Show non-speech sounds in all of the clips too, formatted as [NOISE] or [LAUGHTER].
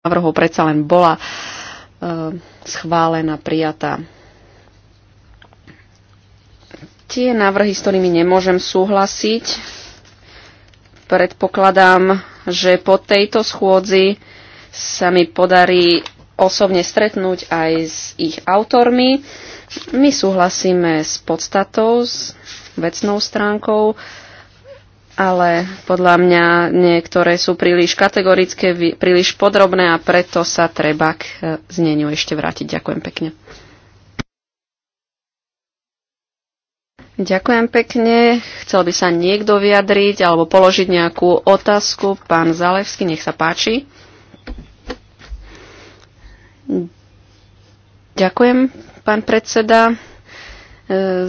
návrhov predsa len bola e, schválená, prijatá. Tie návrhy, s ktorými nemôžem súhlasiť, predpokladám, že po tejto schôdzi sa mi podarí osobne stretnúť aj s ich autormi. My súhlasíme s podstatou, s vecnou stránkou ale podľa mňa niektoré sú príliš kategorické, príliš podrobné a preto sa treba k e, zneniu ešte vrátiť. Ďakujem pekne. Ďakujem pekne. Chcel by sa niekto vyjadriť alebo položiť nejakú otázku. Pán Zalevský, nech sa páči. Ďakujem, pán predseda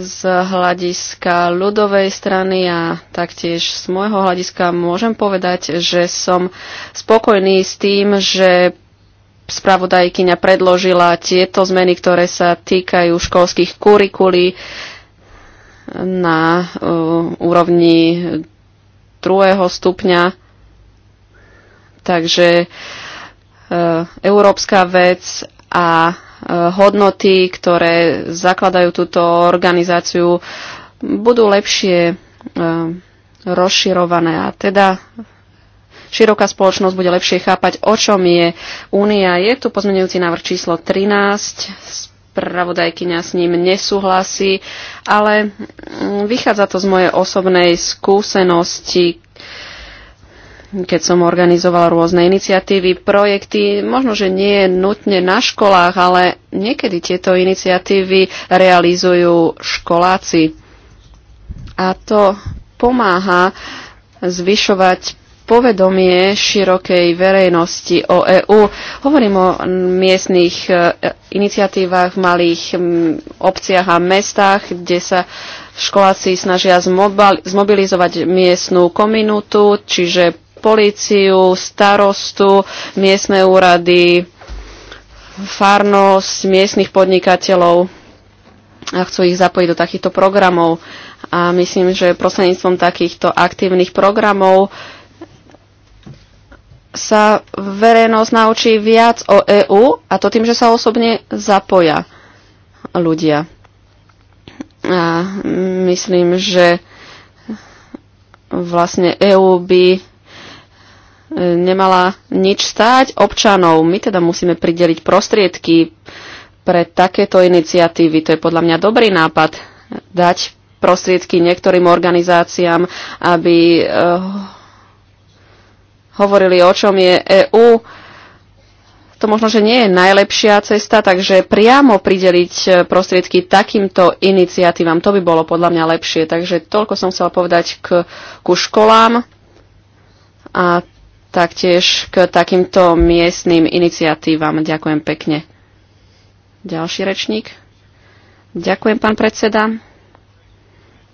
z hľadiska ľudovej strany a taktiež z môjho hľadiska môžem povedať, že som spokojný s tým, že spravodajkyňa predložila tieto zmeny, ktoré sa týkajú školských kurikulí na uh, úrovni druhého stupňa. Takže uh, európska vec a Eh, hodnoty, ktoré zakladajú túto organizáciu, budú lepšie eh, rozširované. A teda široká spoločnosť bude lepšie chápať, o čom je únia. Je tu pozmenujúci návrh číslo 13 spravodajkyňa s ním nesúhlasí, ale mm, vychádza to z mojej osobnej skúsenosti, keď som organizoval rôzne iniciatívy, projekty, možno, že nie nutne na školách, ale niekedy tieto iniciatívy realizujú školáci. A to pomáha zvyšovať povedomie širokej verejnosti o EÚ. Hovorím o miestnych e, iniciatívach v malých obciach a mestách, kde sa školáci snažia zmobilizovať miestnú komunitu, čiže políciu, starostu, miestne úrady, farnosť, miestnych podnikateľov a chcú ich zapojiť do takýchto programov. A myslím, že prostredníctvom takýchto aktívnych programov sa verejnosť naučí viac o EÚ a to tým, že sa osobne zapoja ľudia. A myslím, že vlastne EÚ by nemala nič stáť občanov. My teda musíme prideliť prostriedky pre takéto iniciatívy. To je podľa mňa dobrý nápad dať prostriedky niektorým organizáciám, aby eh, hovorili, o čom je EÚ. To možno, že nie je najlepšia cesta, takže priamo prideliť eh, prostriedky takýmto iniciatívam, to by bolo podľa mňa lepšie. Takže toľko som chcela povedať k, ku školám a taktiež k takýmto miestnym iniciatívam. Ďakujem pekne. Ďalší rečník. Ďakujem, pán predseda.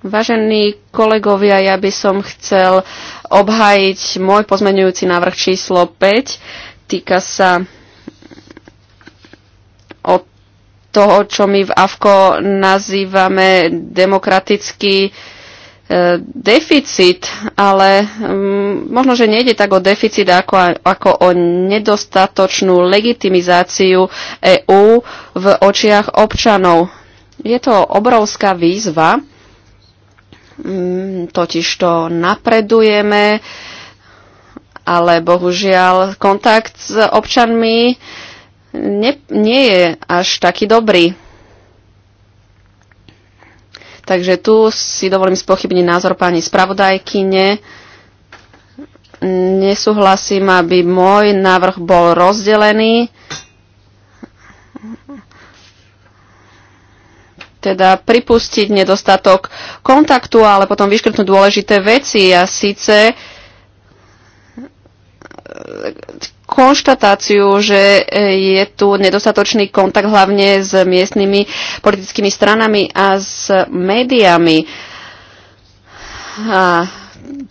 Vážení kolegovia, ja by som chcel obhájiť môj pozmenujúci návrh číslo 5. Týka sa od toho, čo my v AFKO nazývame demokratický deficit, ale mm, možno, že nejde tak o deficit ako, ako o nedostatočnú legitimizáciu EÚ v očiach občanov. Je to obrovská výzva, mm, totiž to napredujeme, ale bohužiaľ kontakt s občanmi nie, nie je až taký dobrý Takže tu si dovolím spochybniť názor pani spravodajkyne. Nesúhlasím, aby môj návrh bol rozdelený. teda pripustiť nedostatok kontaktu, ale potom vyškrtnúť dôležité veci a síce konštatáciu, že e, je tu nedostatočný kontakt hlavne s miestnymi politickými stranami a s médiami. A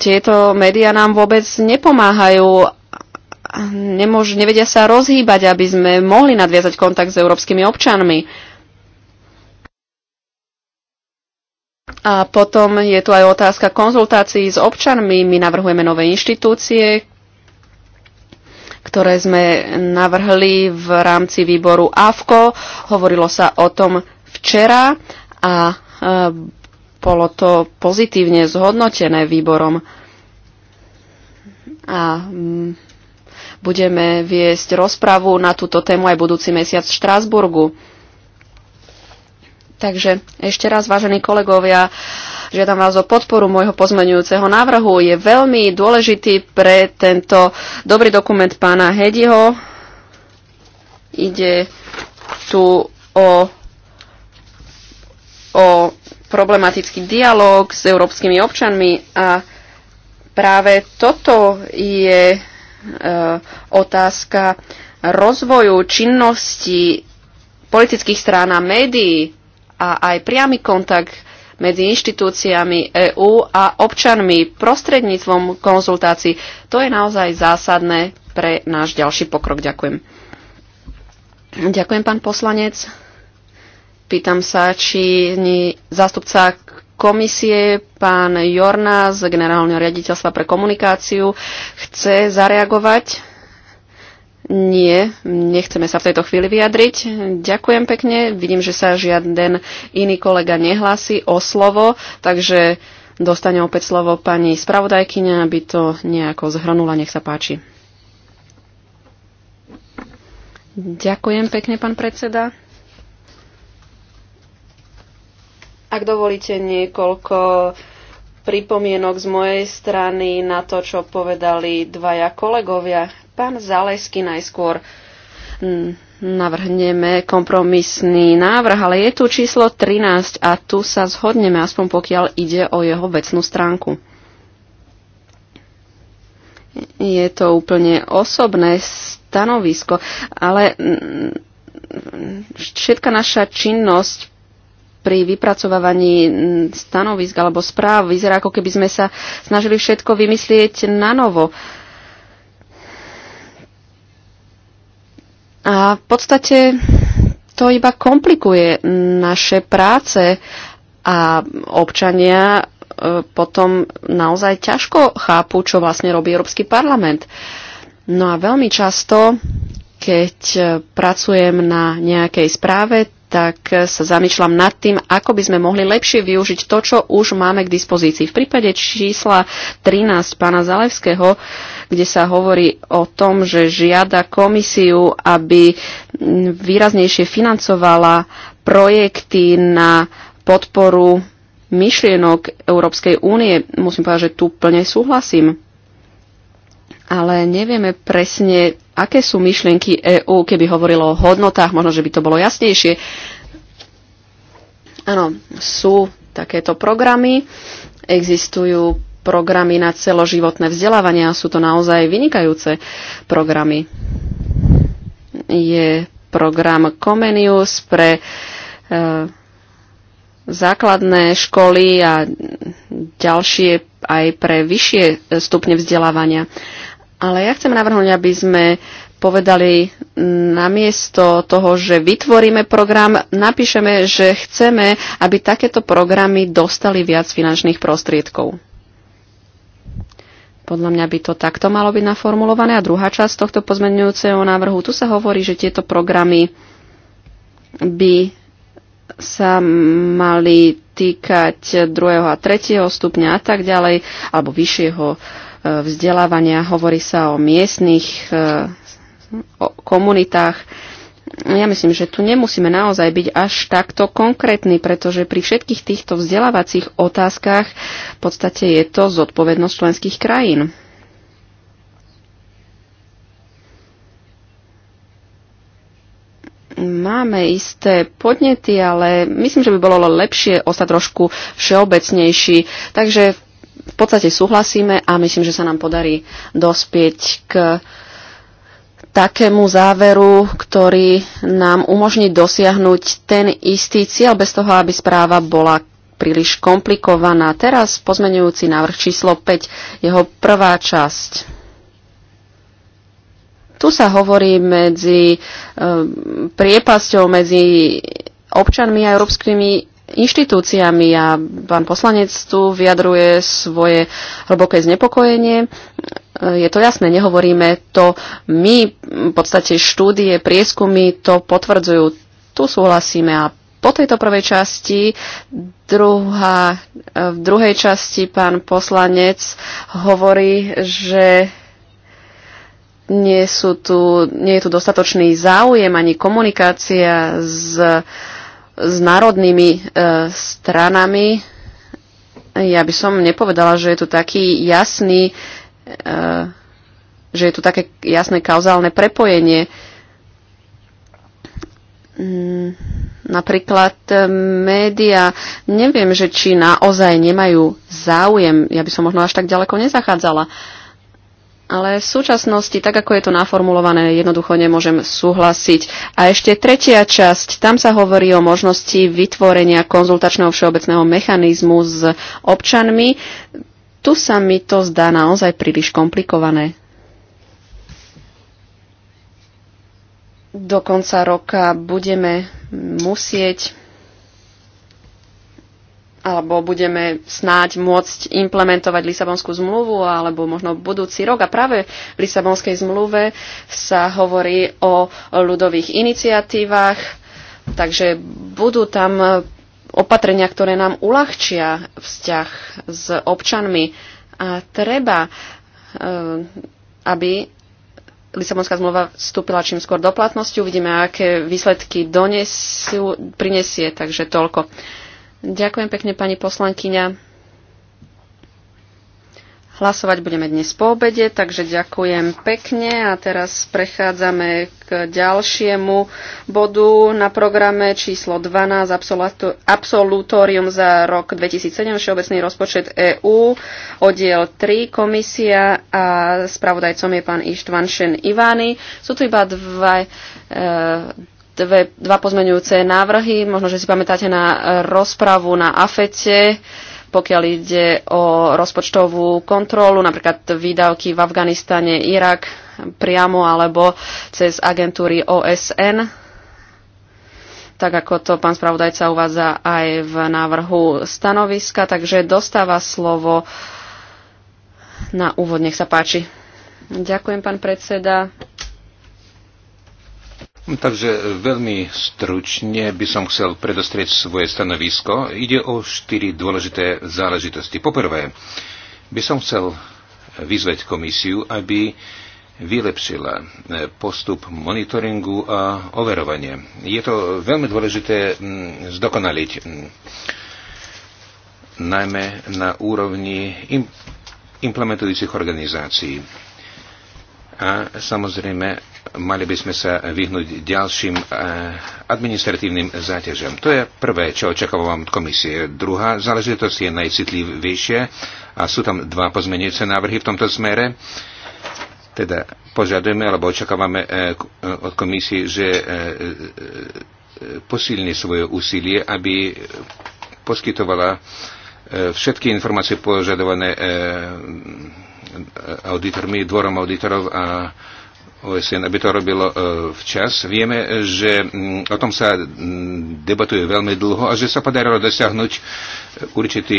tieto médiá nám vôbec nepomáhajú. Nemôž, nevedia sa rozhýbať, aby sme mohli nadviazať kontakt s európskymi občanmi. A potom je tu aj otázka konzultácií s občanmi. My navrhujeme nové inštitúcie, ktoré sme navrhli v rámci výboru AFKO. Hovorilo sa o tom včera a e, bolo to pozitívne zhodnotené výborom. A mm, budeme viesť rozpravu na túto tému aj budúci mesiac v Štrásburgu. Takže ešte raz, vážení kolegovia, žiadam vás o podporu môjho pozmenujúceho návrhu. Je veľmi dôležitý pre tento dobrý dokument pána Hediho. Ide tu o, o problematický dialog s európskymi občanmi a práve toto je e, otázka rozvoju činnosti politických strán a médií a aj priamy kontakt medzi inštitúciami EÚ a občanmi prostredníctvom konzultácií. To je naozaj zásadné pre náš ďalší pokrok. Ďakujem. Ďakujem, pán poslanec. Pýtam sa, či zástupca komisie, pán Jorna z Generálneho riaditeľstva pre komunikáciu, chce zareagovať. Nie, nechceme sa v tejto chvíli vyjadriť. Ďakujem pekne. Vidím, že sa žiaden iný kolega nehlási o slovo, takže dostane opäť slovo pani spravodajkyňa, aby to nejako zhrnula. Nech sa páči. Ďakujem pekne, pán predseda. Ak dovolíte niekoľko pripomienok z mojej strany na to, čo povedali dvaja kolegovia Pán Zalesky najskôr mm, navrhneme kompromisný návrh, ale je tu číslo 13 a tu sa zhodneme, aspoň pokiaľ ide o jeho vecnú stránku. Je to úplne osobné stanovisko, ale mm, všetka naša činnosť pri vypracovávaní mm, stanovisk alebo správ vyzerá, ako keby sme sa snažili všetko vymyslieť na novo. Uh, A v podstate to iba komplikuje naše práce a občania e, potom naozaj ťažko chápu, čo vlastne robí Európsky parlament. No a veľmi často, keď e, pracujem na nejakej správe, tak sa zamýšľam nad tým, ako by sme mohli lepšie využiť to, čo už máme k dispozícii. V prípade čísla 13 pána Zalevského, kde sa hovorí o tom, že žiada komisiu, aby výraznejšie financovala projekty na podporu myšlienok Európskej únie, musím povedať, že tu plne súhlasím ale nevieme presne, aké sú myšlienky EÚ, keby hovorilo o hodnotách, možno, že by to bolo jasnejšie. Áno, sú takéto programy, existujú programy na celoživotné vzdelávanie a sú to naozaj vynikajúce programy. Je program Comenius pre e, základné školy a ďalšie aj pre vyššie stupne vzdelávania. E, ale ja chcem navrhnúť, aby sme povedali namiesto toho, že vytvoríme program, napíšeme, že chceme, aby takéto programy dostali viac finančných prostriedkov. Podľa mňa by to takto malo byť naformulované. A druhá časť tohto pozmenujúceho návrhu, tu sa hovorí, že tieto programy by sa mali týkať druhého a tretieho stupňa a tak ďalej, alebo vyššieho vzdelávania, hovorí sa o miestnych e, o komunitách. Ja myslím, že tu nemusíme naozaj byť až takto konkrétni, pretože pri všetkých týchto vzdelávacích otázkach v podstate je to zodpovednosť členských krajín. máme isté podnety, ale myslím, že by bolo lepšie ostať trošku všeobecnejší. Takže v v podstate súhlasíme a myslím, že sa nám podarí dospieť k takému záveru, ktorý nám umožní dosiahnuť ten istý cieľ bez toho, aby správa bola príliš komplikovaná. Teraz pozmenujúci návrh číslo 5, jeho prvá časť. Tu sa hovorí medzi eh, priepasťou medzi občanmi a európskymi inštitúciami a pán poslanec tu vyjadruje svoje hlboké znepokojenie. E, je to jasné, nehovoríme to my, v podstate štúdie, prieskumy to potvrdzujú. Tu súhlasíme a po tejto prvej časti, druhá, e, v druhej časti pán poslanec hovorí, že nie, sú tu, nie je tu dostatočný záujem ani komunikácia s uh, s národnými e, stranami. Ja by som nepovedala, že je tu taký jasný, e, že je tu také jasné kauzálne prepojenie. Mm, napríklad e, média, neviem, že či naozaj nemajú záujem, ja by som možno až tak ďaleko nezachádzala. E, ale v súčasnosti, tak ako je to naformulované, jednoducho nemôžem súhlasiť. A ešte tretia časť, tam sa hovorí o možnosti vytvorenia konzultačného všeobecného mechanizmu s občanmi. Tu sa mi to zdá naozaj príliš komplikované. Do konca roka budeme musieť alebo budeme snáď môcť implementovať Lisabonskú zmluvu, alebo možno budúci rok. A práve v Lisabonskej zmluve sa hovorí o ľudových iniciatívach, takže budú tam opatrenia, ktoré nám uľahčia vzťah s občanmi. A treba, eh, aby Lisabonská zmluva vstúpila čím skôr do platnosti. Uvidíme, aké výsledky donesú, prinesie, takže toľko. Ďakujem pekne, pani poslankyňa. Hlasovať budeme dnes po obede, takže ďakujem pekne a teraz prechádzame k ďalšiemu bodu na programe číslo 12 absolutórium za rok 2007 Všeobecný rozpočet EÚ oddiel 3 komisia a spravodajcom je pán Ištvan Šen Ivány. Sú tu iba dva e, dve, dva pozmeňujúce návrhy. Možno, že si pamätáte na rozpravu na AFETE, pokiaľ ide o rozpočtovú kontrolu, napríklad výdavky v Afganistane, Irak priamo alebo cez agentúry OSN tak ako to pán spravodajca uvádza aj v návrhu stanoviska. Takže dostáva slovo na úvod. Nech sa páči. Ďakujem, pán predseda. Takže veľmi stručne by som chcel predostrieť svoje stanovisko. Ide o štyri dôležité záležitosti. Poprvé, by som chcel vyzvať komisiu, aby vylepšila eh, postup monitoringu a overovanie. Je to veľmi dôležité mm, zdokonaliť, mm, najmä na úrovni implementujúcich organizácií. A samozrejme mali by sme sa vyhnúť ďalším eh, administratívnym záťažom. To je prvé, čo očakávam od komisie. Druhá záležitosť je najcitlivejšia a sú tam dva pozmenujúce návrhy v tomto smere. Teda požadujeme alebo očakávame eh, eh, od komisie, že posilní svoje úsilie, aby poskytovala všetky informácie požadované auditormi, dvorom auditorov a OSN, aby to robilo e, včas. Vieme, e, že mm, o tom sa mm, debatuje veľmi dlho a že sa podarilo dosiahnuť e, určitý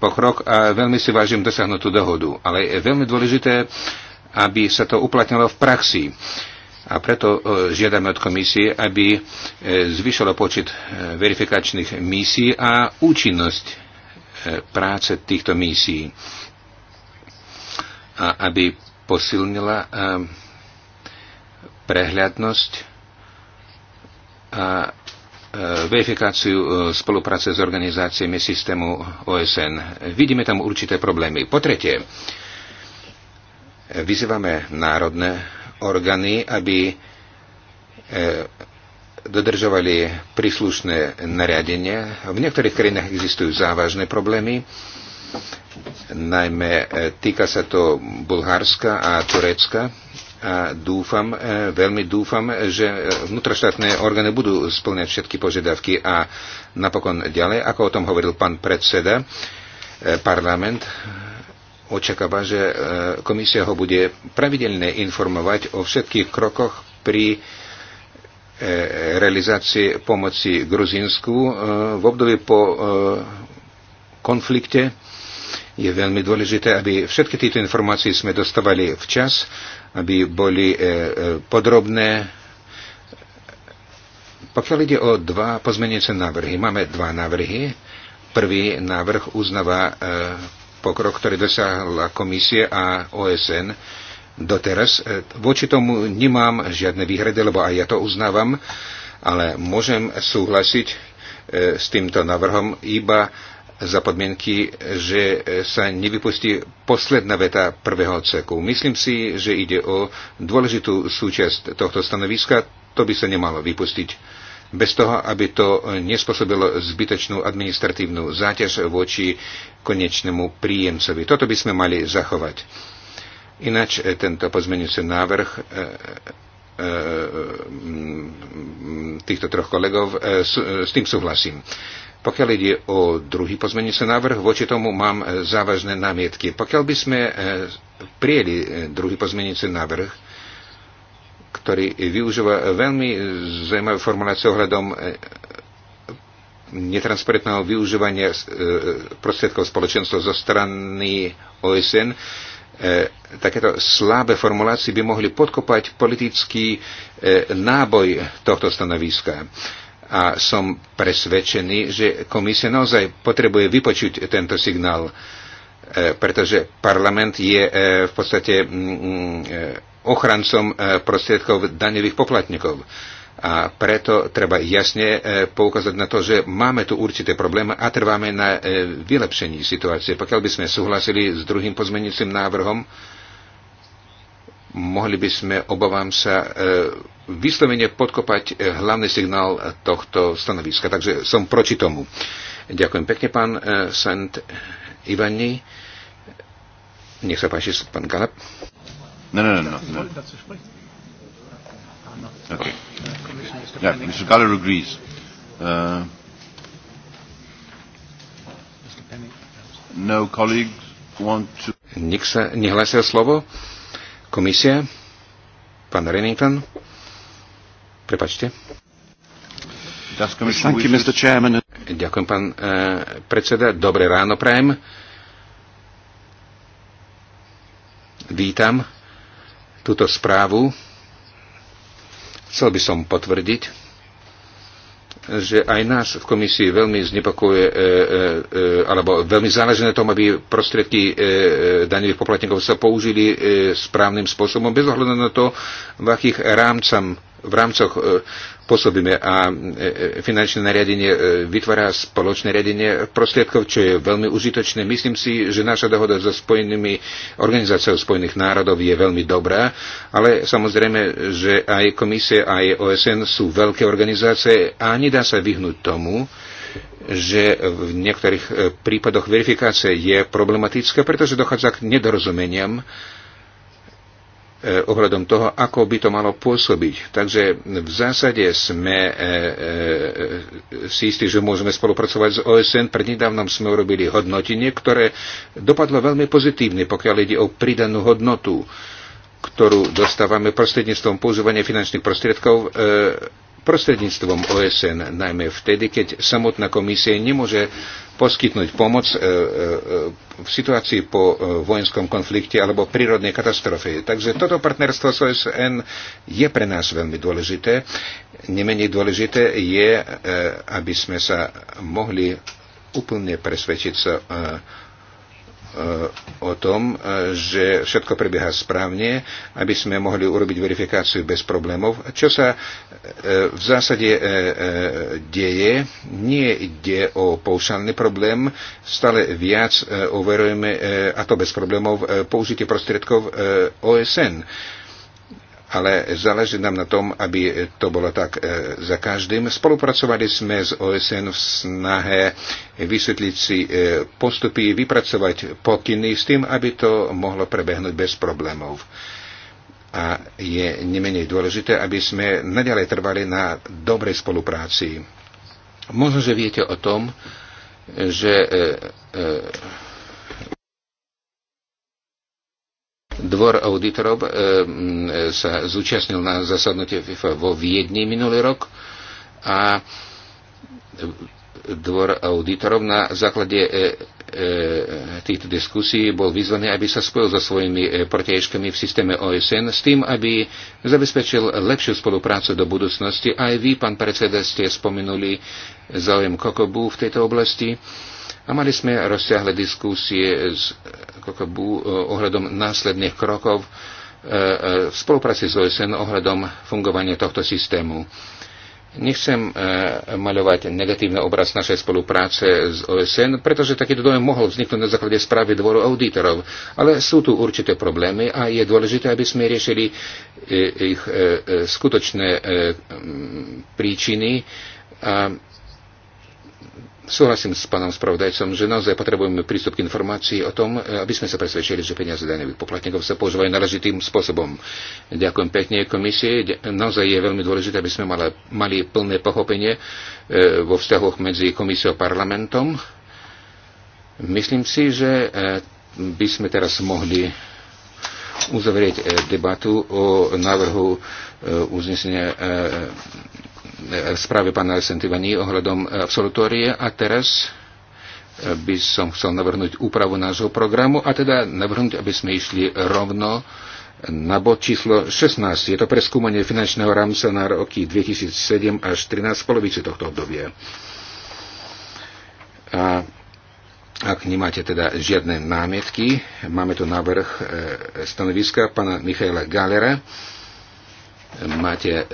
pokrok a veľmi si vážim dosiahnutú dohodu. Ale je veľmi dôležité, aby sa to uplatnilo v praxi. A preto žiadame od komisie, aby zvyšilo počet verifikačných misií a účinnosť práce týchto misií. A aby posilnila eh, prehľadnosť a eh, verifikáciu eh, spolupráce s organizáciami systému OSN. Vidíme tam určité problémy. Po tretie, vyzývame národné orgány, aby dodržovali príslušné nariadenia. V niektorých krajinách existujú závažné problémy Najmä e, týka sa to Bulharska a Turecka a dúfam, e, veľmi dúfam, že vnútroštátne orgány budú splňať všetky požiadavky a napokon ďalej, ako o tom hovoril pán predseda, e, parlament očakáva, že komisia ho bude pravidelne informovať o všetkých krokoch pri realizácii pomoci Gruzínsku v období po konflikte je veľmi dôležité, aby všetky tieto informácie sme dostávali včas, aby boli e, e, podrobné. Pokiaľ ide o dva pozmeniace návrhy, máme dva návrhy. Prvý návrh uznáva e, pokrok, ktorý dosiahla komisie a OSN doteraz. Voči tomu nemám žiadne výhrady, lebo aj ja to uznávam, ale môžem súhlasiť s týmto návrhom iba za podmienky, že sa nevypustí posledná veta prvého odseku. Myslím si, že ide o dôležitú súčasť tohto stanoviska, to by sa nemalo vypustiť bez toho, aby to nespôsobilo zbytočnú administratívnu záťaž voči konečnému príjemcovi. Toto by sme mali zachovať. Ináč e, tento pozmenujúci návrh e, e, týchto troch kolegov, s tým súhlasím. Pokiaľ ide o druhý pozmenujúci návrh, voči tomu mám e, závažné námietky. Pokiaľ by sme e, prijeli e, druhý pozmenujúci návrh, ktorý využíva veľmi zaujímavé formulácie ohľadom netransparentného využívania prostriedkov spoločenstva zo strany OSN, takéto slabé formulácie by mohli podkopať politický náboj tohto stanoviska. A som presvedčený, že komisia naozaj potrebuje vypočuť tento signál, e, pretože parlament je e, v podstate mm, mm, e, ochrancom prostriedkov daňových poplatníkov. A preto treba jasne poukázať na to, že máme tu určité problémy a trváme na vylepšení situácie. Pokiaľ by sme súhlasili s druhým pozmenujúcim návrhom, mohli by sme, obávam sa, e, vyslovene podkopať e, hlavný signál tohto stanoviska. Takže som proti tomu. Ďakujem pekne, pán e, Sant Ivani. Nech sa páči, pán Galap. No, no, no, no. no. Okay. Yeah, Mr. Galler agrees. Uh, no colleagues want to... Nik sa nehlásil slovo? Uh, Komisia? Pán Renington? Prepačte. Ďakujem, pán eh, predseda. Dobré ráno prajem. Vítam túto správu. Chcel by som potvrdiť, že aj nás v komisii veľmi znepokojuje, e, e, e, alebo veľmi záleží na tom, aby prostriedky e, e, daňových poplatníkov sa použili e, správnym spôsobom, bez ohľadu na to, v akých rámcam v rámcoch e, pôsobíme a e, e, finančné nariadenie vytvára spoločné riadenie prostriedkov, čo je veľmi užitočné. Myslím si, že naša dohoda so Spojenými organizáciou Spojených národov je veľmi dobrá, ale samozrejme, že aj komisie, aj OSN sú veľké organizácie a nedá sa vyhnúť tomu, že v niektorých prípadoch verifikácia je problematická, pretože dochádza k nedorozumeniam E, ohľadom toho, ako by to malo pôsobiť. Takže v zásade sme e, e, si istí, že môžeme spolupracovať s OSN. Prednedávnom sme urobili hodnotenie, ktoré dopadlo veľmi pozitívne, pokiaľ ide o pridanú hodnotu, ktorú dostávame prostredníctvom používania finančných prostriedkov e, prostredníctvom OSN, najmä vtedy, keď samotná komisia nemôže poskytnúť pomoc e, e, e, v situácii po vojenskom konflikte alebo prírodnej katastrofe. Takže toto partnerstvo s OSN je pre nás veľmi dôležité. Nemenej dôležité je, aby sme sa mohli úplne presvedčiť sa Eh, o tom, eh, že všetko prebieha správne, aby sme mohli urobiť verifikáciu bez problémov. Čo sa eh, v zásade deje, nie ide o poušalný problém, stále viac overujeme, a to bez problémov, použitie prostriedkov OSN ale záleží nám na tom, aby to bolo tak e, za každým. Spolupracovali sme s OSN v snahe vysvetliť si e, postupy, vypracovať pokyny s tým, aby to mohlo prebehnúť bez problémov. A je nemenej dôležité, aby sme nadalej trvali na dobrej spolupráci. Možno, že viete o tom, že e, Dvor auditorov eh, mm, sa zúčastnil na zasadnutie FIFA vo Viedni minulý rok a dvor auditorov na základe eh, eh, týchto diskusí bol vyzvaný, aby sa spojil so svojimi protiežkami v systéme OSN s tým, aby zabezpečil lepšiu spoluprácu do budúcnosti. Aj vy, pán predseda, ste spomenuli záujem Kokobu v tejto oblasti a mali sme rozsiahle diskusie s Kokobu eh, ohľadom následných krokov eh, eh, v spolupráci s OSN ohľadom fungovania tohto systému. Nechcem maľovať negatívny obraz našej spolupráce s OSN, pretože takýto dojem mohol vzniknúť na základe správy dvoru auditorov, ale sú tu určité problémy a je dôležité, aby sme riešili ich skutočné príčiny a Súhlasím s pánom spravodajcom, že naozaj potrebujeme prístup k informácii o tom, e, aby sme sa presvedčili, že peniaze daňových poplatníkov sa používajú náležitým spôsobom. Ďakujem pekne komisie. Naozaj je veľmi dôležité, aby sme mali, mali plné pochopenie e, vo vzťahoch medzi komisiou a parlamentom. Myslím si, že e, by sme teraz mohli uzavrieť debatu o návrhu uznesenia E, správe pána Sentivani ohľadom e, absolutórie a teraz e, by som chcel navrhnúť úpravu nášho programu a teda navrhnúť, aby sme išli rovno na bod číslo 16. Je to preskúmanie finančného rámca na roky 2007 až 2013 v polovici tohto obdobia. A ak nemáte teda žiadne námietky, máme tu návrh stanoviska pána Michaela Galera. Máte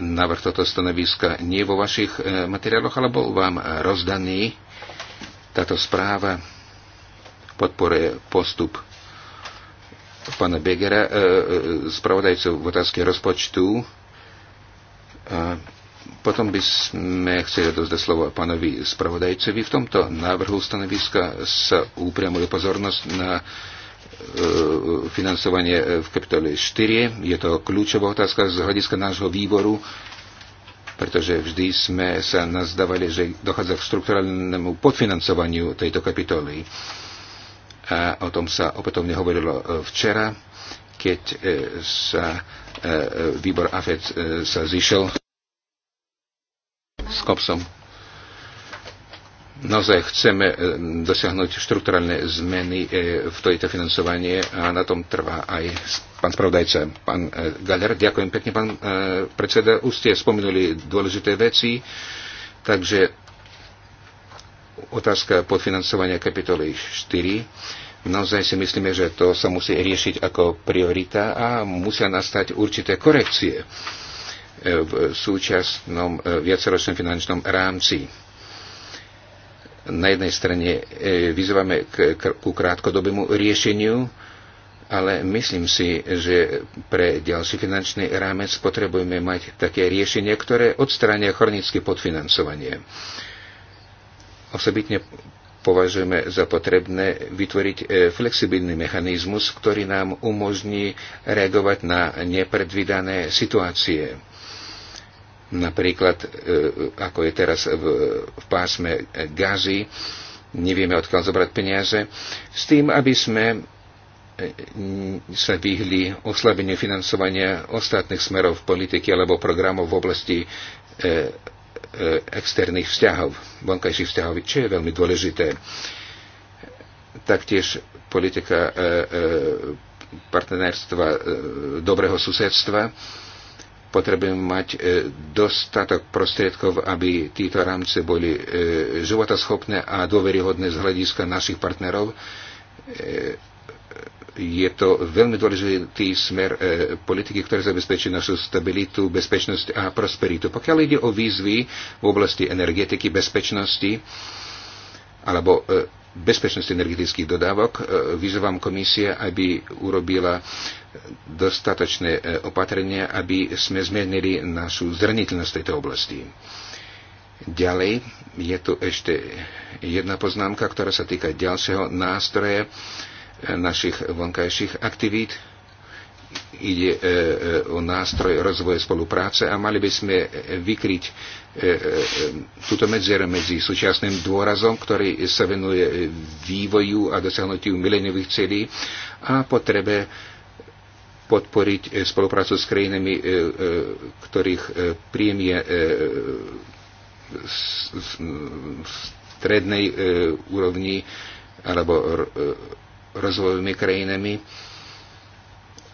návrh toto stanoviska nie vo vašich e, materiáloch, ale bol vám rozdaný. Táto správa podporuje postup pána Begera, e, e, spravodajcu v otázke rozpočtu. Potom by sme chceli dozdať slovo pánovi spravodajcovi. V tomto návrhu stanoviska sa upriamuje pozornosť na E, financovanie e, v kapitole 4. Je to kľúčová otázka z hľadiska nášho výboru, pretože vždy sme sa nazdávali, že dochádza k strukturálnemu podfinancovaniu tejto kapitoly. A o tom sa opätovne hovorilo e, včera, keď sa výbor AFED sa zišiel s kopsom naozaj chceme e, dosiahnuť štrukturálne zmeny e, v tejto financovanie a na tom trvá aj pán spravodajca, pán e, Galer. Ďakujem pekne, pán predseda. Už ste spomenuli dôležité veci, takže otázka podfinancovania kapitoly 4. Naozaj si myslíme, že to sa musí riešiť ako priorita a musia nastať určité korekcie v súčasnom viaceročnom finančnom rámci na jednej strane e, vyzývame ku krátkodobému riešeniu, ale myslím si, že pre ďalší finančný rámec potrebujeme mať také riešenie, ktoré odstrania chronické podfinancovanie. Osobitne považujeme za potrebné vytvoriť e, flexibilný mechanizmus, ktorý nám umožní reagovať na nepredvídané situácie Napríklad, e, ako je teraz v, v pásme Gazi, nevieme odkiaľ zobrať peniaze, s tým, aby sme e, sa vyhli oslabeniu financovania ostatných smerov politiky alebo programov v oblasti e, externých vzťahov, vonkajších vzťahov, čo je veľmi dôležité. Taktiež politika partnerstva dobrého susedstva potrebujeme mať e, dostatok prostriedkov, aby títo rámce boli e, životaschopné a dôveryhodné z hľadiska našich partnerov. E, je to veľmi dôležitý smer politiky, ktorý zabezpečí našu stabilitu, bezpečnosť a prosperitu. Pokiaľ ide o výzvy v oblasti energetiky, bezpečnosti alebo bezpečnosť energetických dodávok. E, vyzývam komisie, aby urobila e, dostatočné e, opatrenia, aby sme zmenili našu zraniteľnosť tejto oblasti. Ďalej je tu ešte jedna poznámka, ktorá sa týka ďalšieho nástroje našich vonkajších aktivít. Ide o nástroj rozvoje spolupráce a mali by sme vykryť E, e, e, túto medzeru medzi súčasným dôrazom, ktorý sa venuje vývoju a dosiahnutiu mileniových celí a potrebe podporiť spoluprácu s krajinami, ktorých príjem je v strednej úrovni alebo rozvojovými krajinami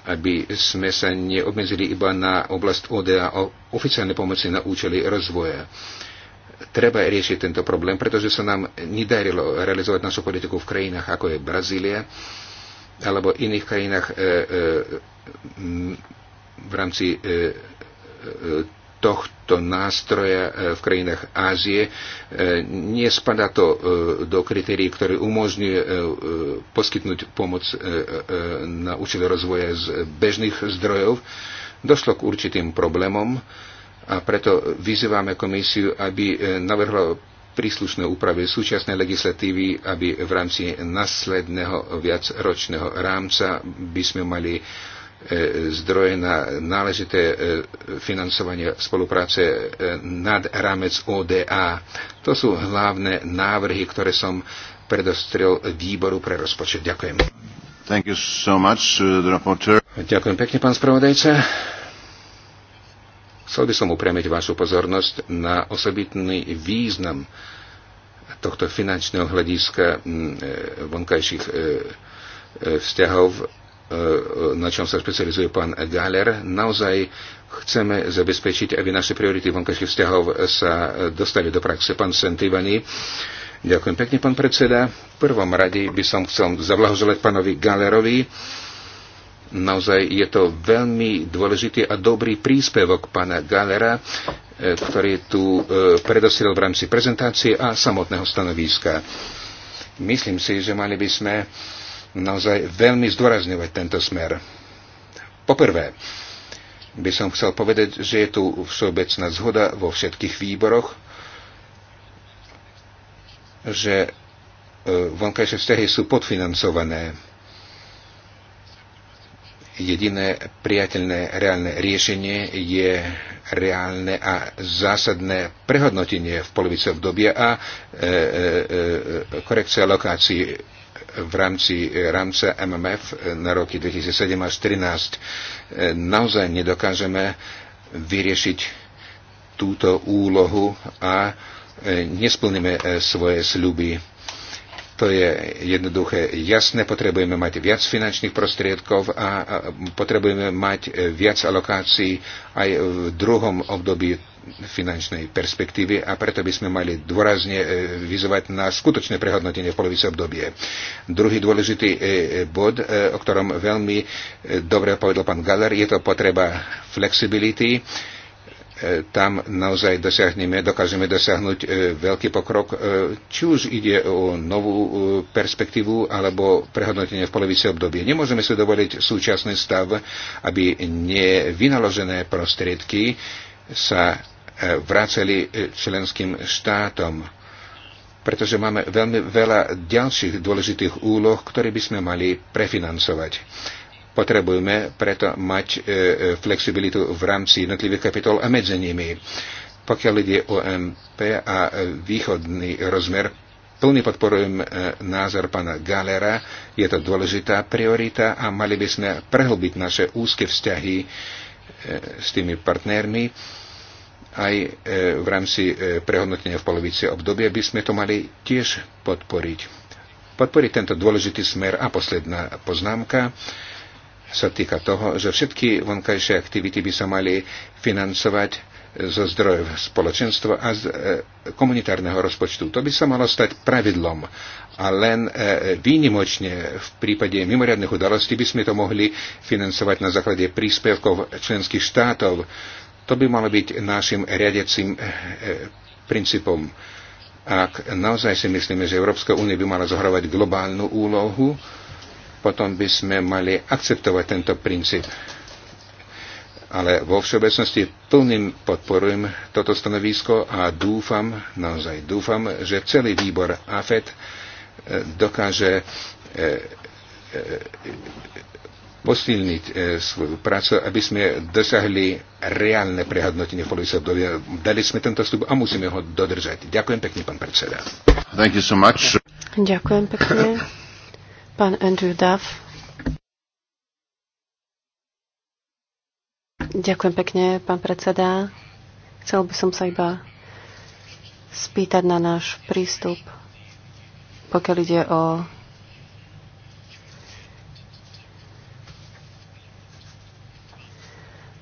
aby sme sa neobmedzili iba na oblast ODA o oficiálnej pomoci na účely rozvoja. Treba riešiť tento problém, pretože sa nám nedarilo realizovať našu politiku v krajinách ako je Brazília alebo iných krajinách e, e, v rámci e, e tohto nástroja e, v krajinách Ázie. E, nespada to e, do kritérií, ktoré umožňuje poskytnúť pomoc na účel rozvoja z bežných zdrojov. Došlo k určitým problémom a preto vyzývame komisiu, aby navrhla príslušné úpravy súčasnej legislatívy, aby v rámci následného viacročného rámca by sme mali uh, E, zdroje na náležité e, financovanie spolupráce e, nad rámec ODA. To sú hlavné návrhy, ktoré som predostrel výboru pre rozpočet. Ďakujem. Thank you so much, uh, the reporter. Ďakujem pekne, pán spravodajca. Chcel by som upriamiť vašu pozornosť na osobitný význam tohto finančného hľadiska mm, vonkajších vzťahov na čom sa špecializuje pán Galer. Naozaj chceme zabezpečiť, aby naše priority vonkajších vzťahov sa dostali do praxe. Pán Sentivani, ďakujem pekne, pán predseda. V prvom rade by som chcel zablahoželať pánovi Galerovi. Naozaj je to veľmi dôležitý a dobrý príspevok pána Galera, e, ktorý tu e, predosilil v rámci prezentácie a samotného stanoviska. Myslím si, že mali by sme naozaj veľmi zdôrazňovať tento smer. Poprvé, by som chcel povedať, že je tu všeobecná zhoda vo všetkých výboroch, že e, vonkajšie vzťahy sú podfinancované. Jediné priateľné reálne riešenie je reálne a zásadné prehodnotenie v polovice obdobia a e, e, e, korekcia lokácií v rámci eh, rámca MMF eh, na roky 2007 až 2013 eh, naozaj nedokážeme vyriešiť túto úlohu a nesplníme svoje sľuby. To je jednoduché jasné, potrebujeme mať viac finančných prostriedkov a potrebujeme mať viac alokácií aj v druhom období finančnej perspektívy a preto by sme mali dôrazne e, vyzovať na skutočné prehodnotenie v polovici obdobie. Druhý dôležitý e, bod, e, o ktorom veľmi dobre povedal pán Galler, je to potreba flexibility tam naozaj dosiahneme, dokážeme dosiahnuť veľký pokrok, či už ide o novú perspektívu alebo prehodnotenie v polovici obdobie. Nemôžeme si dovoliť súčasný stav, aby nevynaložené prostriedky sa vraceli e, členským štátom, pretože máme veľmi veľa ďalších dôležitých úloh, ktoré by sme mali prefinancovať. Potrebujeme preto mať e, e, flexibilitu v rámci jednotlivých kapitol a medzi nimi. Pokiaľ ide o MP a východný rozmer, Plne podporujem názor pána Galera, je to dôležitá priorita a mali by sme prehlbiť naše úzke vzťahy s tými partnermi aj e, v rámci e, prehodnotenia v polovici obdobia by sme to mali tiež podporiť. Podporiť tento dôležitý smer a posledná poznámka sa týka toho, že všetky vonkajšie aktivity by sa mali financovať e, zo zdrojov spoločenstva a z komunitárneho rozpočtu. To by sa malo stať pravidlom a len výnimočne v prípade mimoriadnych udalostí by sme to mohli financovať na základe príspevkov členských štátov to by malo byť našim riadiacim eh, eh, princípom. Ak naozaj si myslíme, že Európska únia by mala zohrávať globálnu úlohu, potom by sme mali akceptovať tento princíp. Ale vo všeobecnosti plným podporujem toto stanovisko a dúfam, naozaj dúfam, že celý výbor AFED eh, dokáže posilniť e, svoju prácu, aby sme dosahli reálne prehodnotenie v polovice obdobia. Dali sme tento slub a musíme ho dodržať. Ďakujem pekne, pán predseda. Thank you so much. Ďakujem pekne. Pán Andrew Duff. Ďakujem pekne, pán predseda. Chcel by som sa iba spýtať na náš prístup, pokiaľ ide o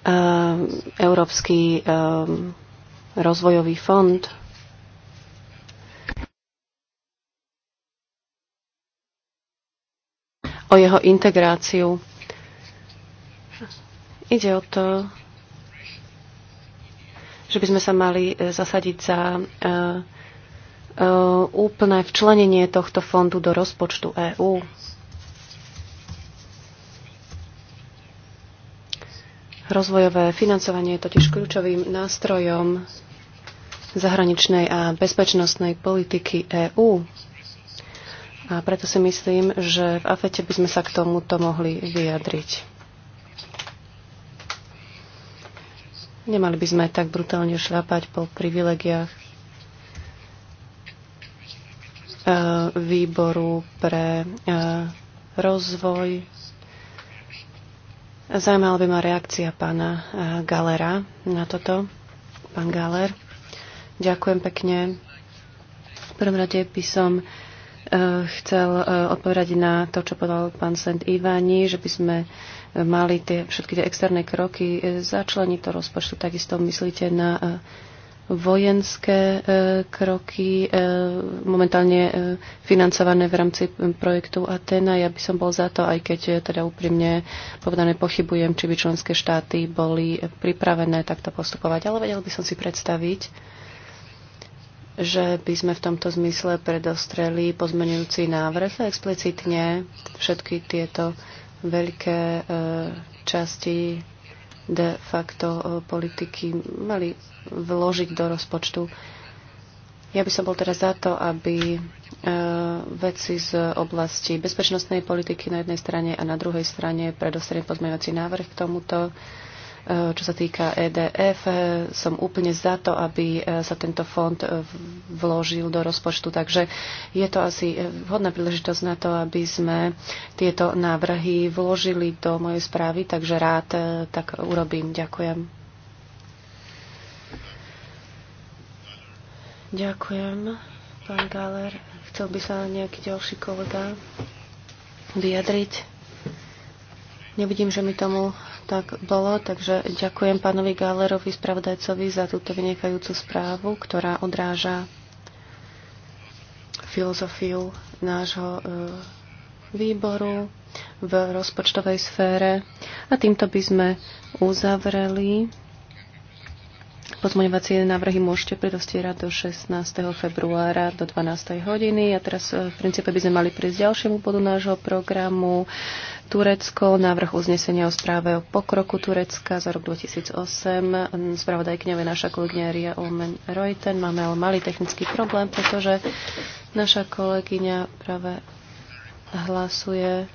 Ehm, Európsky ehm, rozvojový fond. O jeho integráciu. Ide o to, že by sme sa mali e, zasadiť za e, e, úplné včlenenie tohto fondu do rozpočtu EÚ. Rozvojové financovanie je totiž kľúčovým nástrojom zahraničnej a bezpečnostnej politiky EÚ. A preto si myslím, že v AFETE by sme sa k tomuto mohli vyjadriť. Nemali by sme tak brutálne šľapať po privilegiách e, výboru pre e, rozvoj Zajímala by ma reakcia pána eh, Galera na toto. Pán Galer, ďakujem pekne. V prvom rade by som eh, chcel eh, odpovedať na to, čo povedal pán Sent Ivani, že by sme mali tie, všetky tie externé kroky začleniť to rozpočtu. Takisto myslíte na vojenské e, kroky e, momentálne e, financované v rámci projektu Atena. Ja by som bol za to, aj keď teda úprimne povedané pochybujem, či by členské štáty boli pripravené takto postupovať. Ale vedel by som si predstaviť, že by sme v tomto zmysle predostreli pozmenujúci návrh explicitne všetky tieto veľké časti de facto e, politiky mali vložiť do rozpočtu. Ja by som bol teraz za to, aby e, veci z oblasti bezpečnostnej politiky na jednej strane a na druhej strane predostrieť pozmeňovací návrh k tomuto čo sa týka EDF, som úplne za to, aby e, sa tento fond e, vložil do rozpočtu. Takže je to asi e, vhodná príležitosť na to, aby sme tieto návrhy vložili do mojej správy, takže rád tak urobím. Ďakujem. Ďakujem, pán Galer. Chcel by sa nejaký ďalší kolega vyjadriť? Nevidím, že mi tomu tak bolo, takže ďakujem pánovi Gálerovi, spravodajcovi, za túto vynikajúcu správu, ktorá odráža filozofiu nášho e, výboru v rozpočtovej sfére. A týmto by sme uzavreli Pozmoňovacie návrhy môžete predostierať do 16. februára do 12. hodiny. A teraz eh, v princípe by sme mali prísť ďalšiemu bodu nášho programu. Turecko, návrh uznesenia o správe o pokroku Turecka za rok 2008. Spravodajkňa je naša kolegyňa Ria Omen Reuten. Máme ale malý technický problém, pretože naša kolegyňa práve hlasuje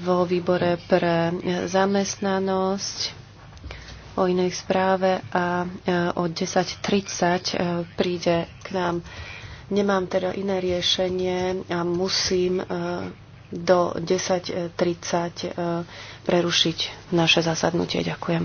vo výbore pre eh, zamestnanosť o inej správe a e, o 10.30 e, príde k nám. Nemám teda iné riešenie a musím e, do 10.30 prerušiť naše zasadnutie. Ďakujem.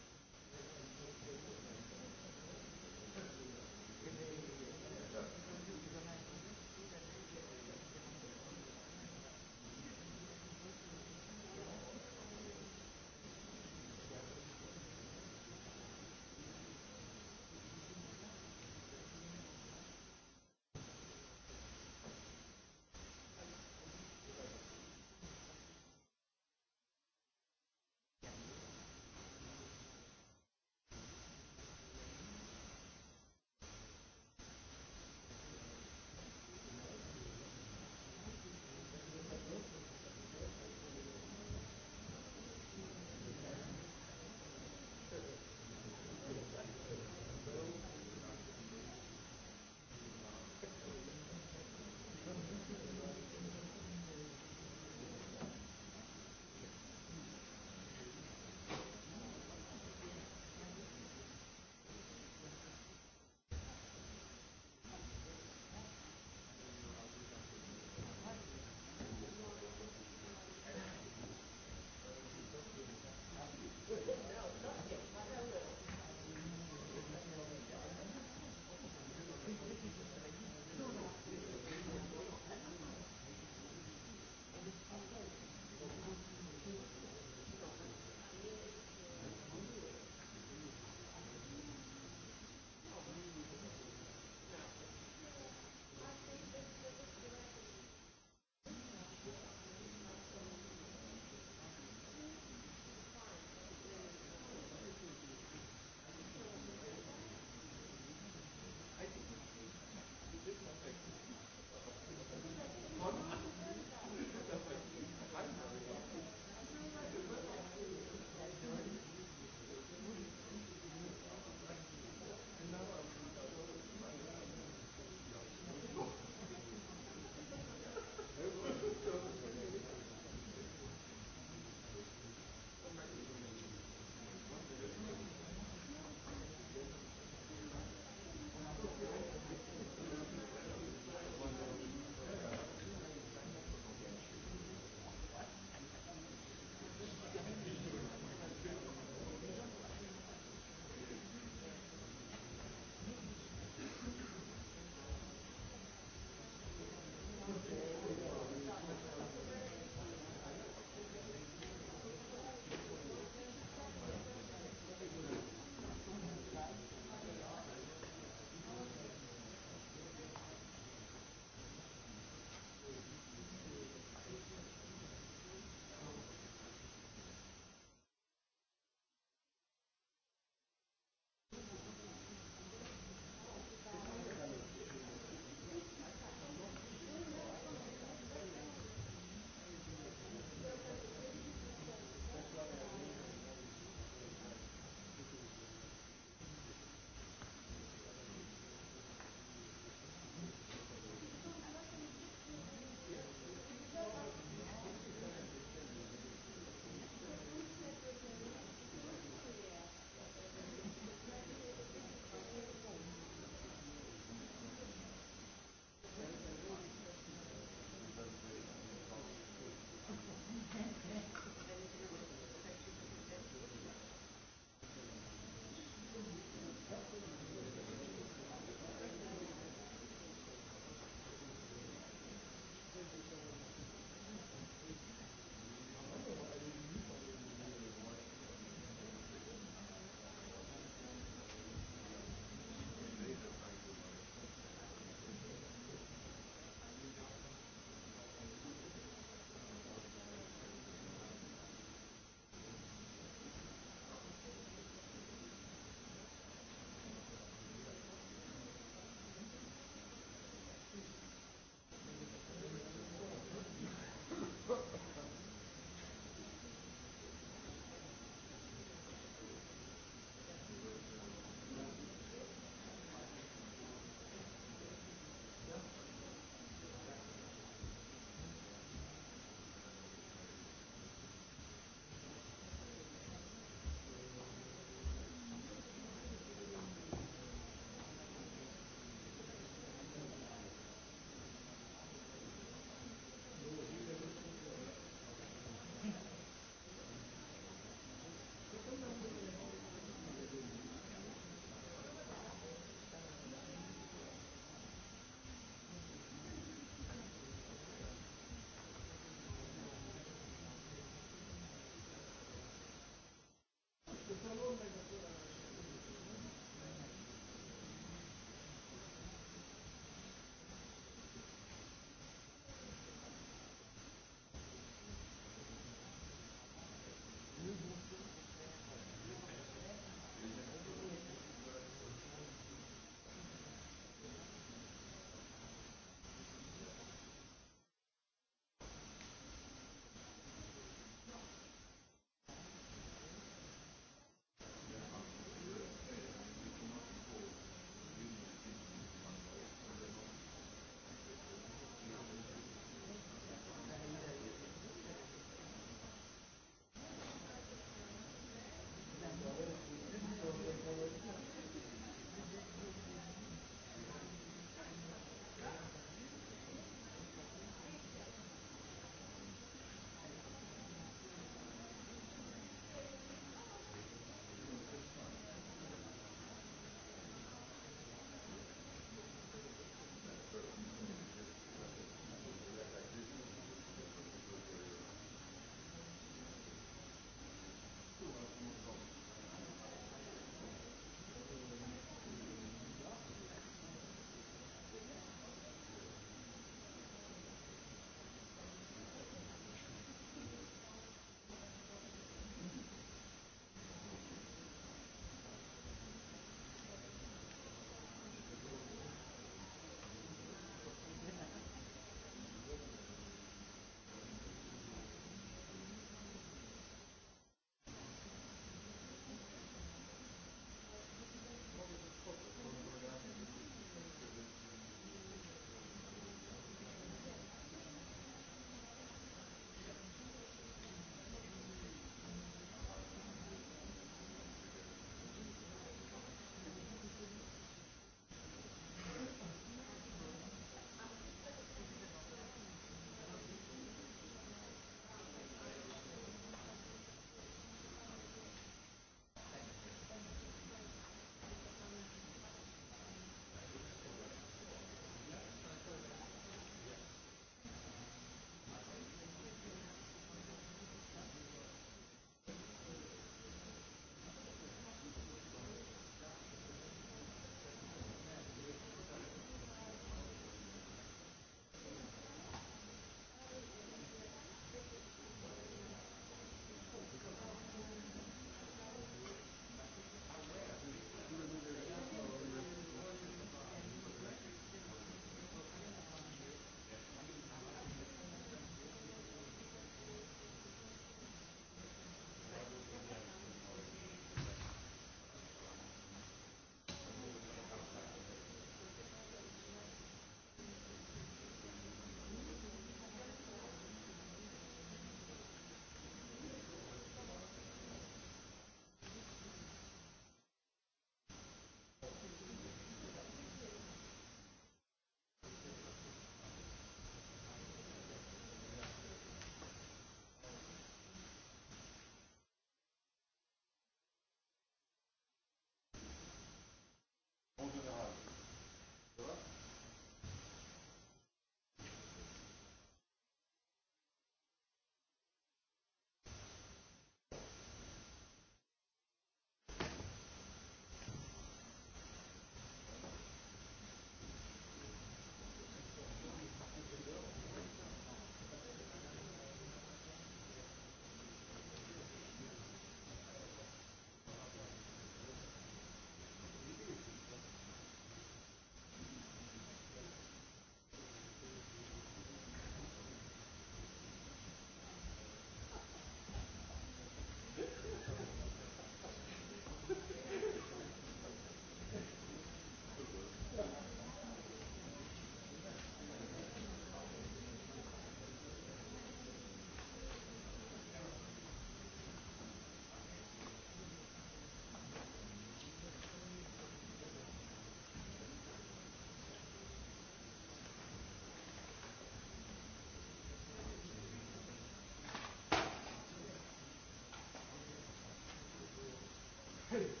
Hey.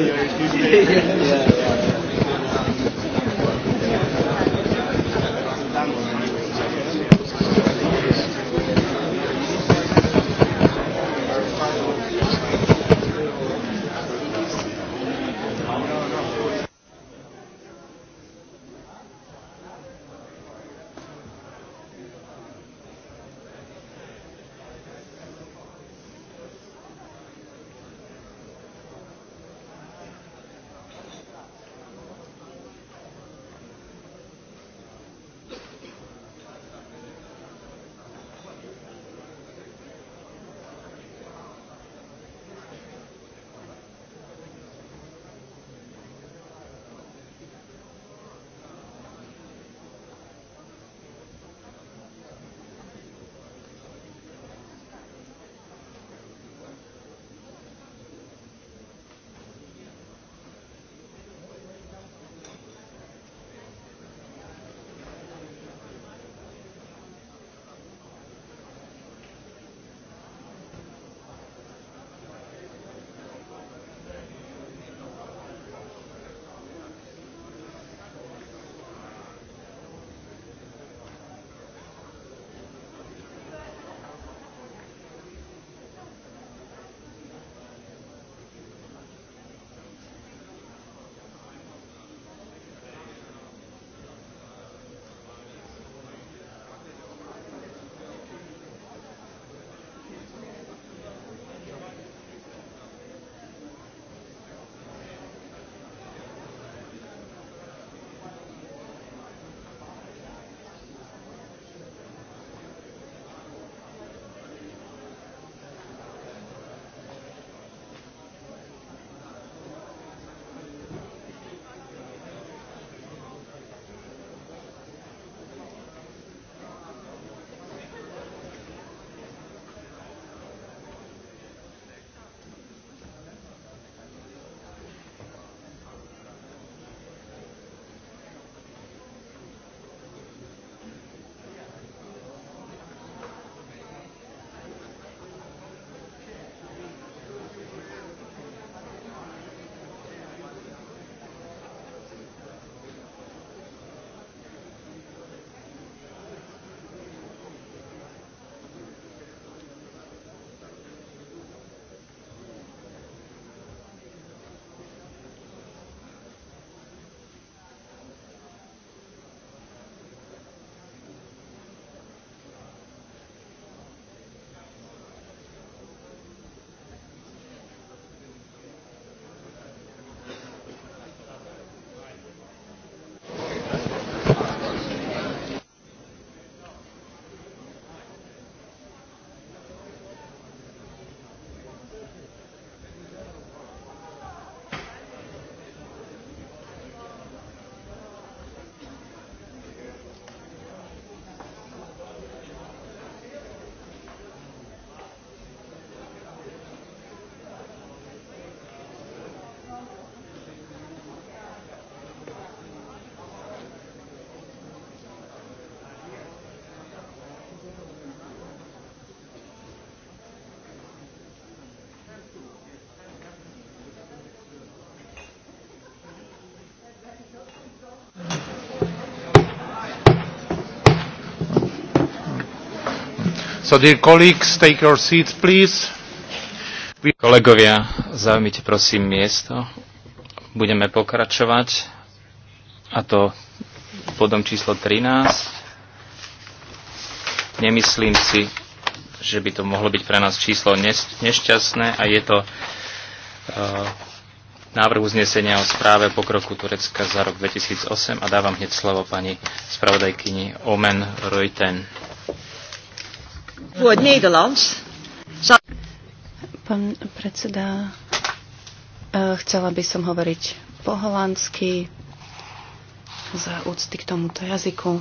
yeah, So dear colleagues, take your seats, please. We... Kolegovia, zaujmite prosím miesto. Budeme pokračovať a to bodom číslo 13. Nemyslím si, že by to mohlo byť pre nás číslo nešťastné a je to uh, návrh uznesenia o správe pokroku Turecka za rok 2008 a dávam hneď slovo pani spravodajkyni Omen Reuten. Voor het Nederlands. Pán predseda, eh, chcela by som hovoriť po holandsky za úcty k tomuto jazyku.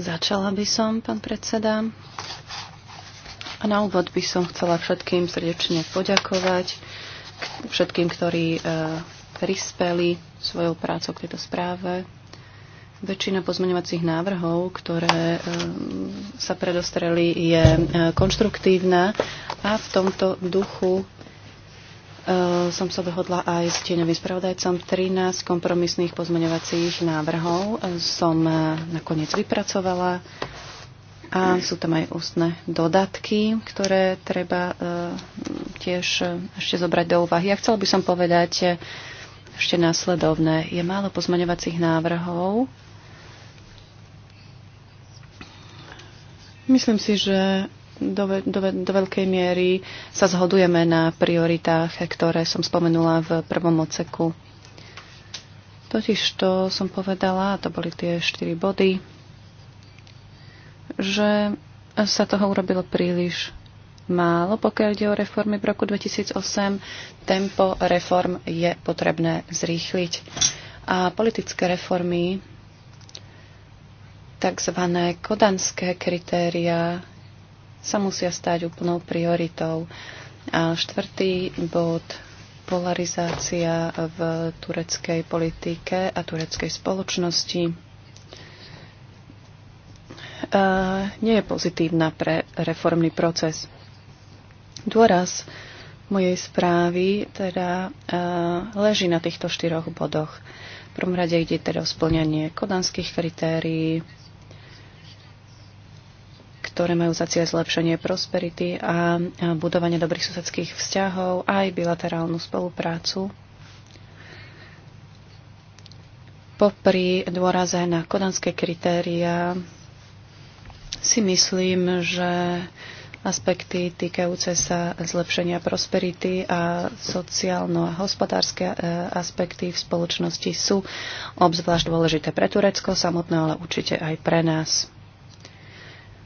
Začala by som, pán predseda. A na úvod by som chcela všetkým srdečne poďakovať, všetkým, ktorí eh, prispeli svojou prácou k tejto správe. Väčšina pozmeňovacích návrhov, ktoré eh, sa predostreli, je eh, konštruktívna a v tomto duchu eh, som sa dohodla aj s tieňovým spravodajcom 13 kompromisných pozmeňovacích návrhov. Som nakoniec vypracovala a sú tam aj ústne dodatky, ktoré treba tiež ešte zobrať do úvahy. Ja chcela by som povedať ešte následovné. Je málo pozmaňovacích návrhov. Myslím si, že do, do, do veľkej miery sa zhodujeme na prioritách, ktoré som spomenula v prvom oceku. Totiž to som povedala, a to boli tie štyri body, že sa toho urobilo príliš málo. Pokiaľ ide o reformy v roku 2008, tempo reform je potrebné zrýchliť. A politické reformy, tzv. kodanské kritéria, sa musia stať úplnou prioritou. A štvrtý bod polarizácia v tureckej politike a tureckej spoločnosti nie je pozitívna pre reformný proces. Dôraz mojej správy teda e, leží na týchto štyroch bodoch. V prvom rade ide teda o splňanie kodanských kritérií, ktoré majú za cieľ zlepšenie prosperity a budovanie dobrých susedských vzťahov, aj bilaterálnu spoluprácu. Popri dôraze na kodanské kritéria si myslím, že aspekty týkajúce sa zlepšenia prosperity a sociálno a hospodárske e, aspekty v spoločnosti sú obzvlášť dôležité pre Turecko samotné, ale určite aj pre nás.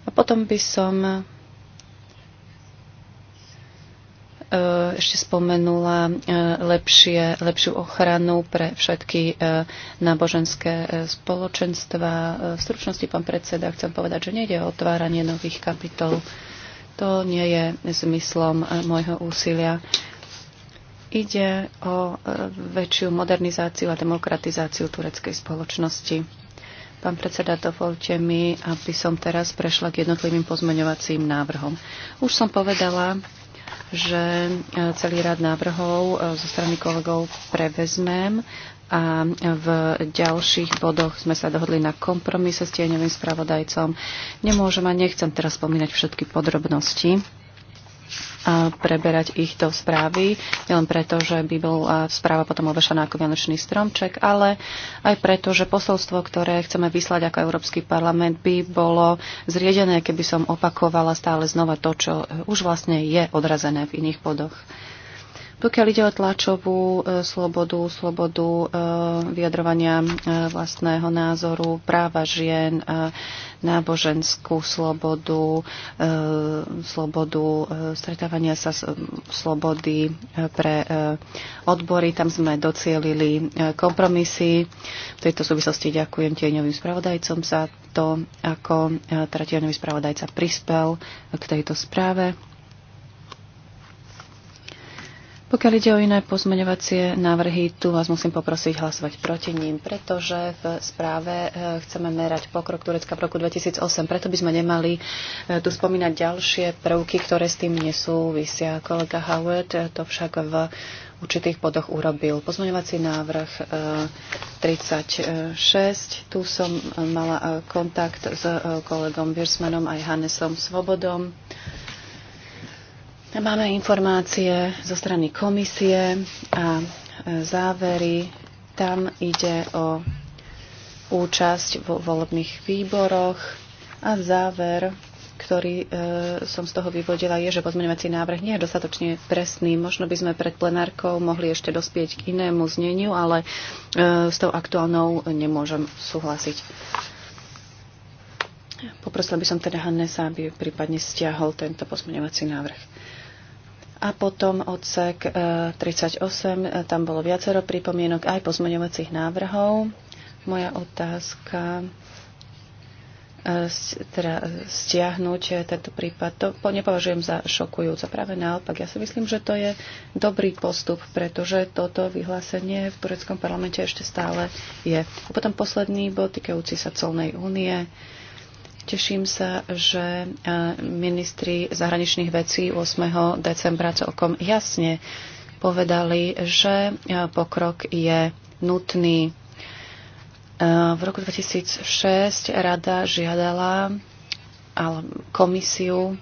A potom by som e, ešte spomenula e, lepšie, lepšiu ochranu pre všetky náboženské spoločenstva. V stručnosti, pán predseda, chcem povedať, že nejde o otváranie nových kapitol to nie je zmyslom e, môjho úsilia. Ide o e, väčšiu modernizáciu a demokratizáciu tureckej spoločnosti. Pán predseda, dovolte mi, aby som teraz prešla k jednotlivým pozmeňovacím návrhom. Už som povedala, že e, celý rad návrhov zo strany kolegov prevezmem a v ďalších bodoch sme sa dohodli na kompromise s tieňovým spravodajcom. Nemôžem a nechcem teraz spomínať všetky podrobnosti a preberať ich do správy, nielen preto, že by bola správa potom ovešaná ako vianočný stromček, ale aj preto, že posolstvo, ktoré chceme vyslať ako Európsky parlament, by bolo zriedené, keby som opakovala stále znova to, čo už vlastne je odrazené v iných bodoch. Pokiaľ ide o tlačovú e, slobodu, slobodu e, vyjadrovania e, vlastného názoru, práva žien, náboženskú slobodu, slobodu stretávania sa, slobody pre odbory, tam sme docielili kompromisy. V tejto súvislosti ďakujem tieňovým spravodajcom za to, ako teda tieňový spravodajca prispel k tejto správe. Pokiaľ ide o iné pozmeňovacie návrhy, tu vás musím poprosiť hlasovať proti ním, pretože v správe e, chceme merať pokrok Turecka v roku 2008. Preto by sme nemali e, tu spomínať ďalšie prvky, ktoré s tým nesúvisia. Kolega Howard e, to však v určitých bodoch urobil. Pozmeňovací návrh 36. Tu som mala kontakt s kolegom Birsmanom aj Hannesom Svobodom. Máme informácie zo strany komisie a e, závery. Tam ide o účasť vo volebných výboroch a záver, ktorý e, som z toho vyvodila, je, že pozmeňovací návrh nie je dostatočne presný. Možno by sme pred plenárkou mohli ešte dospieť k inému zneniu, ale e, s tou aktuálnou nemôžem súhlasiť. Poprosila by som teda Hannesa, aby prípadne stiahol tento pozmeňovací návrh. A potom odsek 38, e, e, tam bolo viacero pripomienok aj pozmeňovacích návrhov. Moja otázka e, teda stiahnuť tento prípad. To nepovažujem za šokujúce. Práve naopak, ja si myslím, že to je dobrý postup, pretože toto vyhlásenie v tureckom parlamente ešte stále je. A potom posledný bod týkajúci sa colnej únie. Uh, Teším sa, že e, ministri zahraničných vecí 8. decembra celkom jasne povedali, že e, pokrok je nutný. E, v roku 2006 rada žiadala komisiu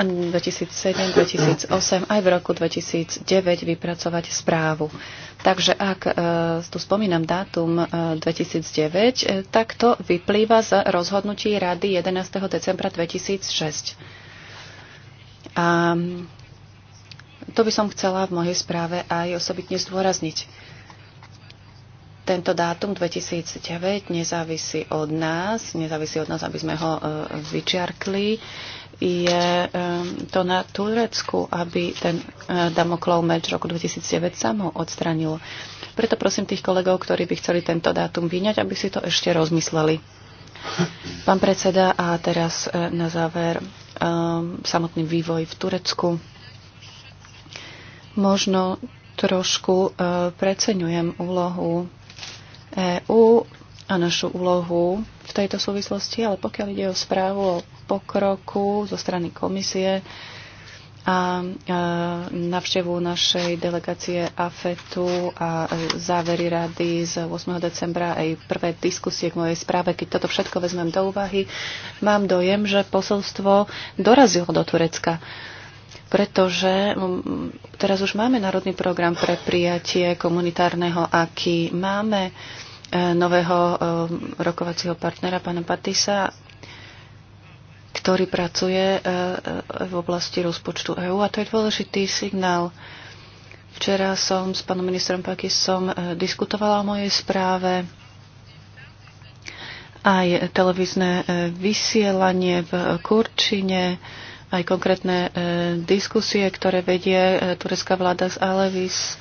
2007, 2008 aj v roku 2009 vypracovať správu. Takže ak e, tu spomínam dátum 2009, e, e, tak to vyplýva z rozhodnutí Rady 11. decembra 2006. A mm, to by som chcela v mojej správe aj osobitne zdôrazniť. Tento dátum 2009 nezávisí od nás, nezávisí od nás, aby sme ho vyčiarkli je to na Turecku, aby ten e, Damoklov meč roku 2009 samo odstranilo. Preto prosím tých kolegov, ktorí by chceli tento dátum vyňať, aby si to ešte rozmysleli. Pán predseda, a teraz e, na záver samotný vývoj v Turecku. Možno trošku e, preceňujem úlohu EÚ a našu úlohu v tejto súvislosti, ale pokiaľ ide o správu o pokroku zo strany komisie a navštevu našej delegácie AFETu a e, závery rady z 8. decembra aj prvé diskusie k mojej správe. Keď toto všetko vezmem do úvahy, mám dojem, že posolstvo dorazilo do Turecka pretože teraz už máme národný program pre prijatie komunitárneho aký. Máme e, nového e, rokovacieho partnera, pána Patisa, ktorý pracuje e, e, v oblasti rozpočtu EÚ a to je dôležitý signál. Včera som s pánom ministrom Pakisom e, diskutovala o mojej správe. Aj televízne vysielanie v Kurčine, aj konkrétne diskusie, ktoré vedie turecká vláda z Alevis,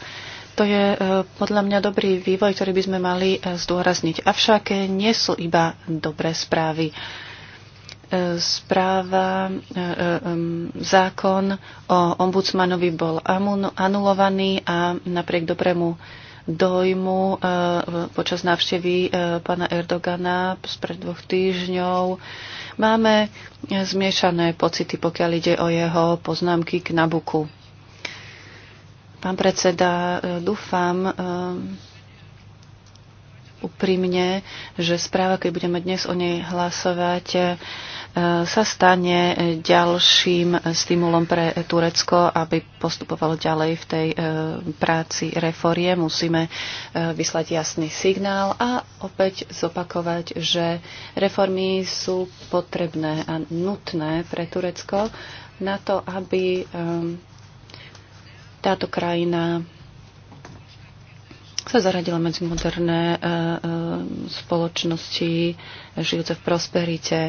to je podľa mňa dobrý vývoj, ktorý by sme mali zdôrazniť. Avšak nie sú iba dobré správy správa, e, e, zákon o ombudsmanovi bol anulovaný a napriek dobrému dojmu e, počas návštevy pána Erdogana spred dvoch týždňov máme zmiešané pocity, pokiaľ ide o jeho poznámky k Nabuku. Pán predseda, dúfam, úprimne, že správa, keď budeme dnes o nej hlasovať, sa stane ďalším stimulom pre Turecko, aby postupovalo ďalej v tej e, práci reforie. Musíme e, vyslať jasný signál a opäť zopakovať, že reformy sú potrebné a nutné pre Turecko na to, aby e, táto krajina sa zaradila medzi moderné e, e, spoločnosti žijúce v prosperite.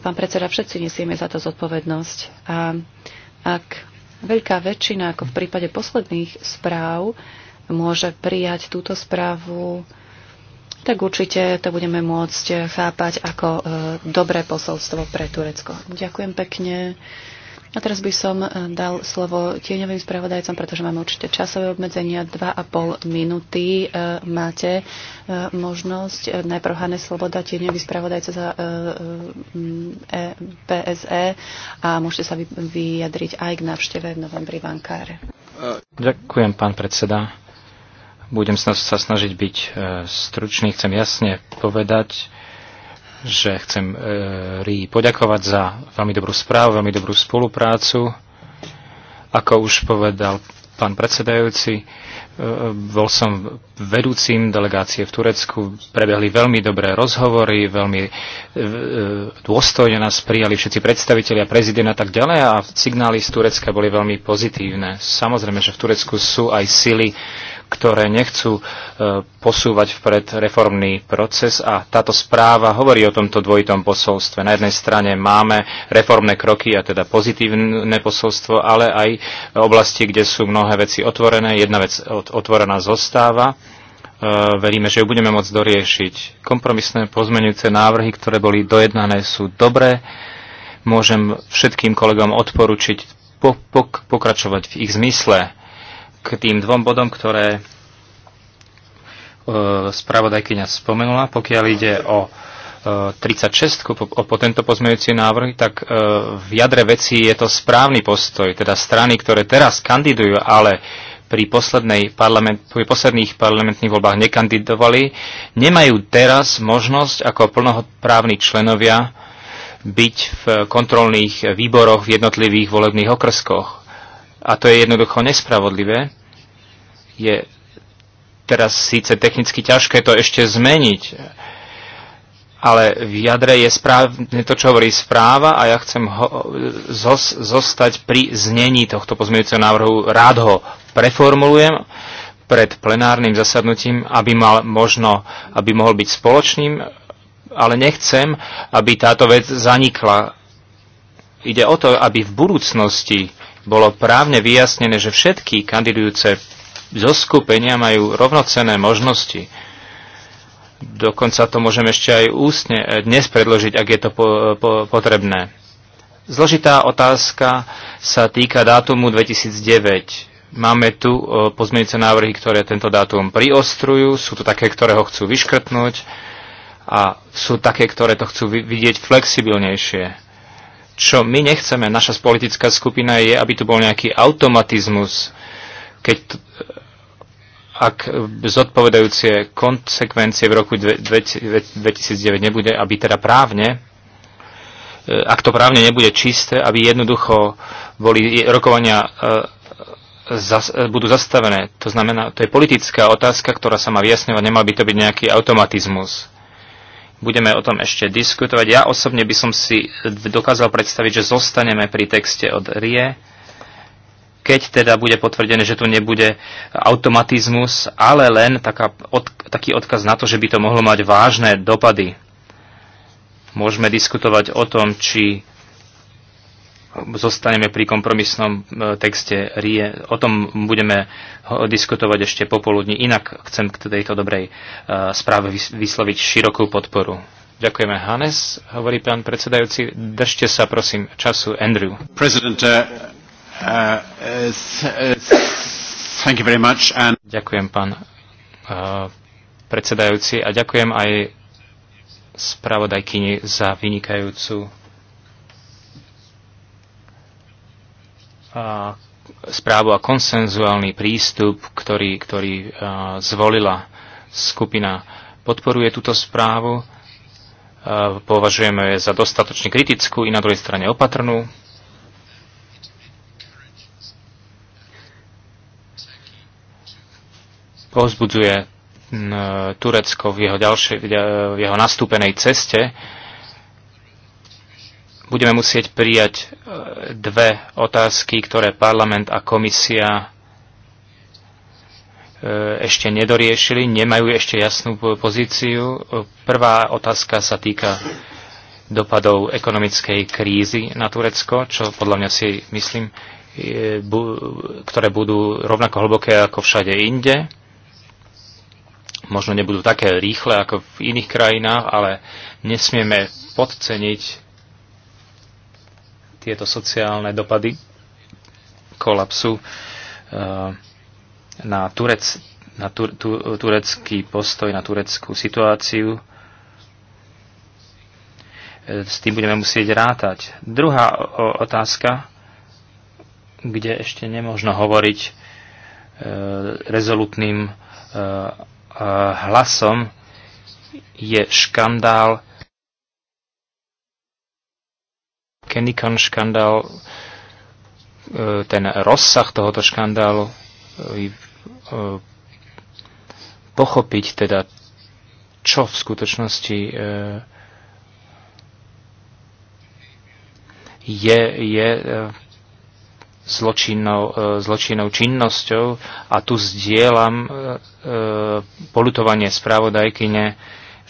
Pán predseda, všetci nesieme za to zodpovednosť. A ak veľká väčšina, ako v prípade posledných správ, môže prijať túto správu, tak určite to budeme môcť chápať ako e, dobré posolstvo pre Turecko. Ďakujem pekne. A teraz by som e, dal slovo tieňovým spravodajcom, pretože máme určite časové obmedzenia. 2,5 minúty e, máte e, možnosť. Najprv Hane Sloboda, tieňový spravodajca za PSE a môžete sa vyjadriť aj k návšteve v novembri v Ankáre. Ďakujem, pán predseda. Budem sa snažiť byť stručný. Chcem jasne povedať, že chcem e, Rí poďakovať za veľmi dobrú správu, veľmi dobrú spoluprácu. Ako už povedal pán predsedajúci, e, bol som vedúcim delegácie v Turecku, prebehli veľmi dobré rozhovory, veľmi e, dôstojne nás prijali všetci predstavitelia, prezident a tak ďalej a signály z Turecka boli veľmi pozitívne. Samozrejme, že v Turecku sú aj sily, ktoré nechcú e, posúvať vpred reformný proces a táto správa hovorí o tomto dvojitom posolstve. Na jednej strane máme reformné kroky a teda pozitívne posolstvo, ale aj oblasti, kde sú mnohé veci otvorené. Jedna vec otvorená zostáva. E, veríme, že ju budeme môcť doriešiť. Kompromisné pozmenujúce návrhy, ktoré boli dojednané, sú dobré. Môžem všetkým kolegom odporučiť pokračovať v ich zmysle k tým dvom bodom, ktoré e, spravodajkyňa spomenula. Pokiaľ ide o 36 e, po, po tento pozmeňujúci návrh, tak e, v jadre veci je to správny postoj, teda strany, ktoré teraz kandidujú, ale pri, poslednej parlament, pri posledných parlamentných voľbách nekandidovali, nemajú teraz možnosť ako plnohoprávni členovia byť v kontrolných výboroch v jednotlivých volebných okrskoch a to je jednoducho nespravodlivé. Je teraz síce technicky ťažké to ešte zmeniť, ale v jadre je správne to, čo hovorí správa a ja chcem ho, zos, zostať pri znení tohto pozmeňujúceho návrhu. Rád ho preformulujem pred plenárnym zasadnutím, aby, mal možno, aby mohol byť spoločným, ale nechcem, aby táto vec zanikla. Ide o to, aby v budúcnosti bolo právne vyjasnené, že všetky kandidujúce zoskupenia majú rovnocené možnosti. Dokonca to môžeme ešte aj ústne eh, dnes predložiť, ak je to po, eh, po, potrebné. Zložitá otázka sa týka dátumu 2009. Máme tu eh, pozmeňujúce návrhy, ktoré tento dátum priostrujú, sú to také, ktoré ho chcú vyškrtnúť a sú také, ktoré to chcú vidieť flexibilnejšie čo my nechceme, naša politická skupina je, aby tu bol nejaký automatizmus, keď ak zodpovedajúcie konsekvencie v roku 2009 nebude, aby teda právne, e, ak to právne nebude čisté, aby jednoducho boli rokovania e, e, budú zastavené. To znamená, to je politická otázka, ktorá sa má vyjasňovať, nemal by to byť nejaký automatizmus. Budeme o tom ešte diskutovať. Ja osobne by som si dokázal predstaviť, že zostaneme pri texte od RIE, keď teda bude potvrdené, že tu nebude automatizmus, ale len taká, od, taký odkaz na to, že by to mohlo mať vážne dopady. Môžeme diskutovať o tom, či zostaneme pri kompromisnom e, texte RIE. O tom budeme diskutovať ešte popoludní. Inak chcem k tejto dobrej e, správe vysloviť širokú podporu. Ďakujeme, Hannes, hovorí pán predsedajúci. Držte sa, prosím, času, Andrew. Uh, uh, uh, ďakujem, pán e, predsedajúci, a ďakujem aj spravodajkyni za vynikajúcu správu a konsenzuálny prístup, ktorý, ktorý e, zvolila skupina. Podporuje túto správu, e, považujeme za dostatočne kritickú i na druhej strane opatrnú. Pozbudzuje Turecko v jeho, ďalšej, v jeho nastúpenej ceste budeme musieť prijať e, dve otázky, ktoré parlament a komisia e, ešte nedoriešili, nemajú ešte jasnú pozíciu. Prvá otázka sa týka dopadov ekonomickej krízy na Turecko, čo podľa mňa si myslím, e, ktoré budú rovnako hlboké ako všade inde. Možno nebudú také rýchle ako v iných krajinách, ale nesmieme podceniť tieto sociálne dopady kolapsu eh, na, Turec, na tu, tu, turecký postoj, na tureckú situáciu. Eh, s tým budeme musieť rátať. Druhá otázka, kde ešte nemôžno hovoriť eh, rezolutným hlasom, je škandál Kennikan škandál, e, ten rozsah tohoto škandálu, e, e, pochopiť teda, čo v skutočnosti je, je zločinnou, zločinnou činnosťou a tu zdieľam polutovanie spravodajkyne,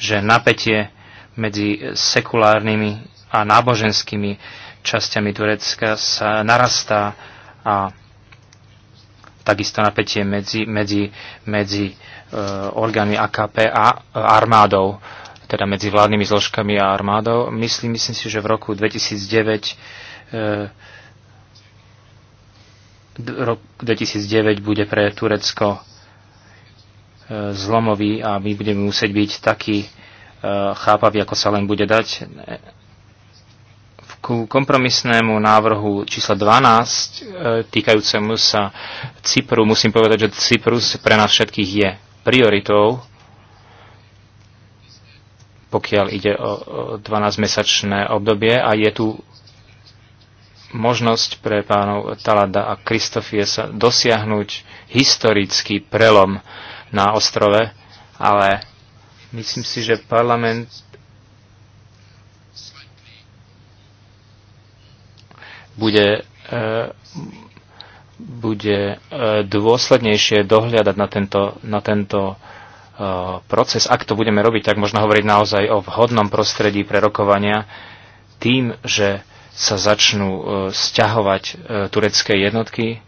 že napätie medzi sekulárnymi a náboženskými časťami Turecka sa narastá a takisto napätie medzi, medzi, medzi e, orgánmi AKP a e, armádou, teda medzi vládnymi zložkami a armádou. Myslím, myslím si, že v roku 2009 e, rok 2009 bude pre Turecko e, zlomový a my budeme musieť byť taký e, chápaví, ako sa len bude dať ku kompromisnému návrhu čísla 12 e, týkajúcemu sa Cypru. Musím povedať, že Cyprus pre nás všetkých je prioritou, pokiaľ ide o 12-mesačné obdobie a je tu možnosť pre pánov Talada a Kristofie sa dosiahnuť historický prelom na ostrove, ale myslím si, že parlament bude, e, bude e, dôslednejšie dohliadať na tento, na tento e, proces. Ak to budeme robiť, tak možno hovoriť naozaj o vhodnom prostredí pre rokovania tým, že sa začnú sťahovať turecké jednotky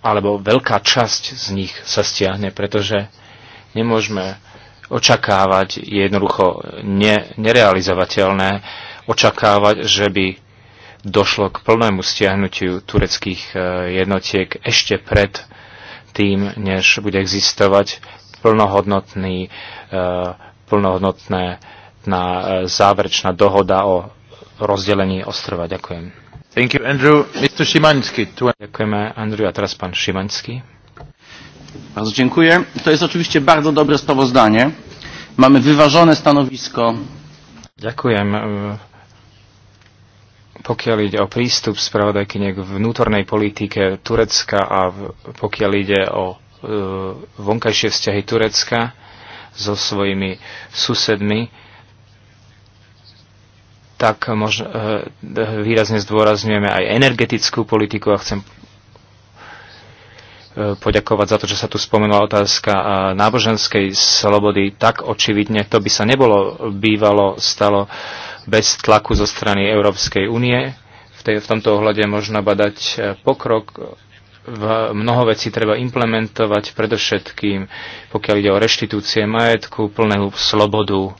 alebo veľká časť z nich sa stiahne, pretože nemôžeme očakávať jednoducho ne, nerealizovateľné očakávať, že by došlo k plnému stiahnutiu tureckých e, jednotiek ešte pred tým, než bude existovať plnohodnotný, e, plnohodnotné na e, záverečná dohoda o rozdelení ostrova. Ďakujem. Thank you, Andrew. Mr. Šimanský. Tu... Ďakujeme, Andrew. A teraz pán Šimanský. Bardzo dziękuję. To jest oczywiście bardzo dobre sprawozdanie. Mamy wyważone stanowisko. Dziękuję pokiaľ ide o prístup spravodajkyne k vnútornej politike Turecka a pokiaľ ide o e, vonkajšie vzťahy Turecka so svojimi susedmi, tak mož, e, výrazne zdôrazňujeme aj energetickú politiku a chcem e, poďakovať za to, že sa tu spomenula otázka e, náboženskej slobody tak očividne. To by sa nebolo bývalo stalo bez tlaku zo strany Európskej únie. V, v tomto ohľade možno badať eh, pokrok. V mnoho vecí treba implementovať, predovšetkým pokiaľ ide o reštitúcie majetku, plnú slobodu eh,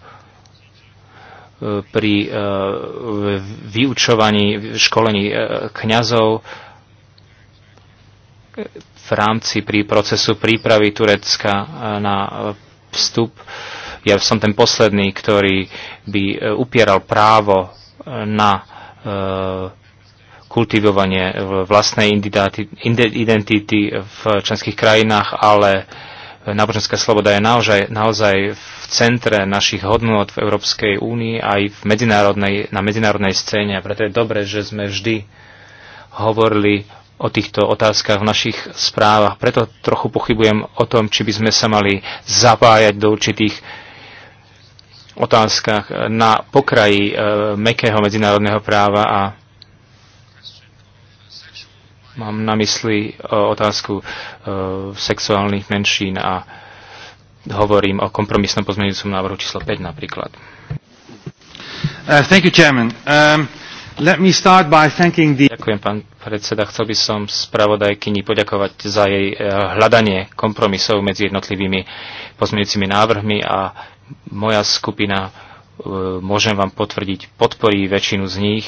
pri eh, vyučovaní, školení kňazov v rámci pri procesu prípravy Turecka na vstup ja som ten posledný, ktorý by e, upieral právo e, na e, kultivovanie vlastnej identity v členských krajinách, ale náboženská sloboda je naozaj, naozaj v centre našich hodnot v Európskej únii aj v medzinárodnej, na medzinárodnej scéne. A preto je dobré, že sme vždy hovorili o týchto otázkach v našich správach. Preto trochu pochybujem o tom, či by sme sa mali zapájať do určitých otázkach eh, na pokraji e, mekého medzinárodného práva a mám na mysli e, otázku e, sexuálnych menšín a hovorím o kompromisnom pozmeňujúcom návrhu číslo 5 napríklad. Uh, thank you, Chairman. Um, let me start by thanking the... Ďakujem, pán predseda. Chcel by som spravodajkyni poďakovať za jej hľadanie kompromisov medzi jednotlivými pozmeňujúcimi návrhmi a moja skupina, e, môžem vám potvrdiť, podporí väčšinu z nich,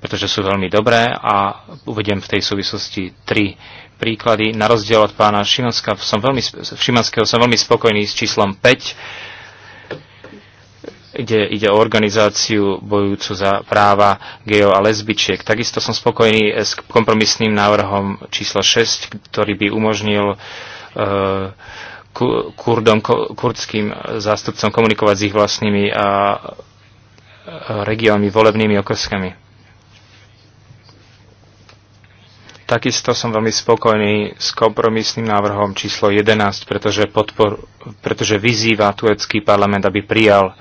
pretože sú veľmi dobré a uvediem v tej súvislosti tri príklady. Na rozdiel od pána Šimanska, som veľmi, Šimanského som veľmi spokojný s číslom 5, kde ide o organizáciu bojujúcu za práva gejov a lesbičiek. Takisto som spokojný e, s kompromisným návrhom číslo 6, ktorý by umožnil e, Kurdom, kurdským zástupcom komunikovať s ich vlastnými a, regiónmi, volebnými okrskami. Takisto som veľmi spokojný s kompromisným návrhom číslo 11, pretože, podpor, pretože vyzýva turecký parlament, aby prijal e,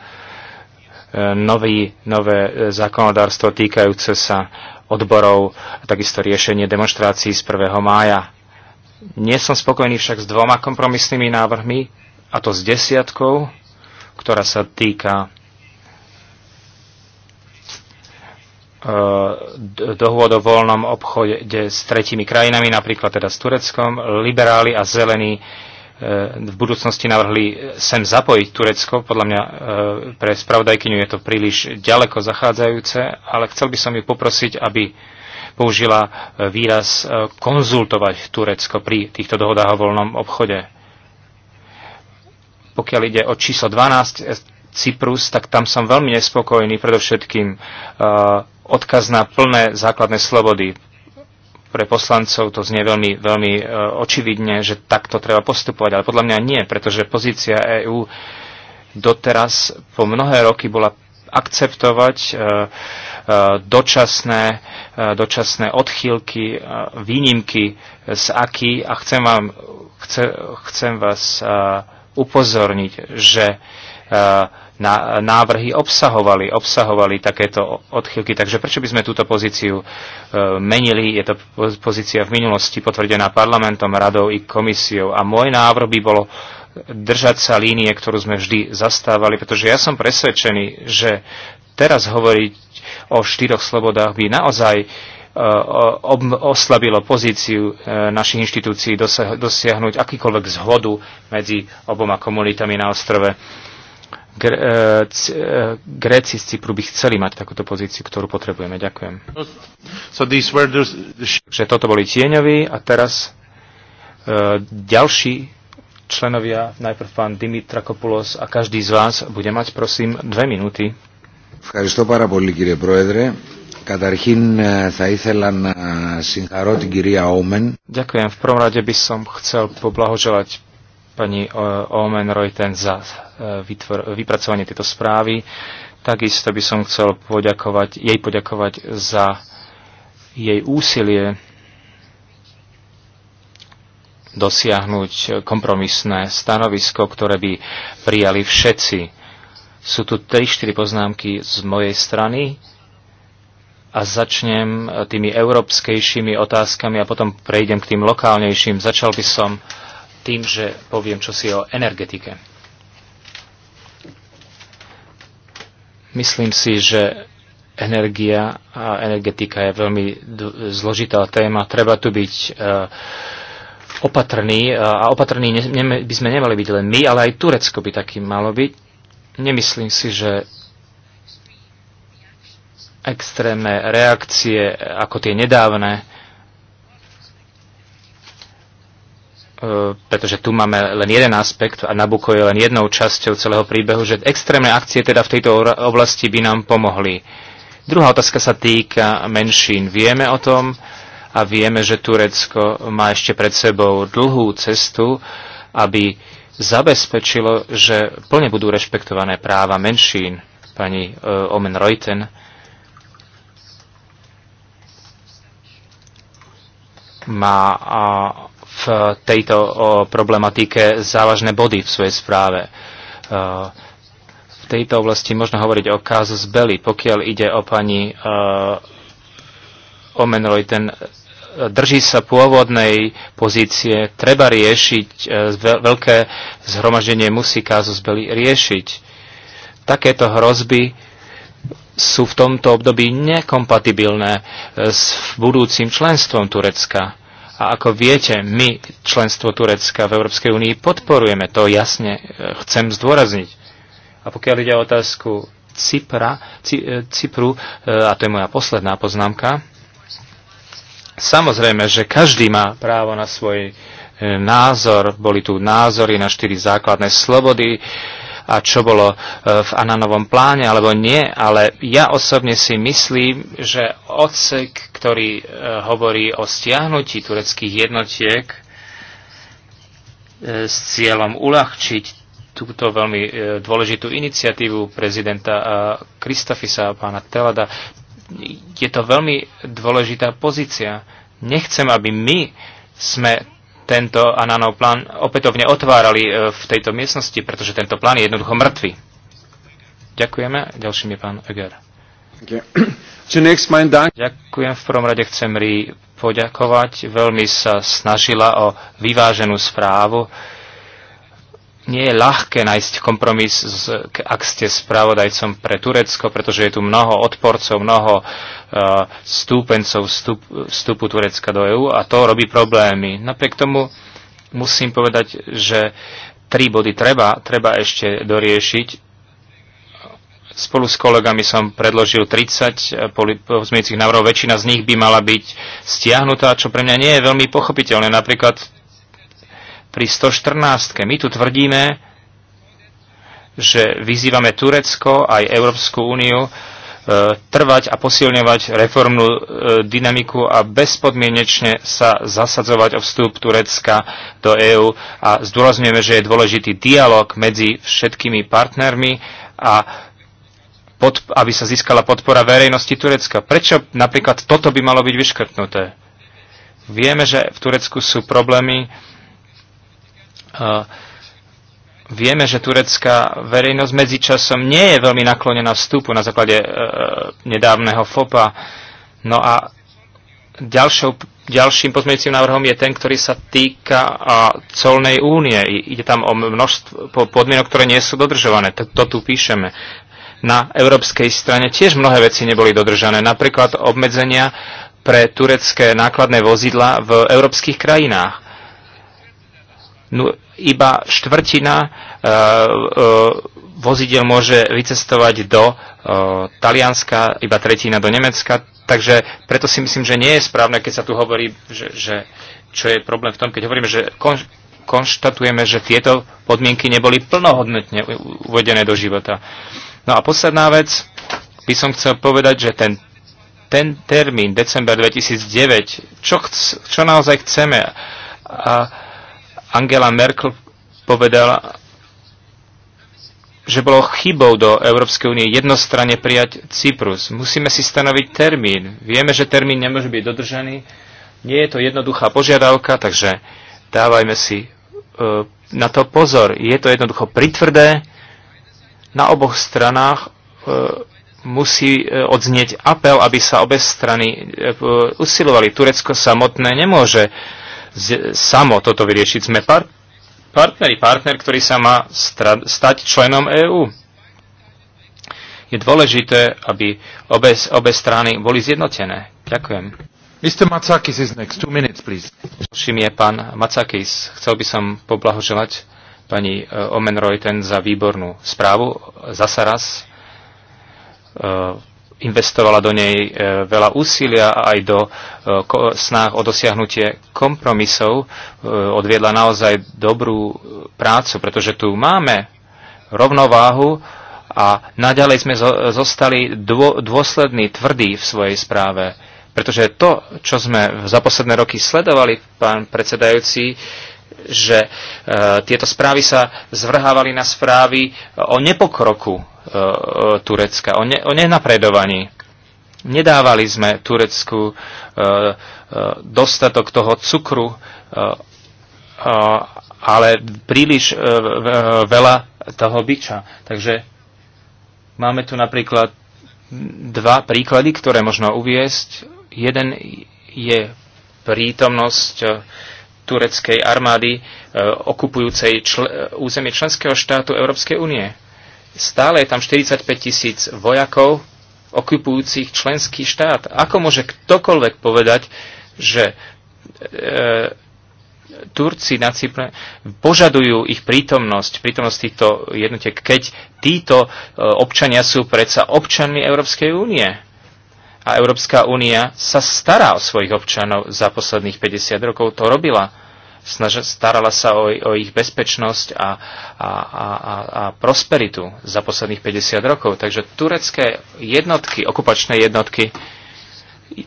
nový, nové zákonodárstvo týkajúce sa odborov, takisto riešenie demonstrácií z 1. mája nie som spokojný však s dvoma kompromisnými návrhmi, a to s desiatkou, ktorá sa týka e, dohôd o voľnom obchode s tretimi krajinami, napríklad teda s Tureckom. Liberáli a zelení e, v budúcnosti navrhli sem zapojiť Turecko. Podľa mňa e, pre spravodajkyňu je to príliš ďaleko zachádzajúce, ale chcel by som ju poprosiť, aby použila e, výraz e, konzultovať Turecko pri týchto dohodách o voľnom obchode. Pokiaľ ide o číslo 12 e, Cyprus, tak tam som veľmi nespokojný, predovšetkým odkaz na plné základné slobody. Pre poslancov to znie veľmi, veľmi očividne, že takto treba postupovať, ale podľa mňa nie, pretože pozícia EÚ doteraz po mnohé roky bola akceptovať e, e, dočasné, e, dočasné odchýlky, výnimky z aký a chcem, vám, chce, chcem vás upozorniť, že návrhy obsahovali, obsahovali takéto odchylky. Takže prečo by sme túto pozíciu menili? Je to pozícia v minulosti potvrdená parlamentom, radou i komisiou. A môj návrh by bolo držať sa línie, ktorú sme vždy zastávali, pretože ja som presvedčený, že teraz hovoriť o štyroch slobodách by naozaj e, oslabilo pozíciu e, našich inštitúcií dosiahnuť akýkoľvek zhodu medzi oboma komunitami na ostrove. E, Gréci z Cypru by chceli mať takúto pozíciu, ktorú potrebujeme. Ďakujem. Takže toto boli tieňoví a teraz ďalší členovia, najprv pán Dimitra Kopulos a každý z vás bude mať, prosím, dve minúty. Ευχαριστώ πάρα πολύ κύριε Πρόεδρε. Καταρχήν θα ήθελα να συγχαρώ την κυρία Όμεν. Ďakujem. V prvom rade by som chcel poblahoželať pani Omen Reuten za e, vytvor, vypracovanie tejto správy. Takisto by som chcel poďakovať, jej poďakovať za jej úsilie dosiahnuť kompromisné stanovisko, ktoré by prijali všetci. Sú tu 3-4 poznámky z mojej strany a začnem tými európskejšími otázkami a potom prejdem k tým lokálnejším. Začal by som tým, že poviem čosi o energetike. Myslím si, že energia a energetika je veľmi zložitá téma. Treba tu byť uh, opatrní e, a opatrní by sme nemali byť len my, ale aj Turecko by takým malo byť. Nemyslím si, že extrémne reakcie ako tie nedávne, e, pretože tu máme len jeden aspekt a Nabuko je len jednou časťou celého príbehu, že extrémne akcie teda v tejto oblasti by nám pomohli. Druhá otázka sa týka menšín. Vieme o tom, a vieme, že Turecko má ešte pred sebou dlhú cestu, aby zabezpečilo, že plne budú rešpektované práva menšín. Pani e, Omen Reuten má v tejto problematike závažné body v svojej správe. E, v tejto oblasti možno hovoriť o z Beli. pokiaľ ide o pani e, Omenroj, ten drží sa pôvodnej pozície, treba riešiť, e, veľké zhromaždenie musí kázus byli riešiť. Takéto hrozby sú v tomto období nekompatibilné e, s budúcim členstvom Turecka. A ako viete, my členstvo Turecka v Európskej únii podporujeme, to jasne e, chcem zdôrazniť. A pokiaľ ide o otázku Cypra, Cypru, a to je moja posledná poznámka, Samozrejme, že každý má právo na svoj e, názor. Boli tu názory na štyri základné slobody a čo bolo e, v Ananovom pláne alebo nie, ale ja osobne si myslím, že odsek, ktorý e, hovorí o stiahnutí tureckých jednotiek s cieľom uľahčiť túto veľmi dôležitú iniciatívu prezidenta Kristofisa a pána Telada je to veľmi dôležitá pozícia. Nechcem, aby my sme tento Ananov plán opätovne otvárali e, v tejto miestnosti, pretože tento plán je jednoducho mŕtvy. Ďakujeme. Ďalším je pán Eger. [CLEARS THROAT] Ďakujem. V prvom rade chcem ri poďakovať. Veľmi sa snažila o vyváženú správu nie je ľahké nájsť kompromis, ak ste spravodajcom pre Turecko, pretože je tu mnoho odporcov, mnoho e, stúpencov vstup, vstupu Turecka do EÚ a to robí problémy. Napriek tomu musím povedať, že tri body treba, treba ešte doriešiť. Spolu s kolegami som predložil 30 e, pozmiecich návrhov, väčšina z nich by mala byť stiahnutá, čo pre mňa nie je veľmi pochopiteľné. Napríklad pri 114. My tu tvrdíme, že vyzývame Turecko aj Európsku úniu e, trvať a posilňovať reformnú e, dynamiku a bezpodmienečne sa zasadzovať o vstup Turecka do EÚ a zdôrazňujeme, že je dôležitý dialog medzi všetkými partnermi a pod, aby sa získala podpora verejnosti Turecka. Prečo napríklad toto by malo byť vyškrtnuté? Vieme, že v Turecku sú problémy, Vieme, že turecká verejnosť medzičasom nie je veľmi naklonená vstupu na základe e, nedávneho FOPA. No a ďalšou, ďalším pozmeňujúcim návrhom je ten, ktorý sa týka a, colnej únie. Ide tam o množstvo podmienok, ktoré nie sú dodržované. To, to tu píšeme. Na európskej strane tiež mnohé veci neboli dodržané. Napríklad obmedzenia pre turecké nákladné vozidla v európskych krajinách no, iba štvrtina e, e, vozidel môže vycestovať do e, Talianska, iba tretina do Nemecka. Takže preto si myslím, že nie je správne, keď sa tu hovorí, že, že čo je problém v tom, keď hovoríme, že kon, konštatujeme, že tieto podmienky neboli plnohodnotne uvedené do života. No a posledná vec, by som chcel povedať, že ten ten termín, december 2009, čo, chc, čo naozaj chceme. A Angela Merkel povedala, že bolo chybou do Európskej únie jednostranne prijať Cyprus. Musíme si stanoviť termín. Vieme, že termín nemôže byť dodržaný. Nie je to jednoduchá požiadavka, takže dávajme si e, na to pozor. Je to jednoducho pritvrdé. Na oboch stranách e, musí e, odznieť apel, aby sa obe strany e, usilovali. Turecko samotné nemôže z, samo toto vyriešiť. Sme par, partneri, partner, ktorý sa má stra, stať členom EÚ. Je dôležité, aby obe, obe strany boli zjednotené. Ďakujem. Mr. Matsakis is next. Two minutes, please. Čím je pán Matsakis. Chcel by som poblahoželať pani e, Omen Reuten za výbornú správu. Zasa raz Uh, investovala do nej e, veľa úsilia a aj do e, snách o dosiahnutie kompromisov. E, odviedla naozaj dobrú prácu, pretože tu máme rovnováhu a naďalej sme zostali dôslední, tvrdí v svojej správe. Pretože to, čo sme za posledné roky sledovali, pán predsedajúci, že e, tieto správy sa zvrhávali na správy e, o nepokroku e, e, Turecka, o, ne, o nenapredovaní. Nedávali sme Turecku e, e, dostatok toho cukru, e, e, ale príliš e, e, veľa toho byča. Takže máme tu napríklad dva príklady, ktoré možno uviesť. Jeden je prítomnosť e, tureckej armády e, okupujúcej čl- e, územie členského štátu Európskej únie. Stále je tam 45 tisíc vojakov okupujúcich členský štát. Ako môže ktokoľvek povedať, že e, Turci na Cypre požadujú ich prítomnosť, prítomnosť týchto jednotiek, keď títo e, občania sú predsa občanmi Európskej únie? a Európska únia sa stará o svojich občanov za posledných 50 rokov. To robila. Snaž, starala sa o, o ich bezpečnosť a, a, a, a prosperitu za posledných 50 rokov. Takže turecké jednotky, okupačné jednotky,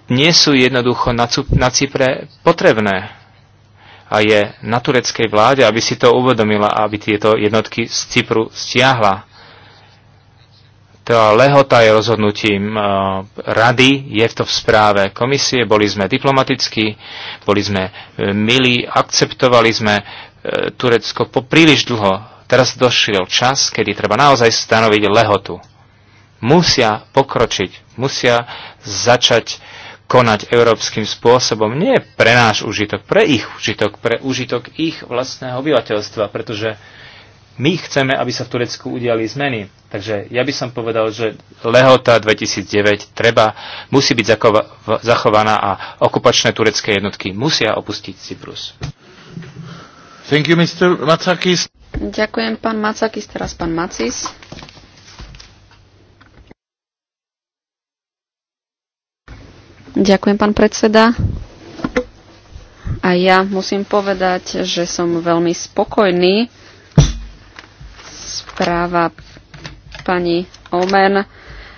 nie sú jednoducho na, na Cypre potrebné. A je na tureckej vláde, aby si to uvedomila, aby tieto jednotky z Cypru stiahla. Tá lehota je rozhodnutím e, rady, je to v správe komisie, boli sme diplomatickí, boli sme e, milí, akceptovali sme e, Turecko po príliš dlho. Teraz došiel čas, kedy treba naozaj stanoviť lehotu. Musia pokročiť, musia začať konať európskym spôsobom. Nie pre náš užitok, pre ich užitok, pre užitok ich vlastného obyvateľstva, pretože my chceme, aby sa v Turecku udiali zmeny Takže ja by som povedal, že lehota 2009 treba, musí byť zachovaná a okupačné turecké jednotky musia opustiť Cyprus. Thank you, Mr. Matsakis. Ďakujem, pán Matsakis, Teraz pán Macis. Ďakujem, pán predseda. A ja musím povedať, že som veľmi spokojný. Správa pani Omen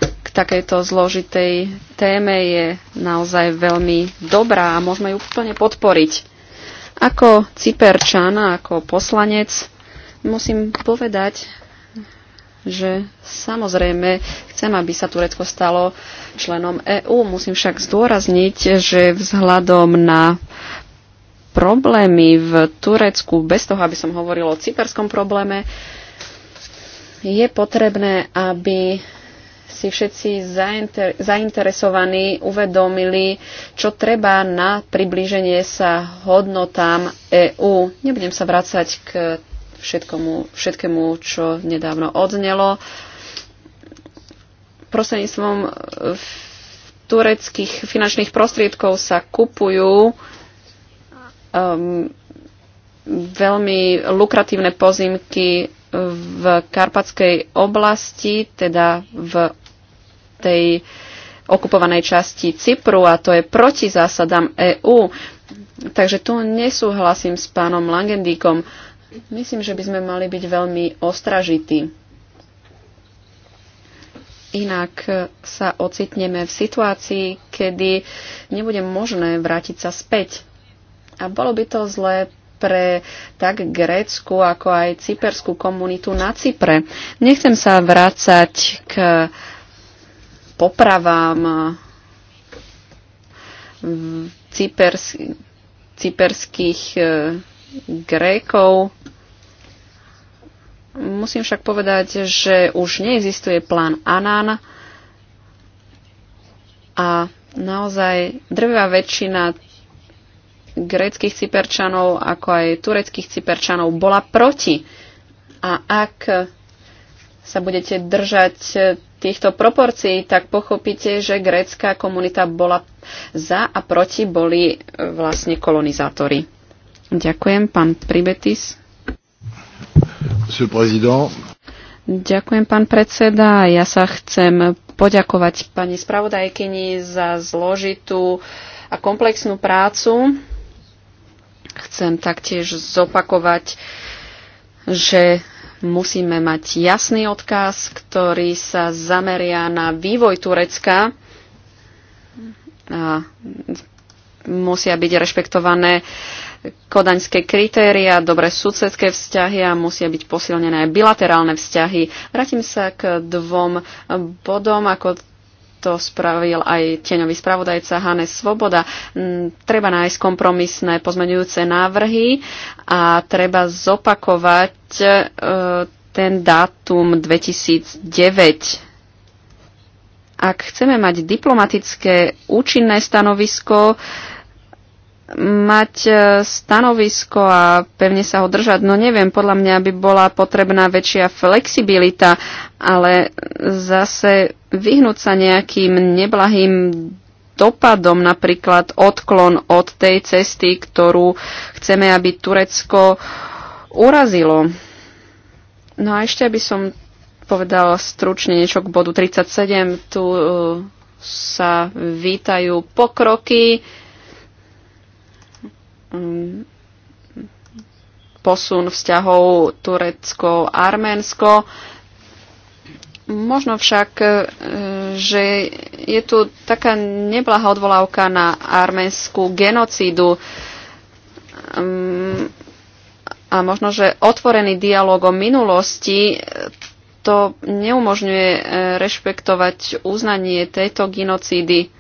k takejto zložitej téme je naozaj veľmi dobrá a môžeme ju úplne podporiť. Ako ciperčan, ako poslanec, musím povedať, že samozrejme chcem, aby sa Turecko stalo členom EÚ. Musím však zdôrazniť, že vzhľadom na problémy v Turecku, bez toho, aby som hovoril o cyperskom probléme, je potrebné, aby si všetci zainter- zainteresovaní uvedomili, čo treba na priblíženie sa hodnotám EÚ. Nebudem sa vrácať k všetkomu, všetkému, čo nedávno odznelo. Prostredníctvom e, tureckých finančných prostriedkov sa kupujú um, veľmi lukratívne pozimky v Karpatskej oblasti, teda v tej okupovanej časti Cypru a to je proti zásadám EÚ. Takže tu nesúhlasím s pánom Langendíkom. Myslím, že by sme mali byť veľmi ostražití. Inak sa ocitneme v situácii, kedy nebude možné vrátiť sa späť. A bolo by to zlé pre tak grécku, ako aj cyperskú komunitu na Cypre. Nechcem sa vrácať k popravám cypers, cyperských e, Grékov. Musím však povedať, že už neexistuje plán Anan a naozaj drvivá väčšina gréckých cyperčanov, ako aj tureckých cyperčanov, bola proti. A ak sa budete držať týchto proporcií, tak pochopíte, že grécka komunita bola za a proti boli e, vlastne kolonizátori. Ďakujem, pán Pribetis. Ďakujem, pán predseda. Ja sa chcem poďakovať pani spravodajkyni za zložitú a komplexnú prácu Chcem taktiež zopakovať, že musíme mať jasný odkaz, ktorý sa zameria na vývoj Turecka a musia byť rešpektované kodaňské kritéria, dobré susedské vzťahy a musia byť posilnené aj bilaterálne vzťahy. Vrátim sa k dvom bodom, ako to spravil aj tieňový spravodajca Hanes Svoboda. Mm, treba nájsť kompromisné pozmeňujúce návrhy a treba zopakovať e, ten dátum 2009. Ak chceme mať diplomatické účinné stanovisko, mať e, stanovisko a pevne sa ho držať. No neviem, podľa mňa by bola potrebná väčšia flexibilita, ale zase vyhnúť sa nejakým neblahým dopadom, napríklad odklon od tej cesty, ktorú chceme, aby Turecko urazilo. No a ešte by som povedala stručne niečo k bodu 37. Tu e, sa vítajú pokroky, Mm, posun vzťahov Turecko-Arménsko. Možno však, e, že je tu taká neblahá odvolávka na arménskú genocídu mm, a možno, že otvorený dialog o minulosti e, to neumožňuje e, rešpektovať uznanie tejto genocídy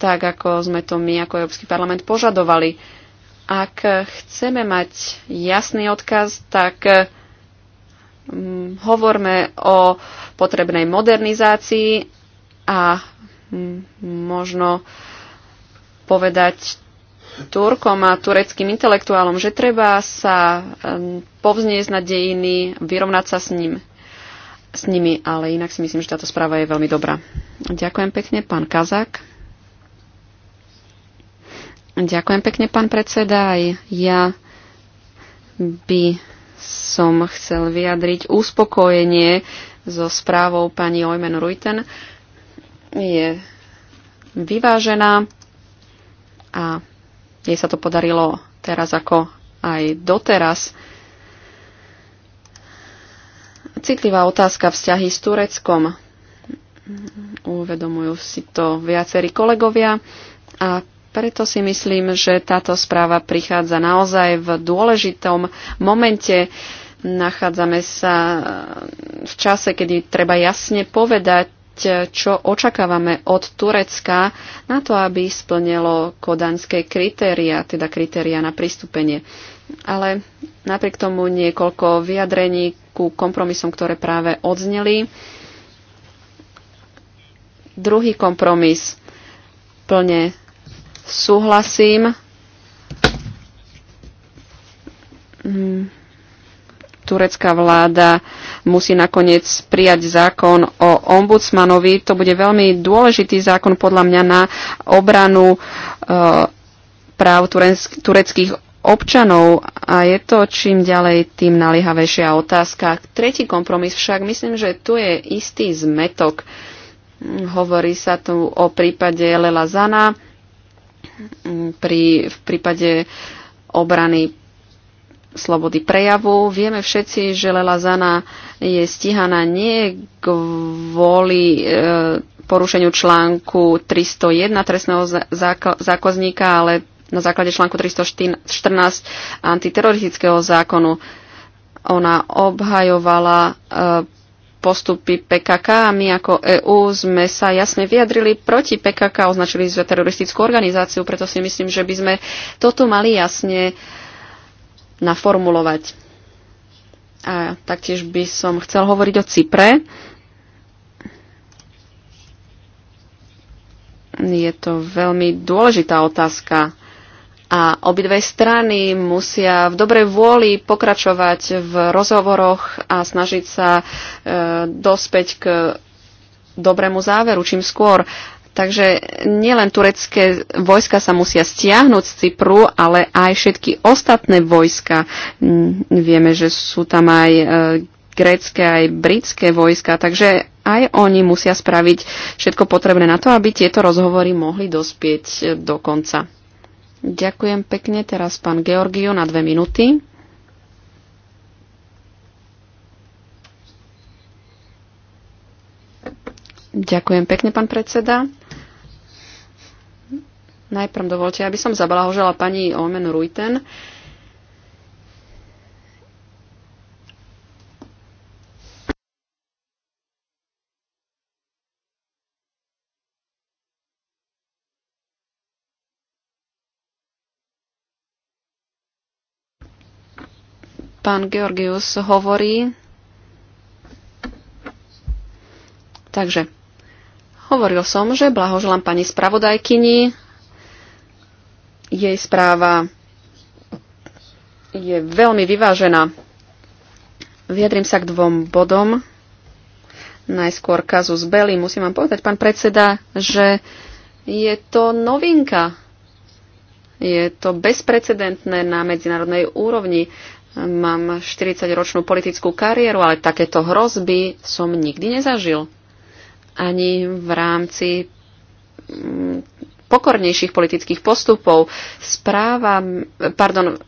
tak ako sme to my ako Európsky parlament požadovali. Ak chceme mať jasný odkaz, tak mm, hovorme o potrebnej modernizácii a mm, možno povedať Turkom a tureckým intelektuálom, že treba sa mm, povznieť na dejiny, vyrovnať sa s ním s nimi, ale inak si myslím, že táto správa je veľmi dobrá. Ďakujem pekne, pán Kazak. Ďakujem pekne, pán predseda. Aj ja by som chcel vyjadriť uspokojenie so správou pani Ojmen Ruiten. Je vyvážená a jej sa to podarilo teraz ako aj doteraz. Citlivá otázka vzťahy s Tureckom. Uvedomujú si to viacerí kolegovia a preto si myslím, že táto správa prichádza naozaj v dôležitom momente. Nachádzame sa eh, v čase, kedy treba jasne povedať, eh, čo očakávame od Turecka na to, aby splnilo kodanské kritéria, teda kritéria na pristúpenie. Ale napriek tomu niekoľko vyjadrení ku kompromisom, ktoré práve odzneli. Druhý kompromis plne Súhlasím. Turecká vláda musí nakoniec prijať zákon o ombudsmanovi. To bude veľmi dôležitý zákon podľa mňa na obranu e, práv tureckých občanov a je to čím ďalej tým naliehavejšia otázka. Tretí kompromis však, myslím, že tu je istý zmetok. Hovorí sa tu o prípade Lela Zana Mm, pri, v prípade obrany slobody prejavu. Vieme všetci, že Lela Zana je stíhaná nie kvôli e, porušeniu článku 301 trestného zákazníka, ale na základe článku 314 antiteroristického zákonu. Ona obhajovala e, postupy PKK a my ako EÚ sme sa jasne vyjadrili proti PKK, označili sme teroristickú organizáciu, preto si myslím, že by sme toto mali jasne naformulovať. A taktiež by som chcel hovoriť o Cypre. Je to veľmi dôležitá otázka a obidve strany musia v dobrej vôli pokračovať v rozhovoroch a snažiť sa e, dospäť k dobrému záveru čím skôr. Takže nielen turecké vojska sa musia stiahnuť z Cypru, ale aj všetky ostatné vojska. Vieme, že sú tam aj e, grécké, aj britské vojska, takže aj oni musia spraviť všetko potrebné na to, aby tieto rozhovory mohli dospieť e, do konca. Ďakujem pekne. Teraz pán Georgiu na dve minúty. Ďakujem pekne, pán predseda. Najprv dovolte, aby som zablahožala pani Omen Ruiten. Uh, Pán Georgius hovorí. Takže, hovoril som, že blahoželám pani spravodajkyni. Jej správa je veľmi vyvážená. Viedrim sa k dvom bodom. Najskôr kazus Belli. Musím vám povedať, pán predseda, že je to novinka. Je to bezprecedentné na medzinárodnej úrovni. Mám 40-ročnú politickú kariéru, ale takéto hrozby som nikdy nezažil. Ani v rámci mm, pokornejších politických postupov. Správa, pardon,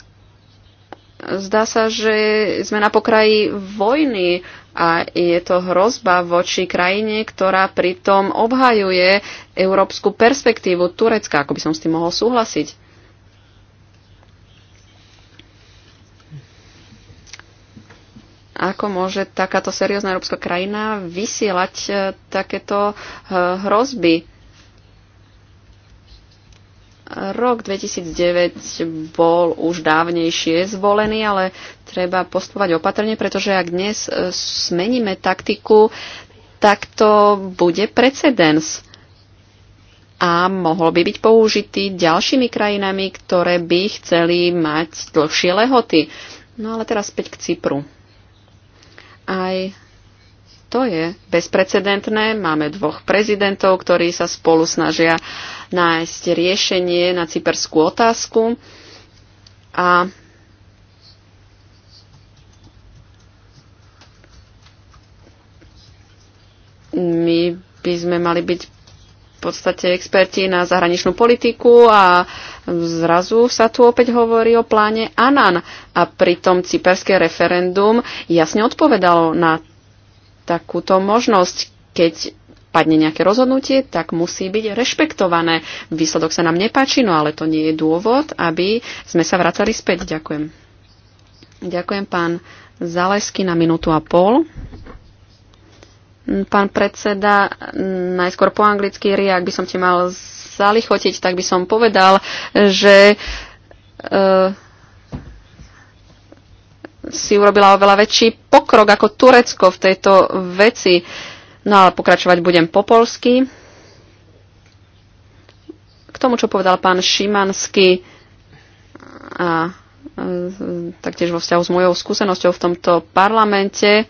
zdá sa, že sme na pokraji vojny a je to hrozba voči krajine, ktorá pritom obhajuje európsku perspektívu Turecka. Ako by som s tým mohol súhlasiť? Ako môže takáto seriózna európska krajina vysielať e, takéto e, hrozby? Rok 2009 bol už dávnejšie zvolený, ale treba postupovať opatrne, pretože ak dnes smeníme e, taktiku, tak to bude precedens a mohol by byť použitý ďalšími krajinami, ktoré by chceli mať dlhšie lehoty. No ale teraz späť k Cypru. Aj to je bezprecedentné. Máme dvoch prezidentov, ktorí sa spolu snažia nájsť riešenie na cyperskú otázku. A my by sme mali byť podstate experti na zahraničnú politiku a zrazu sa tu opäť hovorí o pláne Anan. A pritom cyperské referendum jasne odpovedalo na takúto možnosť, keď padne nejaké rozhodnutie, tak musí byť rešpektované. Výsledok sa nám nepáči, no ale to nie je dôvod, aby sme sa vracali späť. Ďakujem. Ďakujem pán Zalesky na minútu a pol. Pán predseda, najskôr po anglicky, Ria, ak by som ti mal zalichotiť, tak by som povedal, že uh, si urobila oveľa väčší pokrok ako Turecko v tejto veci. No ale pokračovať budem po polsky. K tomu, čo povedal pán Šimanský a e, taktiež vo vzťahu s mojou skúsenosťou v tomto parlamente,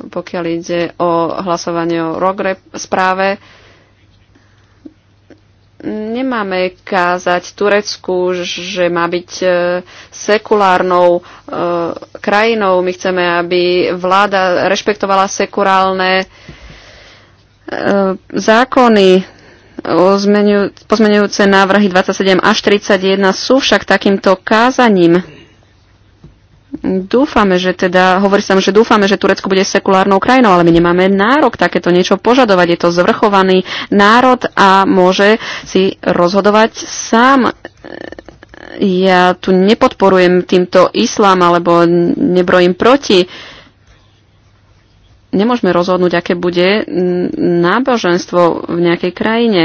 pokiaľ ide o hlasovanie o ROGRE správe. Nemáme kázať Turecku, že má byť e, sekulárnou e, krajinou. My chceme, aby vláda rešpektovala sekurálne e, zákony. Pozmenujúce návrhy 27 až 31 sú však takýmto kázaním Dúfame, že teda, hovorí sa, že dúfame, že Turecko bude sekulárnou krajinou, ale my nemáme nárok takéto niečo požadovať. Je to zvrchovaný národ a môže si rozhodovať sám. Ja tu nepodporujem týmto islám alebo nebrojím proti. Nemôžeme rozhodnúť, aké bude náboženstvo v nejakej krajine.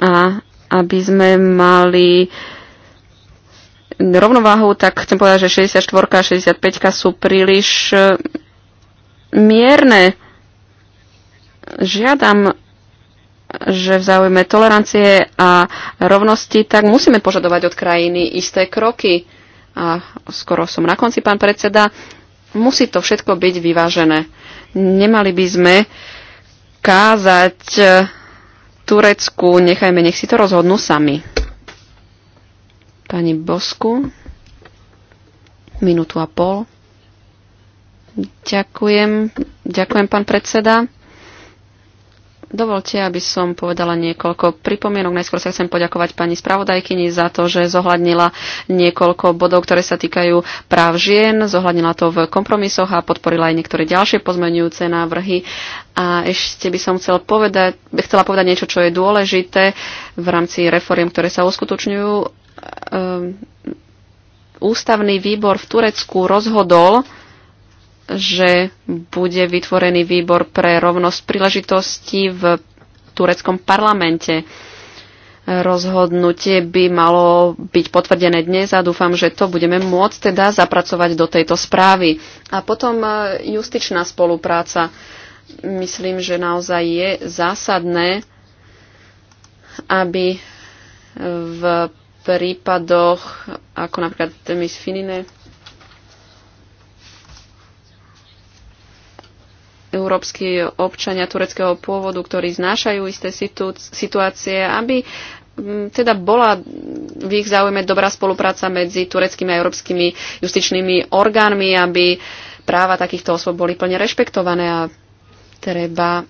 A aby sme mali uh, rovnováhu, tak chcem povedať, že 64 a 65 sú príliš e, mierne. Žiadam, že v záujme tolerancie a rovnosti, tak musíme požadovať od krajiny isté kroky. A skoro som na konci, pán predseda, musí to všetko byť vyvážené. Nemali by sme kázať e, Turecku, nechajme, nech si to rozhodnú sami. Pani Bosku, minútu a pol. Ďakujem, ďakujem pán predseda. Dovolte, aby som povedala niekoľko pripomienok. Najskôr sa chcem poďakovať pani spravodajkyni za to, že zohľadnila niekoľko bodov, ktoré sa týkajú práv žien, zohľadnila to v kompromisoch a podporila aj niektoré ďalšie pozmenujúce návrhy. A ešte by som chcel povedať, chcela povedať niečo, čo je dôležité v rámci reforiem, ktoré sa uskutočňujú Um, ústavný výbor v Turecku rozhodol, že bude vytvorený výbor pre rovnosť príležitosti v tureckom parlamente. Rozhodnutie by malo byť potvrdené dnes a dúfam, že to budeme môcť teda zapracovať do tejto správy. A potom uh, justičná spolupráca. Myslím, že naozaj je zásadné, aby v prípadoch, ako napríklad Temis Finine, európsky občania tureckého pôvodu, ktorí znášajú isté situ- situácie, aby mm, teda bola v ich záujme dobrá spolupráca medzi tureckými a európskymi justičnými orgánmi, aby práva takýchto osôb boli plne rešpektované a treba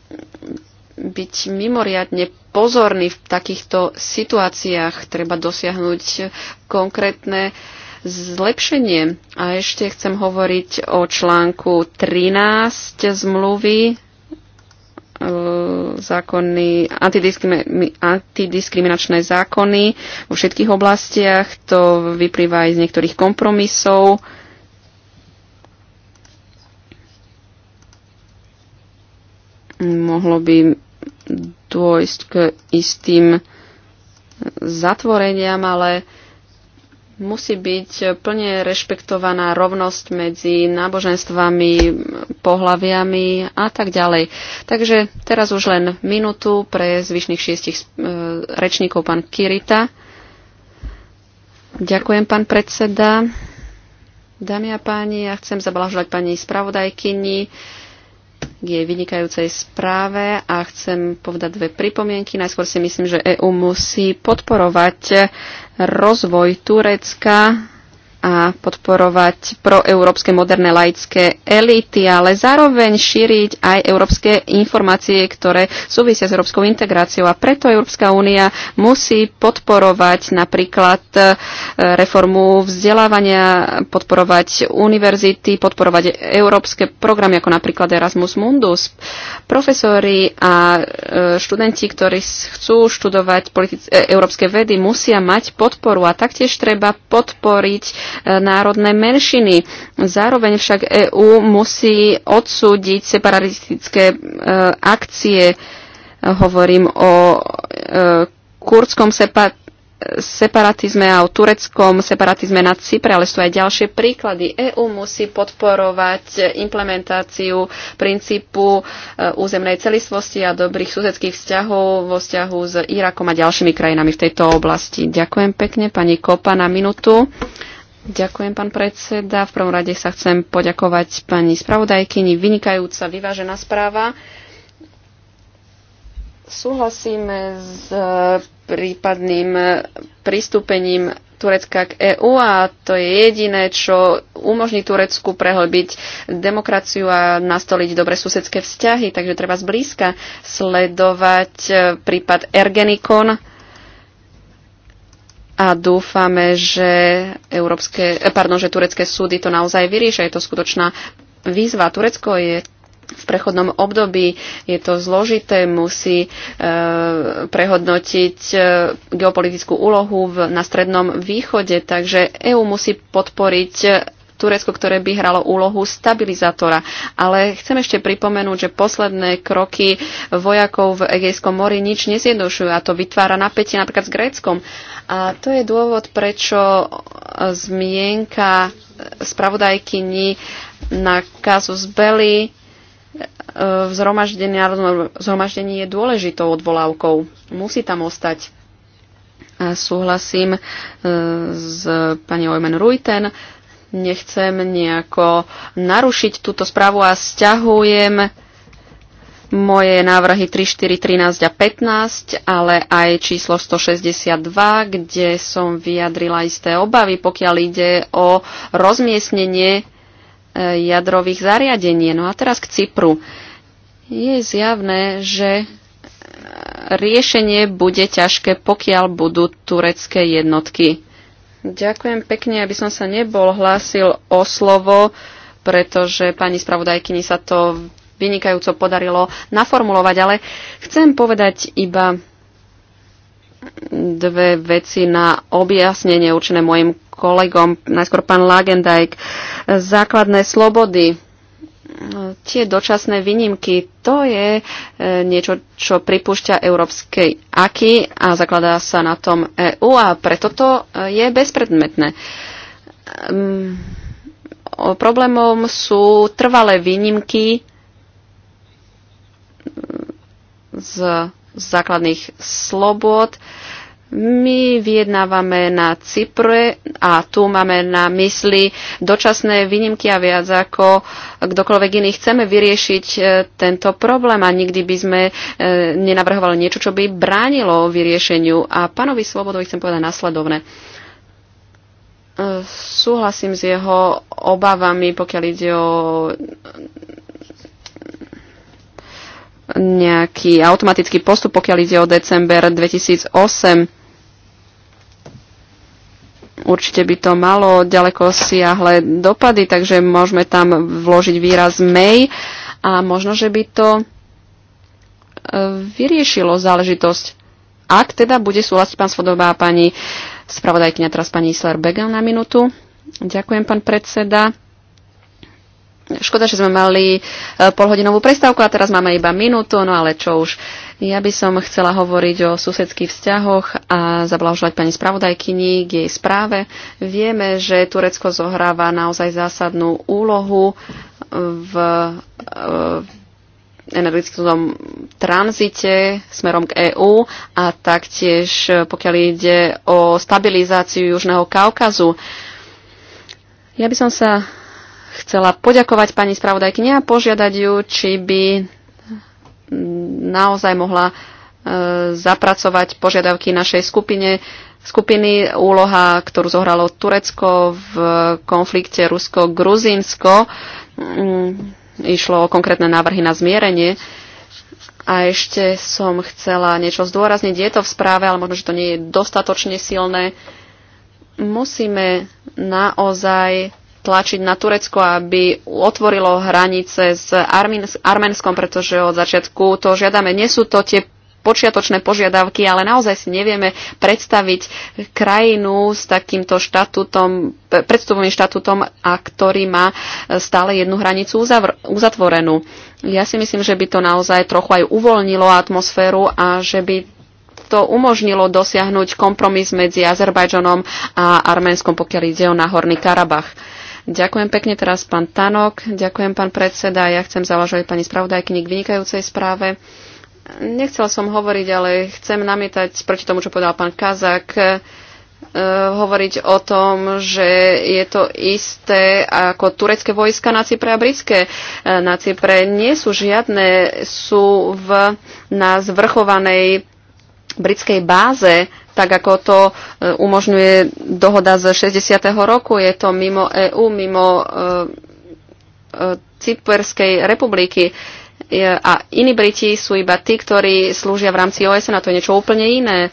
byť mimoriadne pozorný v takýchto situáciách. Treba dosiahnuť konkrétne zlepšenie. A ešte chcem hovoriť o článku 13 zmluvy e, zákony, antidiskriminačné zákony vo všetkých oblastiach. To vyplýva aj z niektorých kompromisov. Mohlo by dôjsť k istým zatvoreniam, ale musí byť plne rešpektovaná rovnosť medzi náboženstvami, pohlaviami a tak ďalej. Takže teraz už len minútu pre zvyšných šiestich eh, rečníkov pán Kirita. Ďakujem, pán predseda. Dámy a páni, ja chcem zablahoželať pani spravodajkyni k jej vynikajúcej správe a chcem povedať dve pripomienky. Najskôr si myslím, že EÚ musí podporovať rozvoj Turecka a podporovať proeurópske moderné laické elity, ale zároveň šíriť aj európske informácie, ktoré súvisia s európskou integráciou. A preto Európska únia musí podporovať napríklad e, reformu vzdelávania, podporovať univerzity, podporovať európske programy ako napríklad Erasmus Mundus. Profesori a e, študenti, ktorí chcú študovať e, európske vedy, musia mať podporu a taktiež treba podporiť E, národné menšiny. Zároveň však EÚ musí odsúdiť separatistické e, akcie. Hovorím o e, kurdskom separatizme a o tureckom separatizme na Cypre, ale sú aj ďalšie príklady. EÚ musí podporovať implementáciu princípu územnej celistvosti a dobrých susedských vzťahov vo vzťahu s Irakom a ďalšími krajinami v tejto oblasti. Ďakujem pekne, pani Kopa, na minútu. Ďakujem, pán predseda. V prvom rade sa chcem poďakovať pani spravodajkyni. Vynikajúca, vyvážená správa. Súhlasíme s e, prípadným pristúpením Turecka k EÚ a to je jediné, čo umožní Turecku prehlbiť demokraciu a nastoliť dobre susedské vzťahy. Takže treba zblízka sledovať e, prípad Ergenikon, a dúfame, že, európske, pardon, že turecké súdy to naozaj vyriešia. Je to skutočná výzva. Turecko je v prechodnom období je to zložité, musí e, prehodnotiť e, geopolitickú úlohu v, na Strednom východe, takže EÚ musí podporiť Turecko, ktoré by hralo úlohu stabilizátora. Ale chcem ešte pripomenúť, že posledné kroky vojakov v Egejskom mori nič nezjednodušujú a to vytvára napätie napríklad s Gréckom. A to je dôvod, prečo zmienka spravodajkyni na kazus Belli e, v zhromaždení, zhromaždení je dôležitou odvolávkou. Musí tam ostať. A súhlasím e, s pani Ojmen Ruiten, Nechcem nejako narušiť túto správu a stiahujem moje návrhy 3, 4, 13 a 15, ale aj číslo 162, kde som vyjadrila isté obavy, pokiaľ ide o rozmiestnenie e, jadrových zariadení. No a teraz k Cypru. Je zjavné, že e, riešenie bude ťažké, pokiaľ budú turecké jednotky Ďakujem pekne, aby som sa nebol hlásil o slovo, pretože pani spravodajkyni sa to vynikajúco podarilo naformulovať, ale chcem povedať iba dve veci na objasnenie určené mojim kolegom, najskôr pán Lagendajk. Základné slobody tie dočasné výnimky, to je e, niečo, čo pripúšťa európskej aky a zakladá sa na tom EU a preto to e, je bezpredmetné. Ehm, problémom sú trvalé výnimky ehm, z základných slobod, my vyjednávame na Cypre a tu máme na mysli dočasné výnimky a viac ako kdokoľvek iný. Chceme vyriešiť e, tento problém a nikdy by sme e, nenavrhovali niečo, čo by bránilo vyriešeniu. A pánovi Svobodovi chcem povedať nasledovne. Súhlasím s jeho obavami, pokiaľ ide o nejaký automatický postup, pokiaľ ide o december 2008 určite by to malo ďaleko siahle dopady, takže môžeme tam vložiť výraz may a možno, že by to e, vyriešilo záležitosť. Ak teda bude súhlasiť pán Svodobá a pani spravodajkňa, teraz pani Isler Begel na minútu. Ďakujem, pán predseda. Škoda, že sme mali e, polhodinovú prestávku a teraz máme iba minútu, no ale čo už. Ja by som chcela hovoriť o susedských vzťahoch a zablahoželať pani spravodajkyni k jej správe. Vieme, že Turecko zohráva naozaj zásadnú úlohu v, e, energetickom tranzite smerom k EÚ a taktiež e, pokiaľ ide o stabilizáciu Južného Kaukazu. Ja by som sa chcela poďakovať pani spravodajkyne a požiadať ju, či by naozaj mohla e, zapracovať požiadavky našej skupine, skupiny, úloha, ktorú zohralo Turecko v konflikte Rusko-Gruzínsko. Mm, išlo o konkrétne návrhy na zmierenie. A ešte som chcela niečo zdôrazniť. Je to v správe, ale možno, že to nie je dostatočne silné. Musíme naozaj tlačiť na Turecko, aby otvorilo hranice s Arménskom, pretože od začiatku to žiadame. Nie sú to tie počiatočné požiadavky, ale naozaj si nevieme predstaviť krajinu s takýmto štatútom, predstupovým štatútom a ktorý má stále jednu hranicu uzatvorenú. Ja si myslím, že by to naozaj trochu aj uvoľnilo atmosféru a že by to umožnilo dosiahnuť kompromis medzi Azerbajdžanom a Arménskom, pokiaľ ide o Nahorný Karabach. Ďakujem pekne teraz pán Tanok, ďakujem pán predseda, ja chcem založiť pani spravodajkyni k vynikajúcej správe. Nechcel som hovoriť, ale chcem namietať proti tomu, čo povedal pán Kazak, eh, hovoriť o tom, že je to isté ako turecké vojska na Cypre a britské eh, na Cypre. Nie sú žiadne, sú v, na zvrchovanej britskej báze, tak ako to e, umožňuje dohoda z 60. roku. Je to mimo EÚ, mimo e, e, Cyperskej republiky a iní Briti sú iba tí, ktorí slúžia v rámci OSN a to je niečo úplne iné.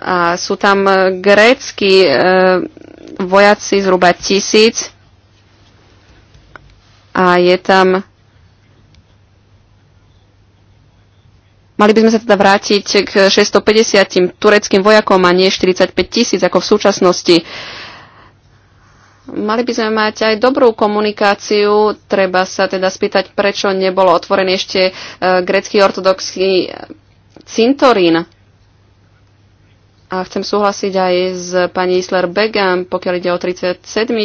A sú tam grécky vojaci zhruba tisíc a je tam Mali by sme sa teda vrátiť k 650 tureckým vojakom a nie 45 tisíc ako v súčasnosti. Mali by sme mať aj dobrú komunikáciu. Treba sa teda spýtať, prečo nebolo otvorený ešte e, grecký ortodoxný cintorín. A chcem súhlasiť aj s pani Isler Begam, pokiaľ ide o 37. E,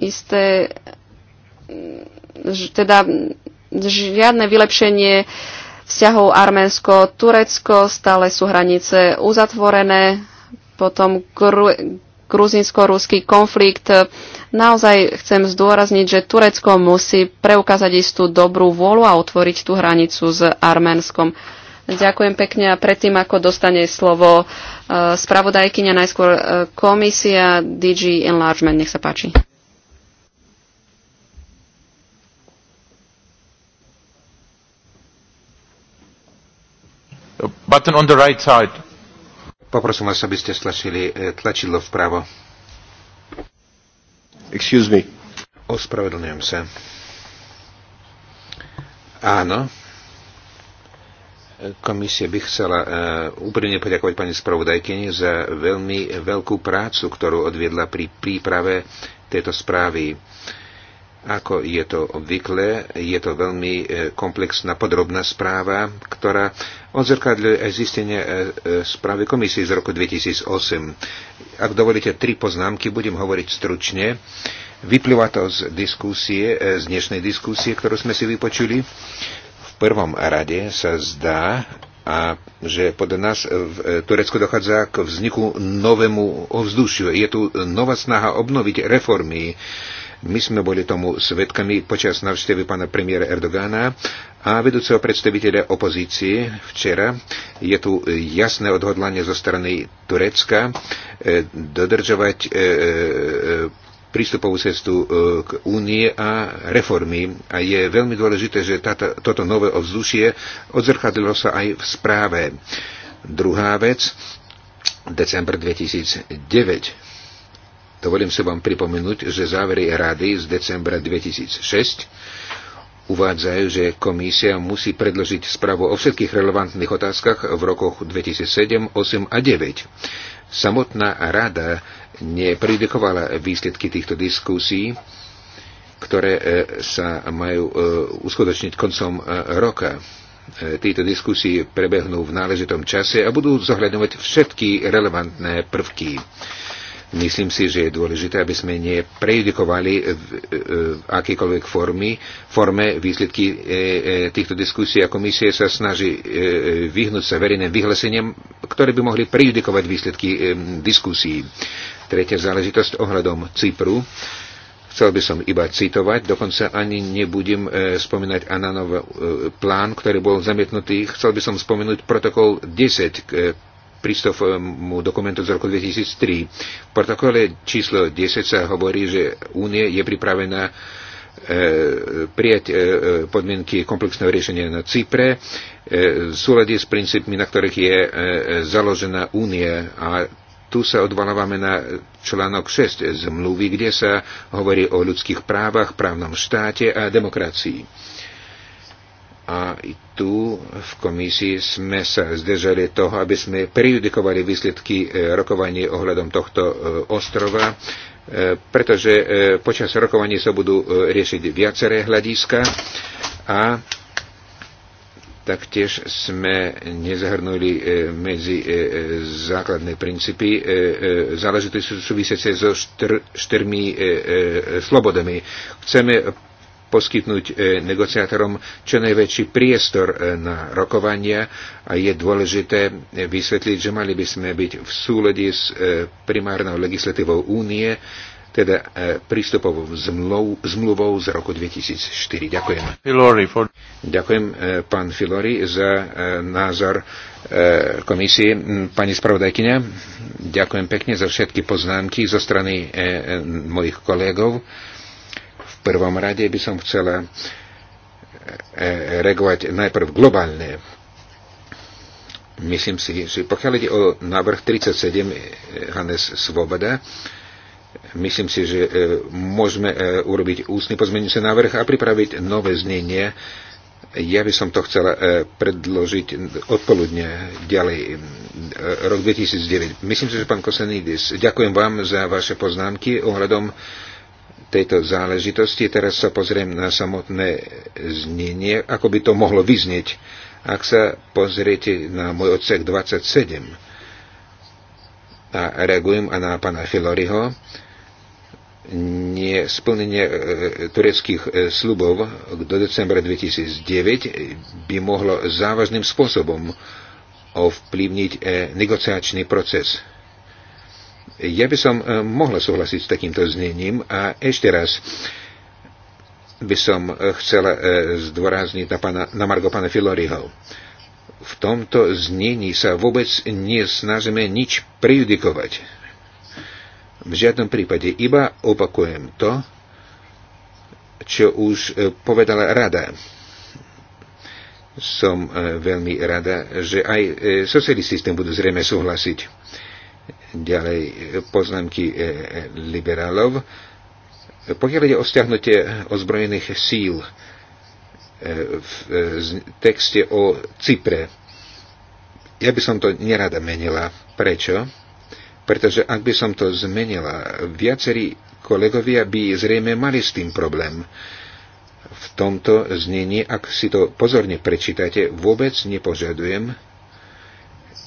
isté, teda žiadne vylepšenie vzťahov Arménsko-Turecko, stále sú hranice uzatvorené, potom Gru- gruzinsko-ruský konflikt. Naozaj chcem zdôrazniť, že Turecko musí preukázať istú dobrú vôľu a otvoriť tú hranicu s Arménskom. Ďakujem pekne a predtým, ako dostane slovo eh, spravodajkyňa, najskôr eh, komisia DG Enlargement. Nech sa páči. Button on the right side. Poprosím vás, aby ste stlačili e, tlačidlo vpravo. Excuse me. Ospravedlňujem sa. Áno. Komisia by chcela e, úprimne poďakovať pani spravodajkyni za veľmi veľkú prácu, ktorú odviedla pri príprave tejto správy. Uh, ako je to obvykle, je to veľmi e, komplexná podrobná správa, ktorá odzrkadľuje aj zistenie e, e, správy komisie z roku 2008. Ak dovolíte tri poznámky, budem hovoriť stručne. Vyplýva to z diskusie, z dnešnej diskusie, ktorú sme si vypočuli. V prvom rade sa zdá, a že pod nás v Turecku dochádza k vzniku novému ovzdušiu. Je tu nová snaha obnoviť reformy my sme boli tomu svetkami počas navštevy pána premiéra Erdogana a vedúceho predstaviteľa opozície včera. Je tu jasné odhodlanie zo strany Turecka e, dodržovať e, e, prístupovú cestu k únie a reformy. A je veľmi dôležité, že táto, toto nové ovzdušie odzrkadlilo sa aj v správe. Druhá vec, december 2009 Dovolím sa vám pripomenúť, že závery rady z decembra 2006 uvádzajú, že komisia musí predložiť správu o všetkých relevantných otázkach v rokoch 2007, 2008 a 2009. Samotná rada nepredikovala výsledky týchto diskusí, ktoré e, sa majú e, uskutočniť koncom e, roka. Tieto diskusie prebehnú v náležitom čase a budú zohľadňovať všetky relevantné prvky. Myslím si, že je dôležité, aby sme neprejudikovali v, v akýkoľvek formy, forme výsledky e, e, týchto diskusí a komisie sa snaží e, vyhnúť sa verejným vyhláseniam, ktoré by mohli prejudikovať výsledky diskusí. Tretia záležitosť ohľadom Cypru. Chcel by som iba citovať, dokonca ani nebudem e, spomínať Ananov e, plán, ktorý bol zamietnutý. Chcel by som spomenúť protokol 10 k prístupovému dokumentu z roku 2003. V protokole číslo 10 sa hovorí, že Únie je pripravená e, prijať e, podmienky komplexného riešenia na Cypre e, v súlade s princípmi, na ktorých je založená únia a tu sa odvolávame na článok 6 zmluvy, kde sa hovorí o ľudských právach, právnom štáte a demokracii a tu v komisii sme sa zdržali toho, aby sme prejudikovali výsledky e, rokovanie ohľadom tohto e, ostrova, e, pretože počas rokovania sa budú riešiť viaceré hľadiska a taktiež sme nezahrnuli medzi základné princípy záležitosti súvisiace so štyrmi slobodami. Chceme poskytnúť e, negociátorom čo najväčší priestor e, na rokovania a je dôležité e, vysvetliť, že mali by sme byť v súlede s primárnou legislatívou únie, teda prístupovou zmluvou, z roku 2004. Ďakujem. Filori for... Ďakujem pán Filori za názor komisie. Pani spravodajkyňa, ďakujem pekne za všetky poznámky zo strany mojich kolegov prvom rade by som chcela eh, reagovať najprv globálne. Myslím si, že pokiaľ ide o návrh 37 eh, Hannes Svoboda, myslím si, že eh, môžeme urobiť ústny pozmeňujúci návrh a pripraviť nové znenie. Ja by som to chcela predložiť odpoludne ďalej, rok 2009. Myslím si, že pán Kosenidis, ďakujem vám za vaše poznámky ohľadom tejto záležitosti. Teraz sa pozriem na samotné znenie, ako by to mohlo vyznieť, ak sa pozriete na môj odsek 27 a reagujem a na pána Filoriho, nesplnenie e, tureckých e, slubov do decembra 2009 by mohlo závažným spôsobom ovplyvniť e, negociačný proces ja by som e, mohla súhlasiť s takýmto znením a ešte raz by som e, chcela e, zdôrazniť na, pana, na Margo pana Filoriho. V tomto znení sa vôbec nesnažíme nič prejudikovať. V žiadnom prípade iba opakujem to, čo už povedala rada. Som veľmi rada, že aj socialisti s tým budú zrejme súhlasiť Ďalej poznámky e, e, liberálov. Pokiaľ ide o stiahnutie ozbrojených síl e, v texte o Cypre, ja by som to nerada menila. Prečo? Pretože ak by som to zmenila, viacerí kolegovia by zrejme mali s tým problém. V tomto znení, ak si to pozorne prečítate, vôbec nepožadujem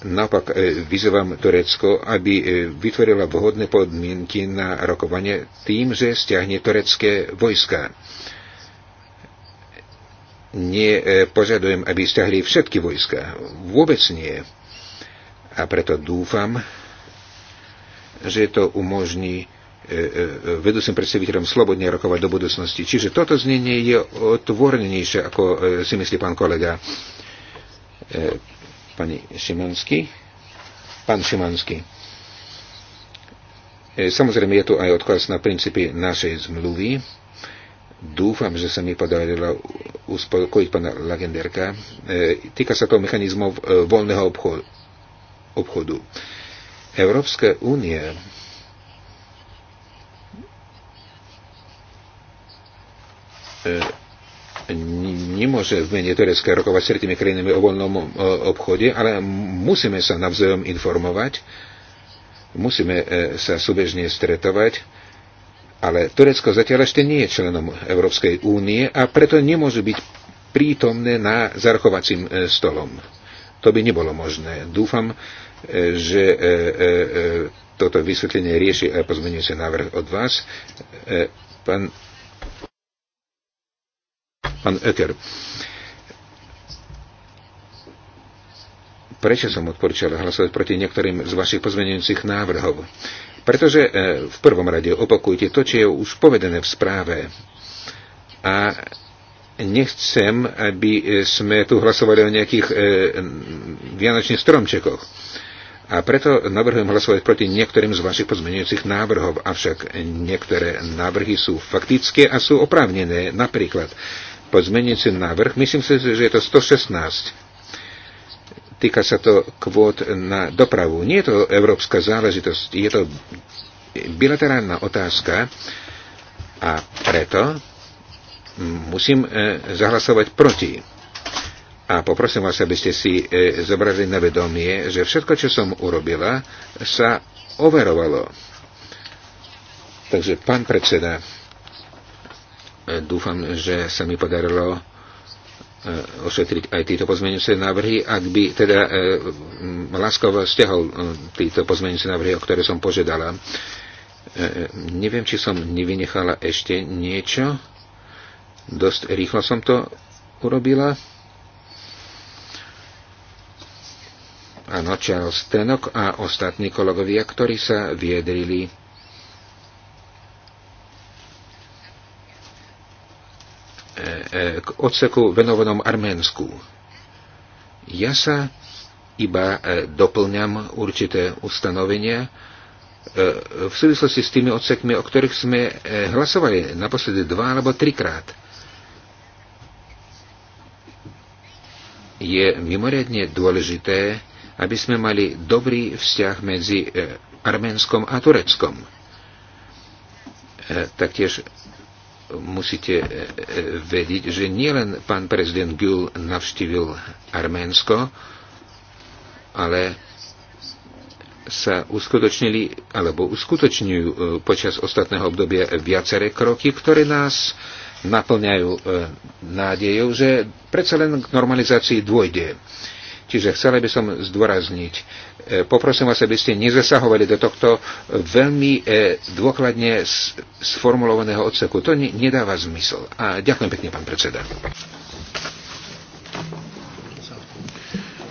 Naopak e, vyzývam Turecko, aby e, vytvorila vhodné podmienky na rokovanie tým, že stiahne turecké vojska. Nie e, požadujem, aby stiahli všetky vojska. Vôbec nie. A preto dúfam, že to umožní vedúcim predstaviteľom slobodne rokovať do budúcnosti. Čiže toto znenie je otvorenejšie, ako si myslí pán kolega Pani Šimanský. Pán Šimanský. E, samozrejme, je tu aj odkaz na princípy našej zmluvy. Dúfam, že sa mi podarilo uspokojiť pana Lagenderka. E, týka sa to mechanizmov e, voľného obchodu. Európska únia nemôže v mene Turecka rokovať s tretimi krajinami o voľnom e, obchode, ale musíme sa navzájom informovať, musíme e, sa súbežne stretovať, ale Turecko zatiaľ ešte nie je členom Európskej únie a preto nemôže byť prítomné na zarchovacím e, stolom. To by nebolo možné. Dúfam, že toto vysvetlenie rieši a pozmenuje sa návrh od vás. Pán pán Eker. Prečo som odporúčal hlasovať proti niektorým z vašich pozmenujúcich návrhov? Pretože e, v prvom rade opakujte to, čo je už povedané v správe. A nechcem, aby e, sme tu hlasovali o nejakých e, vianočných stromčekoch. A preto navrhujem hlasovať proti niektorým z vašich pozmeňujúcich návrhov, avšak niektoré návrhy sú faktické a sú oprávnené. Napríklad pozmeniaci návrh. Myslím si, že je to 116. Týka sa to kvót na dopravu. Nie je to európska záležitosť, je to bilaterálna otázka a preto musím e, zahlasovať proti. A poprosím vás, aby ste si e, zobrali na vedomie, že všetko, čo som urobila, sa overovalo. Takže, pán predseda, Dúfam, že sa mi podarilo e, ošetriť aj tieto pozmeňujúce návrhy, ak by teda e, láskovo stiahol e, tieto pozmeňujúce návrhy, o ktoré som požiadala. E, e, neviem, či som nevynechala ešte niečo. Dosť rýchlo som to urobila. Áno, Charles Tenok a ostatní kolegovia, ktorí sa viedrili E, e, k odseku venovanom Arménsku. Ja sa iba e, doplňam určité ustanovenia v súvislosti s tými odsekmi, o ktorých sme hlasovali naposledy dva alebo trikrát. Je mimoriadne dôležité, aby sme mali dobrý vzťah medzi Arménskom a Tureckom. Taktiež musíte e, e, vedieť, že nielen pán prezident Gül navštívil Arménsko, ale sa uskutočnili alebo uskutočňujú e, počas ostatného obdobia viaceré kroky, ktoré nás naplňajú nádejou, že predsa len k normalizácii dôjde. Čiže chcela by som zdôrazniť, e, poprosím vás, aby ste nezasahovali do tohto veľmi e, dôkladne sformulovaného odseku. To nedáva zmysel. A ďakujem pekne, pán predseda.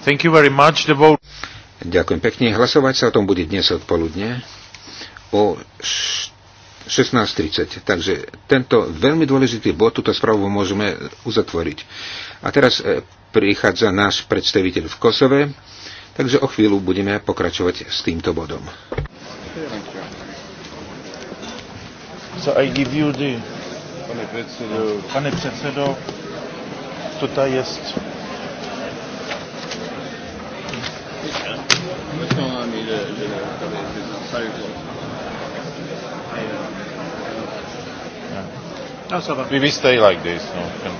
Thank you very much. The vote... Ďakujem pekne. Hlasovať sa o tom bude dnes odpoludne o 16.30. Takže tento veľmi dôležitý bod, túto správu môžeme uzatvoriť. A teraz e, prichádza náš predstaviteľ v Kosove, takže o chvíľu budeme pokračovať s týmto bodom. So I give you the... Pane predsedo, Pane predsedo je... jest... Yeah. No, so we, we stay like this. No, can,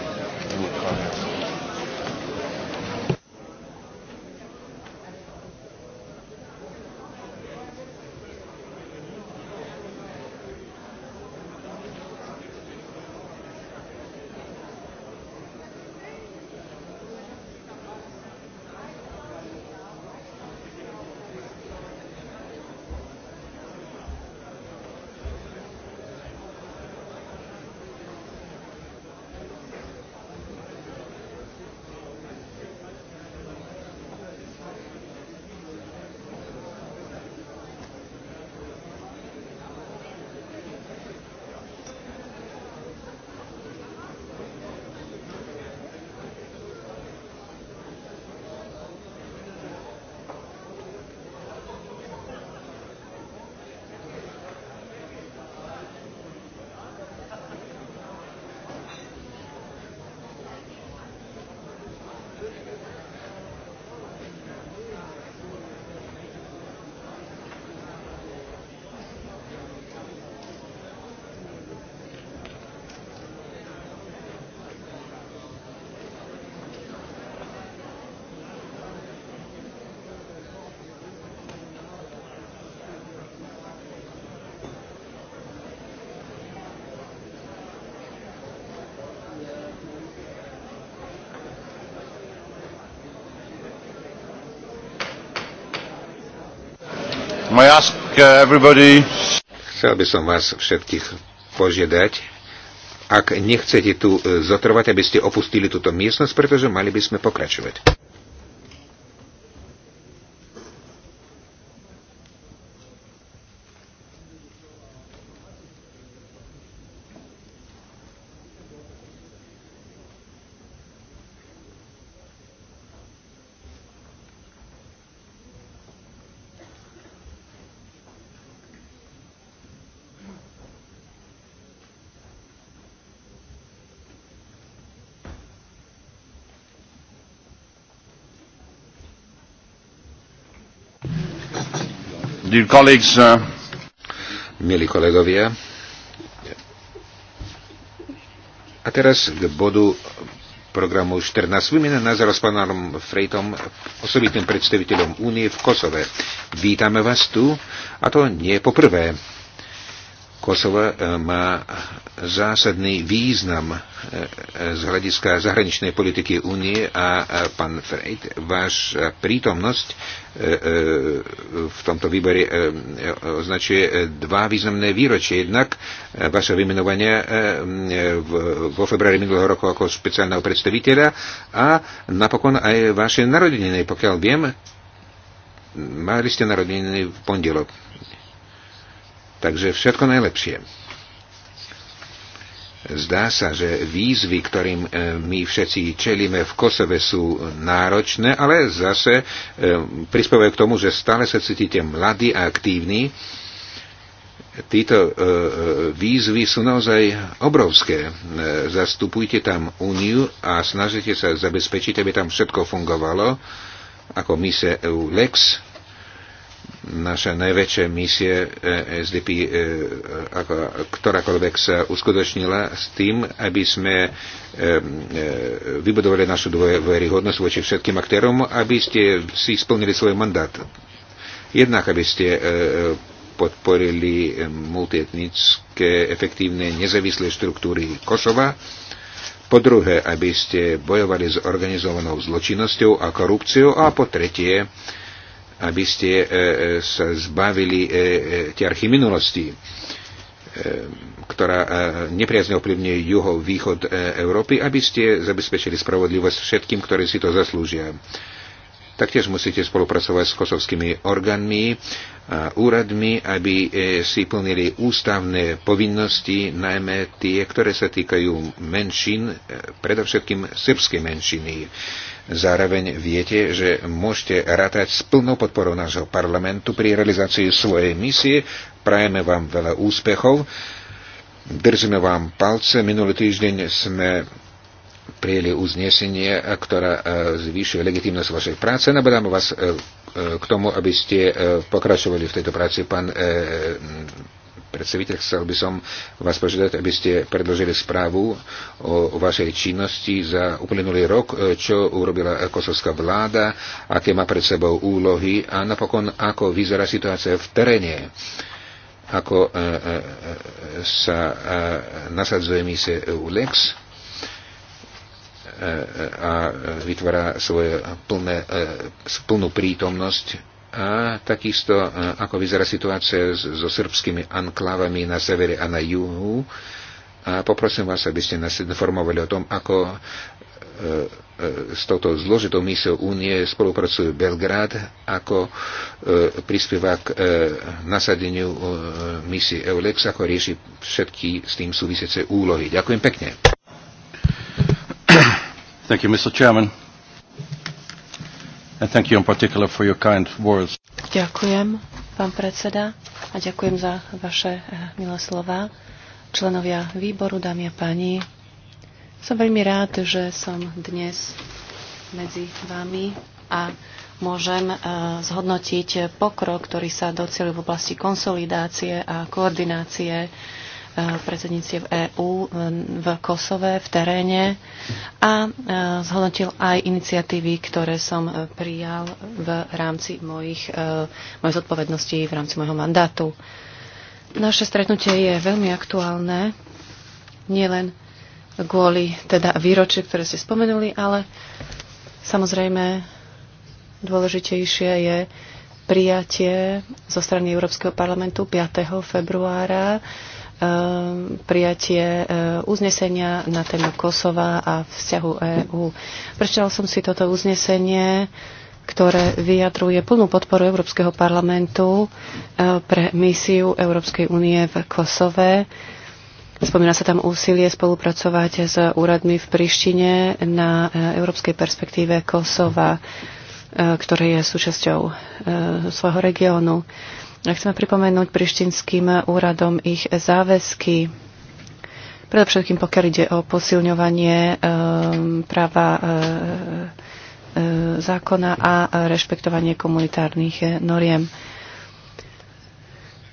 I ask uh, everybody... Chcel by som vás všetkých požiadať, ak nechcete tu eh, zotrvať, aby ste opustili túto miestnosť, pretože mali by sme pokračovať. Dear colleagues, uh... Milí kolegovia, a teraz k bodu programu 14. Výmena názor s pánom Frejtom, osobitným predstaviteľom únie v Kosove. Vítame vás tu, a to nie poprvé. Kosova eh, má zásadný význam eh, z hľadiska zahraničnej politiky únie a eh, pán Frejt, váš prítomnosť E, e, v tomto výbore e, označuje dva významné výročie. Jednak vaše vymenovanie vo februári minulého roku ako špeciálneho predstaviteľa a napokon aj vaše narodeniny. Pokiaľ viem, mali ste narodeniny v pondelok. Takže všetko najlepšie. Zdá sa, že výzvy, ktorým e, my všetci čelíme v Kosove, sú náročné, ale zase e, prispievajú k tomu, že stále sa cítite mladí a aktívni. Títo e, výzvy sú naozaj obrovské. Zastupujte tam úniu a snažite sa zabezpečiť, aby tam všetko fungovalo ako mise EU Lex naša najväčšia misie eh, SDP, eh, ktorákoľvek sa uskutočnila s tým, aby sme eh, vybudovali našu dôveryhodnosť voči všetkým aktérom, aby ste si splnili svoj mandát. Jednak, aby ste podporili multietnické, efektívne, nezávislé štruktúry Kosova, po druhé, aby ste bojovali s organizovanou zločinnosťou a korupciou a po tretie, aby ste e, e, sa zbavili tie e, archy minulosti, ktorá nepriazne ovplyvňuje juho-východ Európy, aby ste zabezpečili spravodlivosť všetkým, ktorí si to zaslúžia. Taktiež musíte spolupracovať s kosovskými orgánmi a úradmi, aby e, si plnili ústavné povinnosti, najmä tie, ktoré sa týkajú menšín, e, predovšetkým srbskej menšiny. Zároveň viete, že môžete rátať s plnou podporou nášho parlamentu pri realizácii svojej misie. Prajeme vám veľa úspechov. Držíme vám palce. Minulý týždeň sme prijeli uznesenie, e, ktorá e, zvýšuje legitimnosť vašej práce. Nabadám vás e, k tomu, aby ste pokračovali v tejto práci. Pán predstaviteľ, chcel by som vás požiadať, aby ste predložili správu o vašej činnosti za uplynulý rok, čo urobila kosovská vláda, aké má pred sebou úlohy a napokon, ako vyzerá situácia v teréne ako sa nasadzuje misie EULEX a vytvára svoje plné, e, plnú prítomnosť a takisto, e, ako vyzerá situácia so srbskými anklavami na severe a na juhu. A poprosím vás, aby ste nás informovali o tom, ako e, s touto zložitou misiou únie spolupracujú Belgrad, ako prispieva k nasadeniu misie EULEX, ako rieši všetky s tým súvisiace úlohy. Ďakujem pekne. [COUGHS] Thank you, Mr. Chairman. And thank you in particular for your kind words. Ďakujem, pán predseda, a ďakujem za vaše eh, milé slova. Členovia výboru, dámy a páni, som veľmi rád, že som dnes medzi vami a môžem eh, zhodnotiť pokrok, ktorý sa docelil v oblasti konsolidácie a koordinácie E, v EÚ e, v Kosove, v teréne a e, zhodnotil aj iniciatívy, ktoré som prijal v rámci mojich, mojich zodpovedností, v rámci môjho mandátu. Naše stretnutie je veľmi aktuálne, nielen kvôli teda výročiu, ktoré ste spomenuli, ale samozrejme dôležitejšie je prijatie zo strany Európskeho parlamentu 5. februára Ehm, prijatie ehm, uznesenia na tému Kosova a vzťahu EÚ. Prečítal som si toto uznesenie, ktoré vyjadruje plnú podporu Európskeho parlamentu ehm, pre misiu Európskej únie v Kosove. Spomína sa tam úsilie spolupracovať s úradmi v Prištine na európskej perspektíve Kosova, ktoré je súčasťou svojho regiónu. Chceme pripomenúť prištinským úradom ich záväzky, predovšetkým pokiaľ ide o posilňovanie eh, práva eh, eh, zákona a rešpektovanie komunitárnych noriem.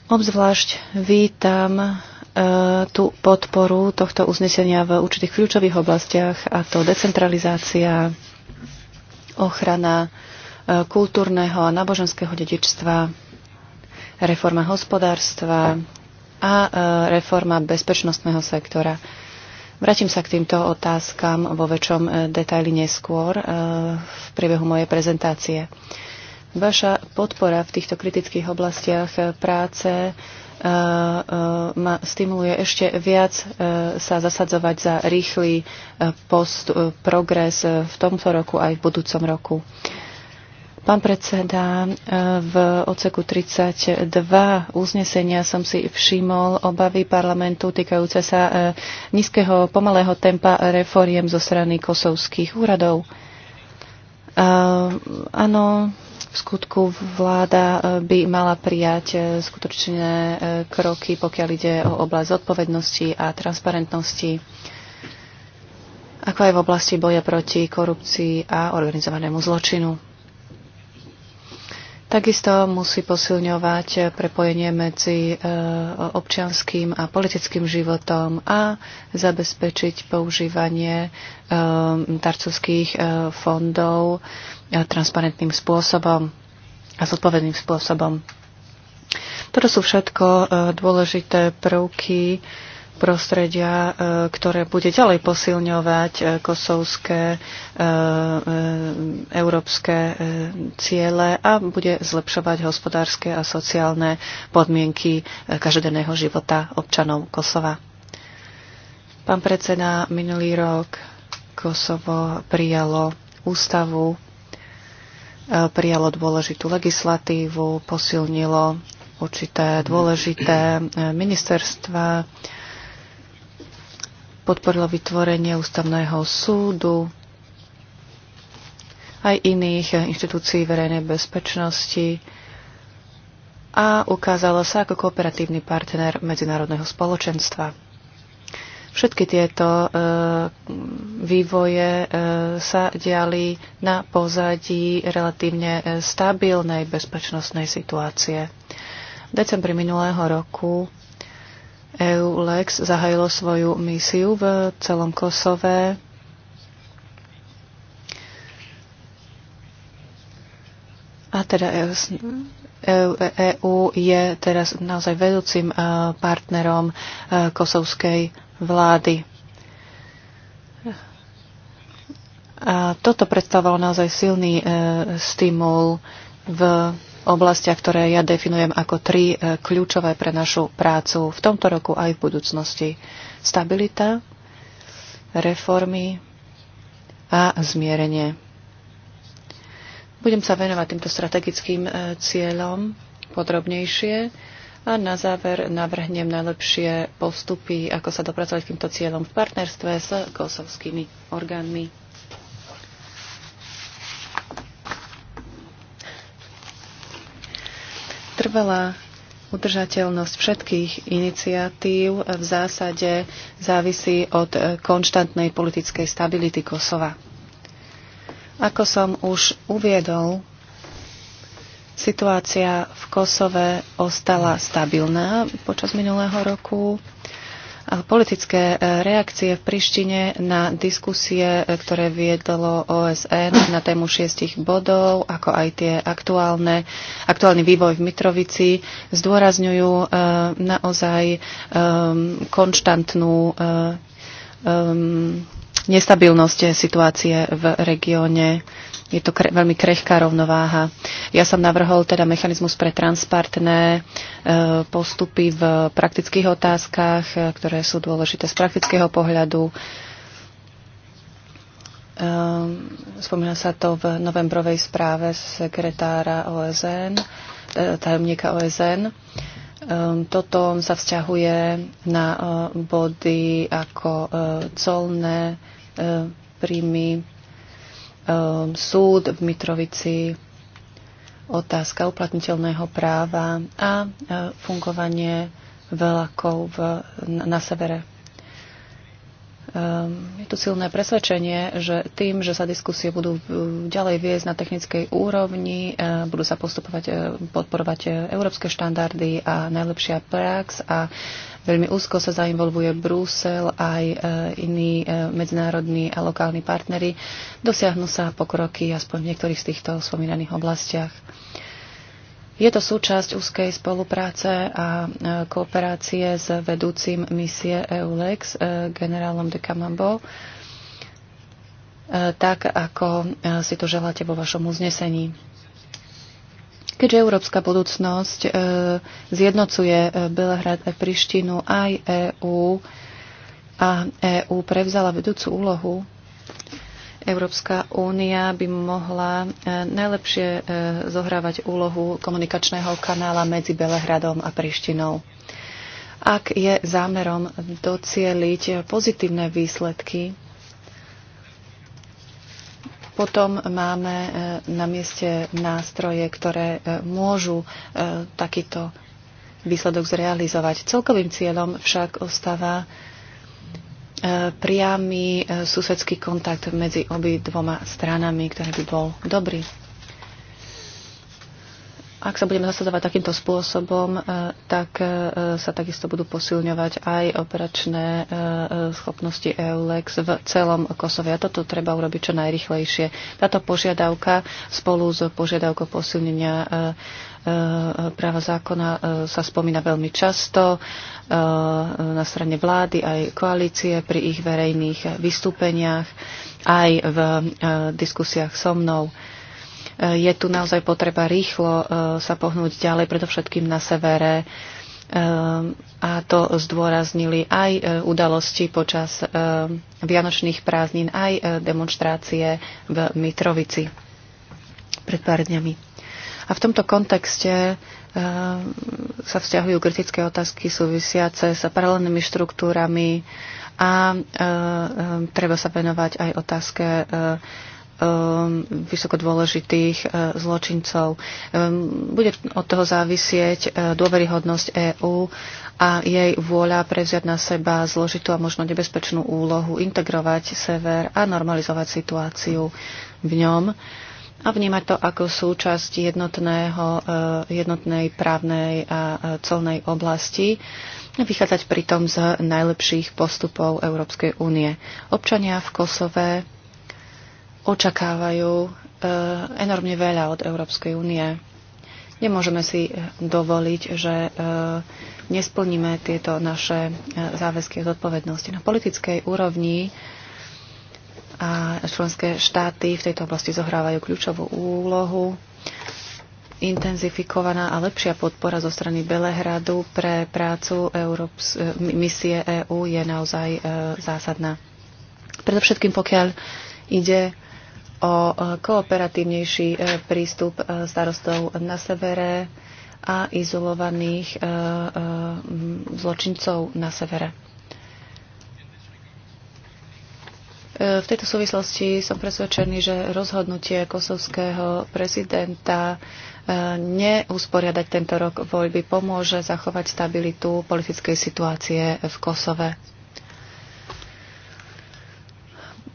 Obzvlášť vítam tú podporu tohto uznesenia v určitých kľúčových oblastiach, a to decentralizácia, ochrana kultúrneho a náboženského dedičstva, reforma hospodárstva a e, reforma bezpečnostného sektora. Vrátim sa k týmto otázkam vo väčšom e, detaili neskôr e, v priebehu mojej prezentácie. Vaša podpora v týchto kritických oblastiach práce ma stimuluje ešte viac sa zasadzovať za rýchly post, progres v tomto roku aj v budúcom roku. Pán predseda, eh, v oceku 32 uznesenia som si všimol obavy parlamentu týkajúce sa eh, nízkeho pomalého tempa reforiem zo strany kosovských úradov. Eh, áno, v skutku vláda by mala prijať skutočné kroky, pokiaľ ide o oblasť odpovednosti a transparentnosti ako aj v oblasti boja proti korupcii a organizovanému zločinu. Takisto musí posilňovať prepojenie medzi e, občianským a politickým životom a zabezpečiť používanie tarcovských e, e, fondov transparentným spôsobom a zodpovedným spôsobom. Toto sú všetko dôležité prvky, prostredia, e, ktoré bude ďalej posilňovať e, kosovské e, európske ciele a bude zlepšovať hospodárske a sociálne podmienky každodenného života občanov Kosova. Pán predseda, minulý rok Kosovo prijalo ústavu, prijalo dôležitú legislatívu, posilnilo určité dôležité ministerstva, podporilo vytvorenie ústavného súdu, aj iných inštitúcií verejnej bezpečnosti a ukázalo sa ako kooperatívny partner medzinárodného spoločenstva. Všetky tieto e, vývoje e, sa diali na pozadí relatívne e, stabilnej bezpečnostnej situácie. V decembri minulého roku EULEX zahajilo svoju misiu v celom Kosove. A teda EU e je teraz naozaj vedúcim e, partnerom e, kosovskej vlády. A toto predstavovalo naozaj silný stimul v oblastiach, ktoré ja definujem ako tri e, kľúčové pre našu prácu v tomto roku aj v budúcnosti. Stabilita, reformy a zmierenie. Budem sa venovať týmto strategickým e, cieľom podrobnejšie a na záver navrhnem najlepšie postupy, ako sa dopracovať k týmto cieľom v partnerstve s kosovskými orgánmi. Trvalá udržateľnosť všetkých iniciatív v zásade závisí od eh, konštantnej politickej stability Kosova. Ako som už uviedol, situácia v Kosove ostala stabilná počas minulého roku Politické e, reakcie v Prištine na diskusie, e, ktoré viedlo OSN na tému šiestich bodov, ako aj tie aktuálne, aktuálny vývoj v Mitrovici, zdôrazňujú e, naozaj konštantnú nestabilnosť situácie v regióne je to kre, veľmi krehká rovnováha. Ja som navrhol teda mechanizmus pre transpartné e, postupy v praktických otázkach, e, ktoré sú dôležité z praktického pohľadu. E, spomína sa to v novembrovej správe sekretára OSN, e, tajomníka OSN. E, toto sa vzťahuje na e, body ako e, colné príjmy, Ehm, súd v Mitrovici, otázka uplatniteľného práva a e, fungovanie veľakov v, na, na severe Ehm, je tu silné presvedčenie, že tým, že sa diskusie budú e, ďalej viesť na technickej úrovni, e, budú sa postupovať, e, podporovať európske štandardy a najlepšia prax a veľmi úzko sa zainvolvuje Brusel aj iní medzinárodní a lokálni partnery. Dosiahnu sa pokroky aspoň v niektorých z týchto spomínaných oblastiach. Je to súčasť úzkej spolupráce a e, kooperácie s vedúcim misie EULEX, e, generálom de Camambo, e, tak ako si to želáte vo vašom uznesení. Keďže európska budúcnosť zjednocuje Belehrad a Prištinu aj EÚ a EÚ prevzala vedúcu úlohu Európska únia by mohla e, najlepšie e, zohrávať úlohu komunikačného kanála medzi Belehradom a Prištinou. Ak je zámerom docieliť pozitívne výsledky, potom máme e, na mieste nástroje, ktoré môžu takýto výsledok zrealizovať. Celkovým cieľom však ostáva E, priamy e, susedský kontakt medzi obi dvoma stranami, ktorý by bol dobrý. Ak sa budeme zasadzovať takýmto spôsobom, e, tak sa takisto budú posilňovať aj operačné schopnosti EULEX v celom Kosove. A toto treba urobiť čo najrychlejšie. Táto požiadavka spolu s požiadavkou posilnenia Eh, práva zákona eh, sa spomína veľmi často eh, na strane vlády aj koalície pri ich verejných vystúpeniach, aj v diskusiách so mnou. Je tu naozaj potreba rýchlo sa pohnúť ďalej, predovšetkým na severe a to zdôraznili aj udalosti počas vianočných prázdnin, aj demonstrácie v Mitrovici pred pár dňami. A v tomto kontexte eh, sa vzťahujú kritické otázky súvisiace s paralelnými štruktúrami a eh, eh, treba sa venovať aj otázke vysoko dôležitých zločincov. Bude od toho závisieť dôveryhodnosť EÚ a jej vôľa prevziať na seba zložitú a možno nebezpečnú úlohu integrovať sever a normalizovať situáciu v ňom a vnímať to ako súčasť jednotného, eh, jednotnej právnej a eh, colnej oblasti a vychádzať pritom z najlepších postupov Európskej únie. Občania v Kosove očakávajú eh, enormne veľa od Európskej únie. Nemôžeme si dovoliť, že nesplníme tieto naše záväzky a zodpovednosti. Na politickej úrovni a členské štáty v tejto oblasti zohrávajú kľúčovú úlohu. Intenzifikovaná a lepšia podpora zo strany Belehradu pre prácu Európs- eh, misie EÚ je naozaj eh, zásadná. Predovšetkým pokiaľ ide o eh, kooperatívnejší prístup starostov na severe a izolovaných zločincov na severe. V tejto súvislosti som presvedčený, že rozhodnutie kosovského prezidenta e, neusporiadať tento rok voľby pomôže zachovať stabilitu politickej situácie v Kosove.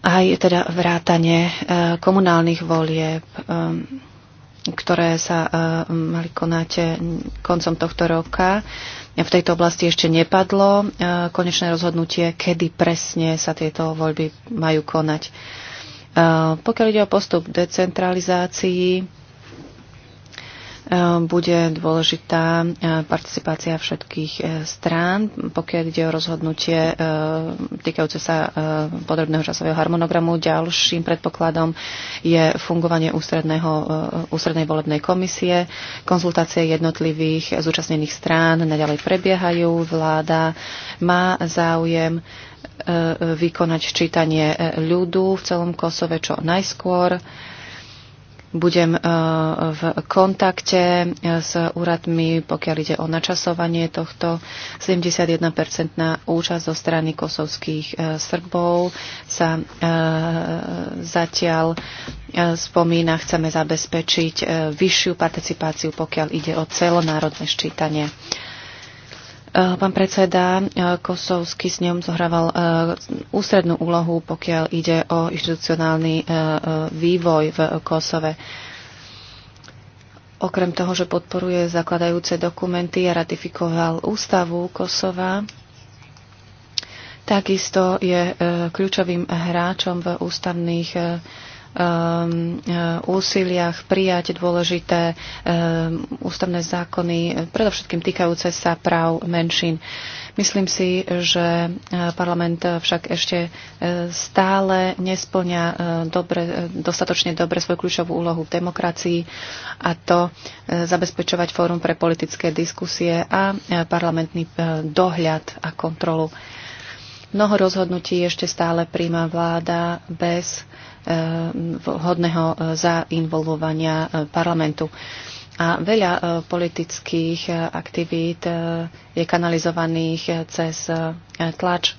Aj teda vrátanie e, komunálnych volieb e, ktoré sa e, mali konať e, koncom tohto roka. V tejto oblasti ešte nepadlo e, konečné rozhodnutie, kedy presne sa tieto voľby majú konať. Pokiaľ ide o postup decentralizácii, E, bude dôležitá e, participácia všetkých e, strán, pokiaľ ide o rozhodnutie týkajúce sa podrobného časového harmonogramu. Ďalším predpokladom je fungovanie ústredného, ústrednej volebnej komisie. Konzultácie jednotlivých zúčastnených strán naďalej prebiehajú. Vláda má záujem vykonať ščítanie ľudu v celom Kosove čo najskôr budem e, v kontakte e, s úradmi, pokiaľ ide o načasovanie tohto. 71 na účasť zo strany kosovských e, Srbov sa zatiaľ spomína. Chceme zabezpečiť vyššiu participáciu, pokiaľ ide o celonárodné ščítanie. Eh, pán predseda, eh, Kosovský s ňom zohrával eh, ústrednú úlohu, pokiaľ ide o inštitucionálny vývoj v Kosove. Okrem toho, že podporuje zakladajúce dokumenty a ratifikoval ústavu Kosova, takisto je kľúčovým hráčom v ústavných Um, uh, úsiliach prijať dôležité um, ústavné zákony, predovšetkým týkajúce sa práv menšín. Myslím si, že uh, parlament však ešte uh, stále nesplňa dobre, dostatočne dobre svoju kľúčovú úlohu v demokracii a to zabezpečovať fórum pre politické diskusie a parlamentný dohľad a kontrolu. Mnoho rozhodnutí ešte stále príjma vláda bez eh, vhodného eh, zainvolvovania eh, parlamentu. A veľa politických aktivít je kanalizovaných cez tlač.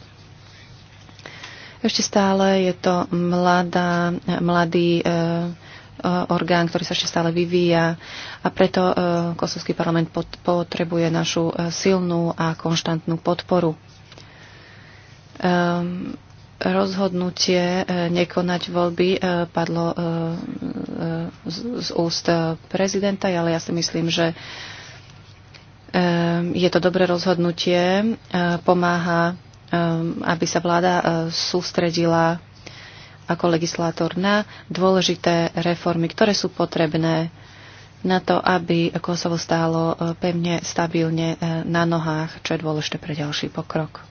Ešte stále je to mladá, mladý orgán, ktorý sa ešte stále vyvíja a preto kosovský parlament potrebuje našu silnú a konštantnú podporu um, rozhodnutie e, nekonať voľby e, padlo e, z úst prezidenta, ale ja si myslím, že je to dobré rozhodnutie, pomáha, aby sa vláda sústredila ako legislátor na dôležité reformy, ktoré sú potrebné na to, aby Kosovo stálo pevne, stabilne na nohách, čo je dôležité pre ďalší pokrok.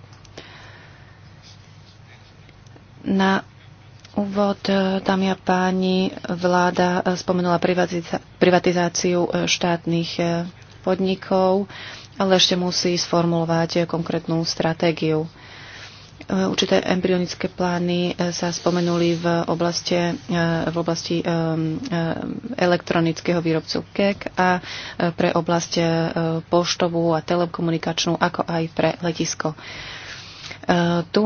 Na úvod, e, dámy a páni, vláda e, spomenula privatizáciu e, štátnych podnikov, ale ešte musí sformulovať konkrétnu stratégiu. Určité embryonické plány sa spomenuli v oblasti, v oblasti elektronického výrobcu KEK a pre oblasti poštovú a telekomunikačnú, ako aj pre letisko. E, tu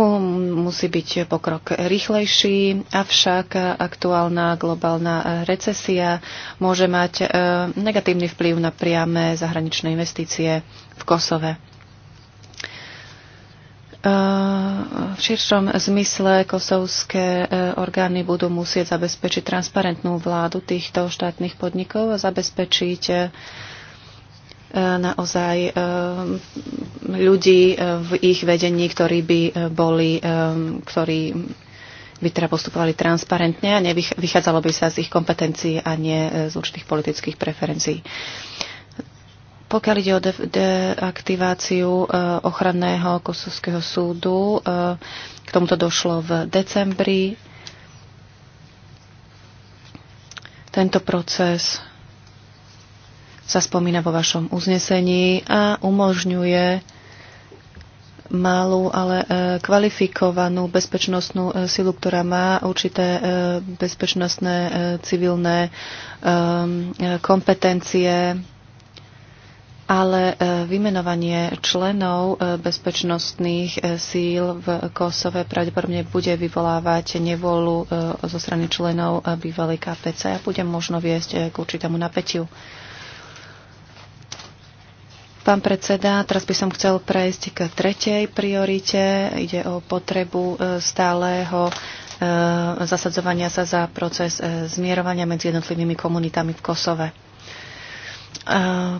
musí byť pokrok rýchlejší, avšak aktuálna globálna recesia môže mať e, negatívny vplyv na priame zahraničné investície v Kosove. E, v širšom zmysle kosovské orgány budú musieť zabezpečiť transparentnú vládu týchto štátnych podnikov a zabezpečiť E, naozaj e, ľudí e, v ich vedení, ktorí by boli, ktorí by teda postupovali transparentne a nevychádzalo by sa z ich kompetencií a nie z určitých politických preferencií. Pokiaľ ide o deaktiváciu ochranného kosovského súdu, k tomuto došlo v decembri. Tento proces sa spomína vo vašom uznesení a umožňuje malú, ale e, kvalifikovanú bezpečnostnú e, silu, ktorá má určité e, bezpečnostné civilné kompetencie, ale vymenovanie členov bezpečnostných síl v Kosove pravdepodobne bude vyvolávať nevolu zo strany členov bývalej KPC a bude možno viesť k určitému napätiu. Pán predseda, teraz by som chcel prejsť k tretej priorite. Ide o potrebu e, stáleho e, zasadzovania sa za proces e, zmierovania medzi jednotlivými komunitami v Kosove.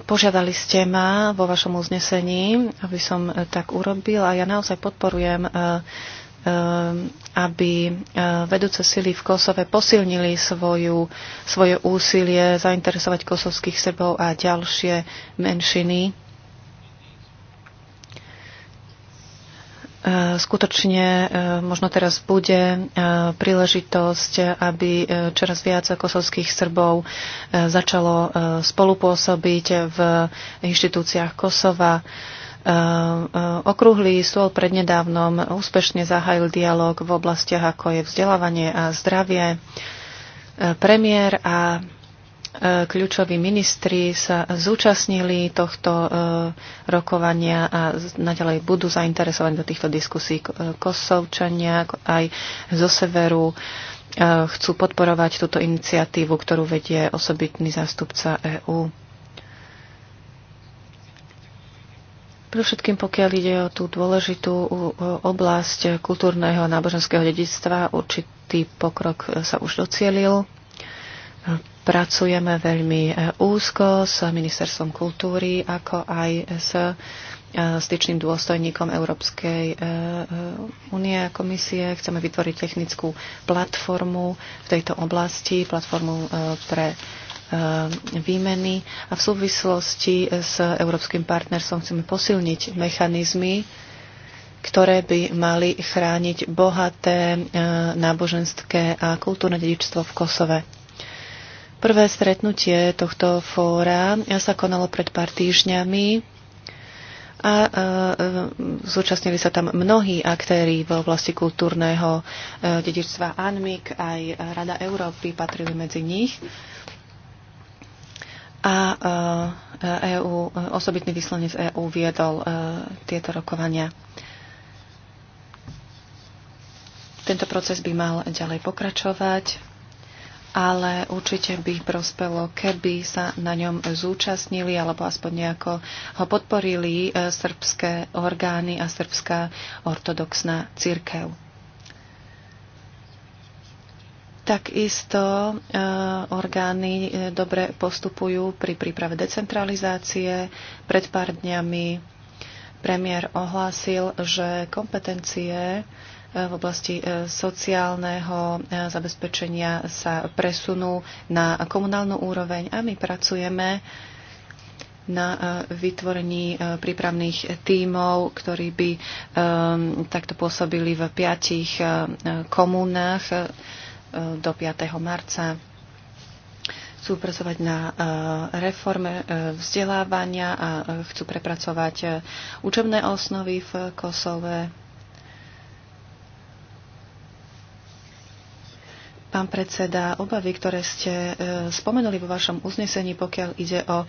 Požiadali ste ma vo vašom uznesení, aby som tak urobil a ja naozaj podporujem, aby vedúce sily v Kosove posilnili svoju, svoje úsilie zainteresovať kosovských Srbov a ďalšie menšiny E, skutočne e, možno teraz bude e, príležitosť, aby čoraz viac kosovských Srbov začalo spolupôsobiť v inštitúciách Kosova. Okrúhly stôl prednedávnom úspešne zahájil dialog v oblastiach, ako je vzdelávanie a zdravie. Premiér a E, kľúčoví ministri sa zúčastnili tohto e, rokovania a naďalej budú zainteresovaní do týchto diskusí e, Kosovčania aj zo severu. Chcú podporovať túto iniciatívu, ktorú vedie osobitný zástupca EÚ. Pre všetkým, pokiaľ ide o tú dôležitú oblasť kultúrneho a náboženského dedictva, určitý pokrok sa už docielil Pracujeme veľmi e, úzko s Ministerstvom kultúry, ako aj s e, styčným dôstojníkom Európskej e, únie a komisie. Chceme vytvoriť technickú platformu v tejto oblasti, platformu pre výmeny a v súvislosti s európskym partnerstvom chceme posilniť mechanizmy, ktoré by mali chrániť bohaté náboženské a kultúrne dedičstvo v Kosove. Prvé stretnutie tohto fóra sa konalo pred pár týždňami a e, e, zúčastnili sa tam mnohí aktéry v oblasti kultúrneho e, dedičstva ANMIK, aj Rada Európy patrili medzi nich a EU, osobitný vyslanec EÚ viedol tieto rokovania. Tento proces by mal ďalej pokračovať ale určite by prospelo, keby sa na ňom zúčastnili alebo aspoň nejako ho podporili e, srbské orgány a srbská ortodoxná církev. Takisto e, orgány e, dobre postupujú pri príprave decentralizácie. Pred pár dňami premiér ohlásil, že kompetencie v oblasti e, sociálneho e, zabezpečenia sa presunú na komunálnu úroveň a my pracujeme na e, vytvorení prípravných tímov, ktorí by takto pôsobili v piatich komunách do 5. marca. Chcú pracovať na reforme vzdelávania a chcú prepracovať učebné osnovy v Kosove pán predseda, obavy, ktoré ste e, spomenuli vo vašom uznesení, pokiaľ ide o e,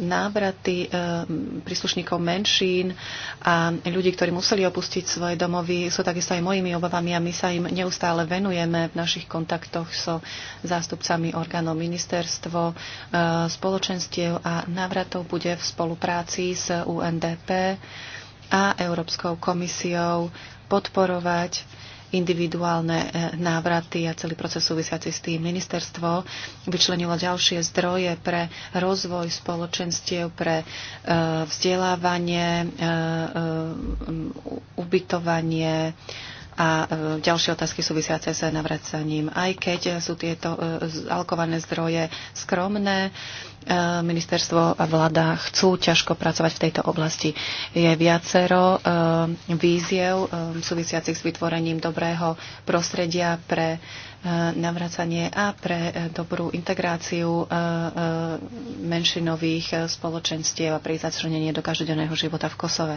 návraty e, príslušníkov menšín a ľudí, ktorí museli opustiť svoje domovy, sú takisto aj mojimi obavami a my sa im neustále venujeme v našich kontaktoch so zástupcami orgánov ministerstvo, spoločenstiev a návratov bude v spolupráci s UNDP a Európskou komisiou podporovať individuálne e, návraty a celý proces súvisiaci s tým. Ministerstvo vyčlenilo ďalšie zdroje pre rozvoj spoločenstiev, pre e, vzdelávanie, e, ubytovanie, a e, ďalšie otázky súvisiace s navracaním. Aj keď sú tieto e, alkované zdroje skromné, e, ministerstvo a vláda chcú ťažko pracovať v tejto oblasti. Je viacero víziev súvisiacich s vytvorením dobrého prostredia pre navracanie a pre dobrú integráciu menšinových spoločenstiev a pri začlenenie do každodenného života v Kosove.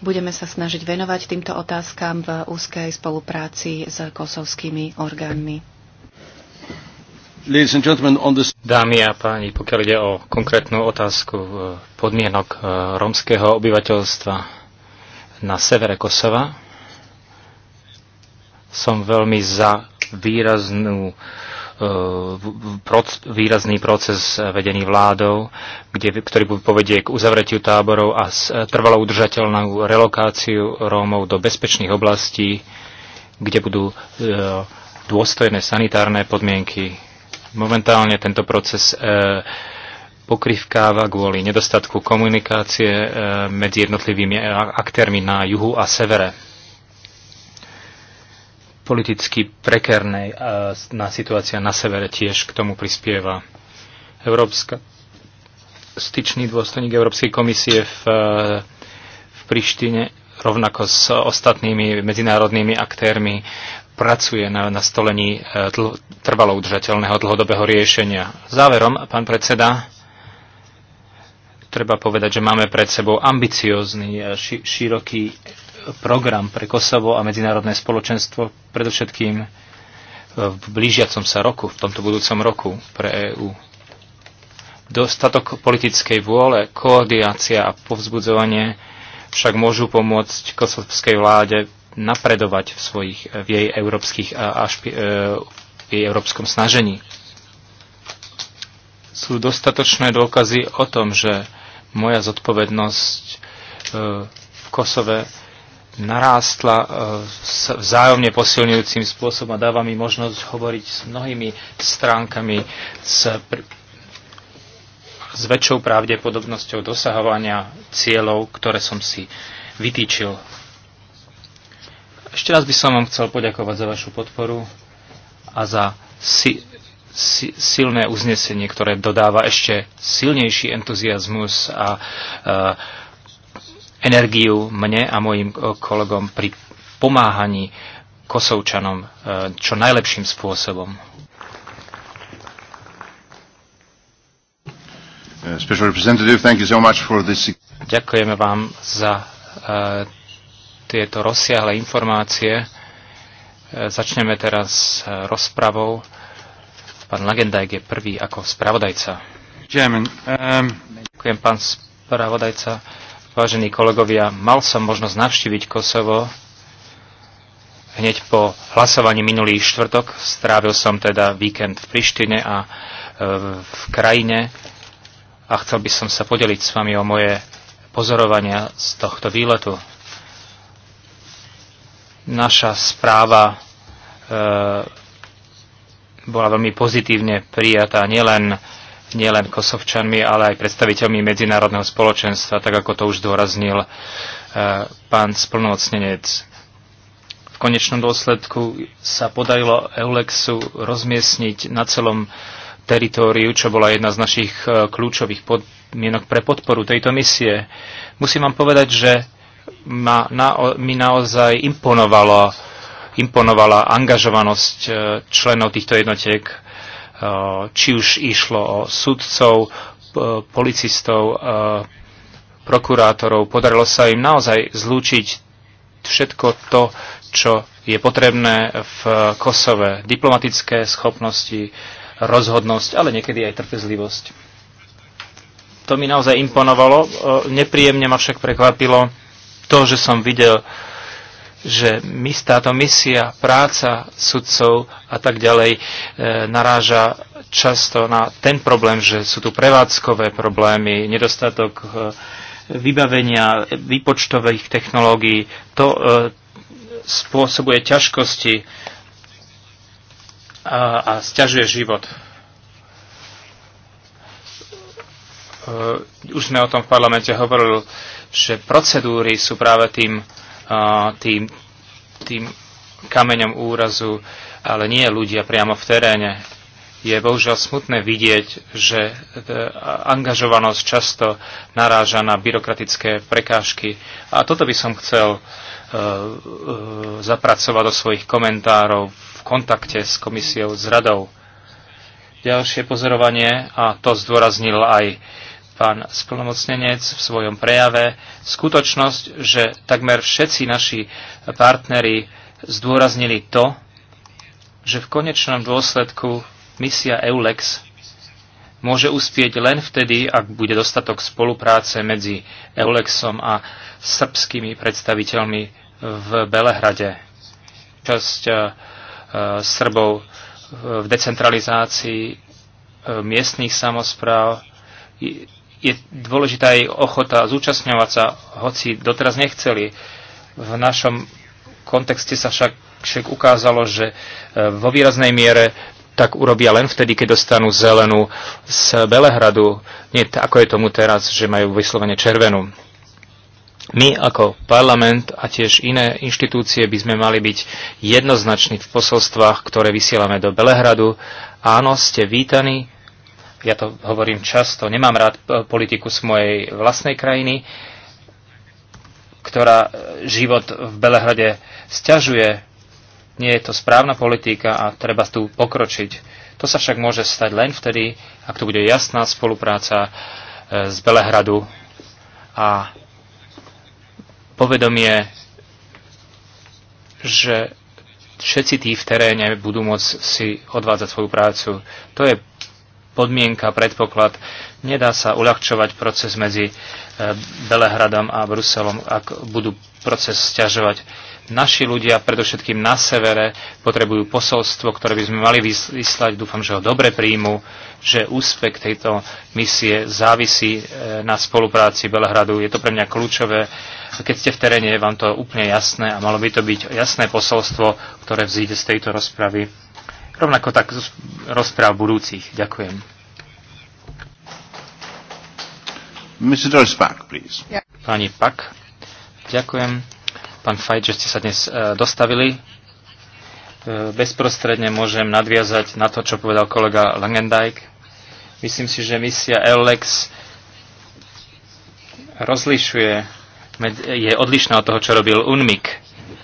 Budeme sa snažiť venovať týmto otázkam v úzkej spolupráci s kosovskými orgánmi. Dámy a páni, pokiaľ ide o konkrétnu otázku e, podmienok e, rómskeho obyvateľstva na severe Kosova, som veľmi za výraznú E, výrazný proces vedený vládou, kde, ktorý povedie k uzavretiu táborov a e, trvalo udržateľnú relokáciu Rómov do bezpečných oblastí, kde budú e, dôstojné sanitárne podmienky. Momentálne tento proces pokrivkáva kvôli nedostatku komunikácie medzi jednotlivými aktérmi na juhu a severe politicky prekérnej na situácia na severe tiež k tomu prispieva. Európska, styčný dôstojník Európskej komisie v, e, v Prištine rovnako s ostatnými medzinárodnými aktérmi pracuje na nastolení e, trvalo udržateľného dlhodobého riešenia. Záverom, pán predseda, treba povedať, že máme pred sebou ambiciózny, a e, široký program pre Kosovo a medzinárodné spoločenstvo, predovšetkým e, v blížiacom sa roku, v tomto budúcom roku pre EÚ. Dostatok politickej vôle, koordinácia a povzbudzovanie však môžu pomôcť kosovskej vláde napredovať v, svojich, v jej, európskych, až, e, v jej európskom snažení. Sú dostatočné dôkazy o tom, že moja zodpovednosť e, v Kosove narástla e, s vzájomne posilňujúcim spôsobom a dáva mi možnosť hovoriť s mnohými stránkami s, s väčšou pravdepodobnosťou dosahovania cieľov, ktoré som si vytýčil. Ešte raz by som vám chcel poďakovať za vašu podporu a za si, si, silné uznesenie, ktoré dodáva ešte silnejší entuziasmus a uh, energiu mne a mojim e, kolegom pri pomáhaní Kosovčanom e, čo najlepším spôsobom. Uh, special Representative, thank you so much for this. Ďakujeme vám za e, tieto rozsiahle informácie. začneme teraz rozpravou. Pán Lagendajk je prvý ako spravodajca. pán spravodajca. Um, Ďakujem, pán spravodajca. Vážení kolegovia, mal som možnosť navštíviť Kosovo hneď po hlasovaní minulý štvrtok. Strávil som teda víkend v Prištine a e, v krajine a chcel by som sa podeliť s vami o moje pozorovania z tohto výletu. Naša správa e, bola veľmi pozitívne prijatá nielen nielen kosovčanmi, ale aj predstaviteľmi medzinárodného spoločenstva, tak ako to už dôraznil e, pán splnomocnenec. V konečnom dôsledku sa podarilo Eulexu rozmiestniť na celom teritóriu, čo bola jedna z našich e, kľúčových podmienok pre podporu tejto misie. Musím vám povedať, že ma, na, mi naozaj imponovalo, imponovala angažovanosť e, členov týchto jednotiek Eh, či už išlo o sudcov, eh, policistov, eh, prokurátorov. Podarilo sa im naozaj zlúčiť všetko to, čo je potrebné v Kosove. Diplomatické schopnosti, rozhodnosť, ale niekedy aj trpezlivosť. To mi naozaj imponovalo. Nepríjemne ma však prekvapilo to, že som videl uh, že my, táto misia, práca sudcov a tak ďalej e, naráža často na ten problém, že sú tu prevádzkové problémy, nedostatok e, vybavenia, výpočtových technológií. To e, spôsobuje ťažkosti a, a stiažuje život. E, už sme o tom v parlamente hovorili, že procedúry sú práve tým tým, tým kameňom úrazu, ale nie ľudia priamo v teréne. Je bohužiaľ smutné vidieť, že e, angažovanosť často naráža na byrokratické prekážky. A toto by som chcel e, e, zapracovať do svojich komentárov v kontakte s komisiou, s radou. Ďalšie pozorovanie, a to zdôraznil aj pán splnomocnenec v svojom prejave skutočnosť, že takmer všetci naši partneri zdôraznili to, že v konečnom dôsledku misia EULEX môže uspieť len vtedy, ak bude dostatok spolupráce medzi EULEXom a srbskými predstaviteľmi v Belehrade. Časť e, e, Srbov v decentralizácii e, miestných samozpráv je dôležitá aj ochota zúčastňovať sa, hoci doteraz nechceli. V našom kontexte sa však, však ukázalo, že e, vo výraznej miere tak urobia len vtedy, keď dostanú zelenú z Belehradu. Nie ako je tomu teraz, že majú vyslovene červenú. My ako parlament a tiež iné inštitúcie by sme mali byť jednoznační v posolstvách, ktoré vysielame do Belehradu. Áno, ste vítaní, ja to hovorím často, nemám rád politiku z mojej vlastnej krajiny, ktorá e, život v Belehrade stiažuje. Nie je to správna politika a treba tu pokročiť. To sa však môže stať len vtedy, ak tu bude jasná spolupráca e, z Belehradu a povedomie, že všetci tí v teréne budú môcť si odvádzať svoju prácu. To je podmienka, predpoklad. Nedá sa uľahčovať proces medzi e, Belehradom a Bruselom, ak budú proces stiažovať. Naši ľudia, predovšetkým na severe, potrebujú posolstvo, ktoré by sme mali vyslať. Dúfam, že ho dobre príjmu, že úspech tejto misie závisí e, na spolupráci Belehradu. Je to pre mňa kľúčové. Keď ste v teréne, je vám to úplne jasné a malo by to byť jasné posolstvo, ktoré vzíde z tejto rozpravy rovnako tak rozpráv budúcich. Ďakujem. Mr. please. Pani Pak, ďakujem. Pán Fajt, že ste sa dnes e, dostavili. E, bezprostredne môžem nadviazať na to, čo povedal kolega Langendijk. Myslím si, že misia ELEX rozlišuje, je odlišná od toho, čo robil UNMIK.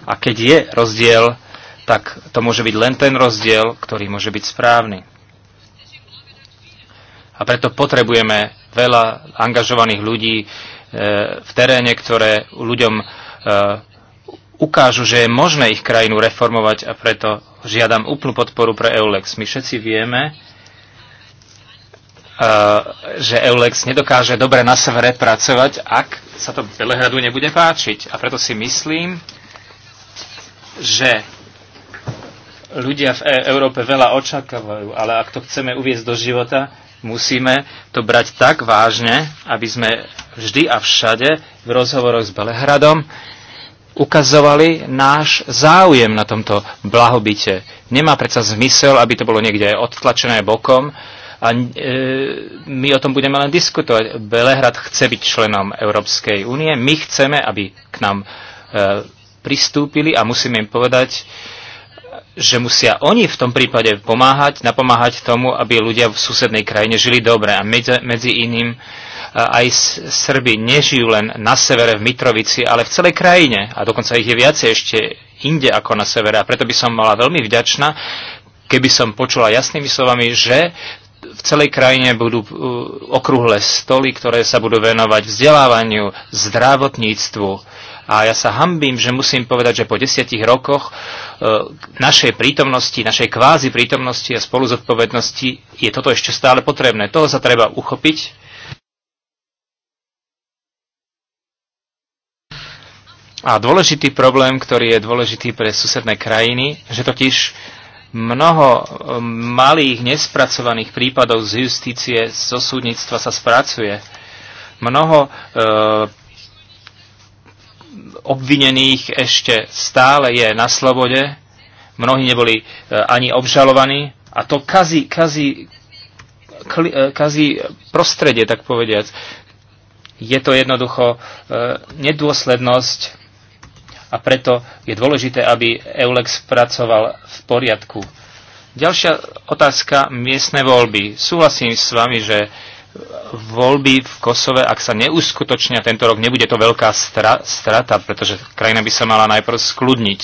A keď je rozdiel, tak to môže byť len ten rozdiel, ktorý môže byť správny. A preto potrebujeme veľa angažovaných ľudí e, v teréne, ktoré ľuďom e, ukážu, že je možné ich krajinu reformovať a preto žiadam úplnú podporu pre EULEX. My všetci vieme, e, že Eulex nedokáže dobre na severe pracovať, ak sa to Belehradu nebude páčiť. A preto si myslím, že ľudia v e- Európe veľa očakávajú, ale ak to chceme uviezť do života, musíme to brať tak vážne, aby sme vždy a všade v rozhovoroch s Belehradom ukazovali náš záujem na tomto blahobite. Nemá predsa zmysel, aby to bolo niekde odtlačené bokom a e, my o tom budeme len diskutovať. Belehrad chce byť členom Európskej únie, my chceme, aby k nám e, pristúpili a musíme im povedať, že musia oni v tom prípade pomáhať, napomáhať tomu, aby ľudia v susednej krajine žili dobre. A medzi, medzi iným e, aj Srby nežijú len na severe v Mitrovici, ale v celej krajine. A dokonca ich je viacej ešte inde ako na severe. A preto by som bola veľmi vďačná, keby som počula jasnými slovami, že v celej krajine budú e, okrúhle stoly, ktoré sa budú venovať vzdelávaniu, zdravotníctvu, a ja sa hambím, že musím povedať, že po desiatich rokoch e, našej prítomnosti, našej kvázi prítomnosti a spolu zodpovednosti je toto ešte stále potrebné. Toho sa treba uchopiť. A dôležitý problém, ktorý je dôležitý pre susedné krajiny, že totiž mnoho malých nespracovaných prípadov z justície, zo súdnictva sa spracuje. Mnoho e, obvinených ešte stále je na slobode, mnohí neboli e, ani obžalovaní a to kazí, kazí, e, kazí prostredie, tak povediac. Je to jednoducho e, nedôslednosť a preto je dôležité, aby Eulex pracoval v poriadku. Ďalšia otázka, miestne voľby. Súhlasím s vami, že voľby v Kosove, ak sa neuskutočnia tento rok, nebude to veľká stra, strata, pretože krajina by sa mala najprv skludniť.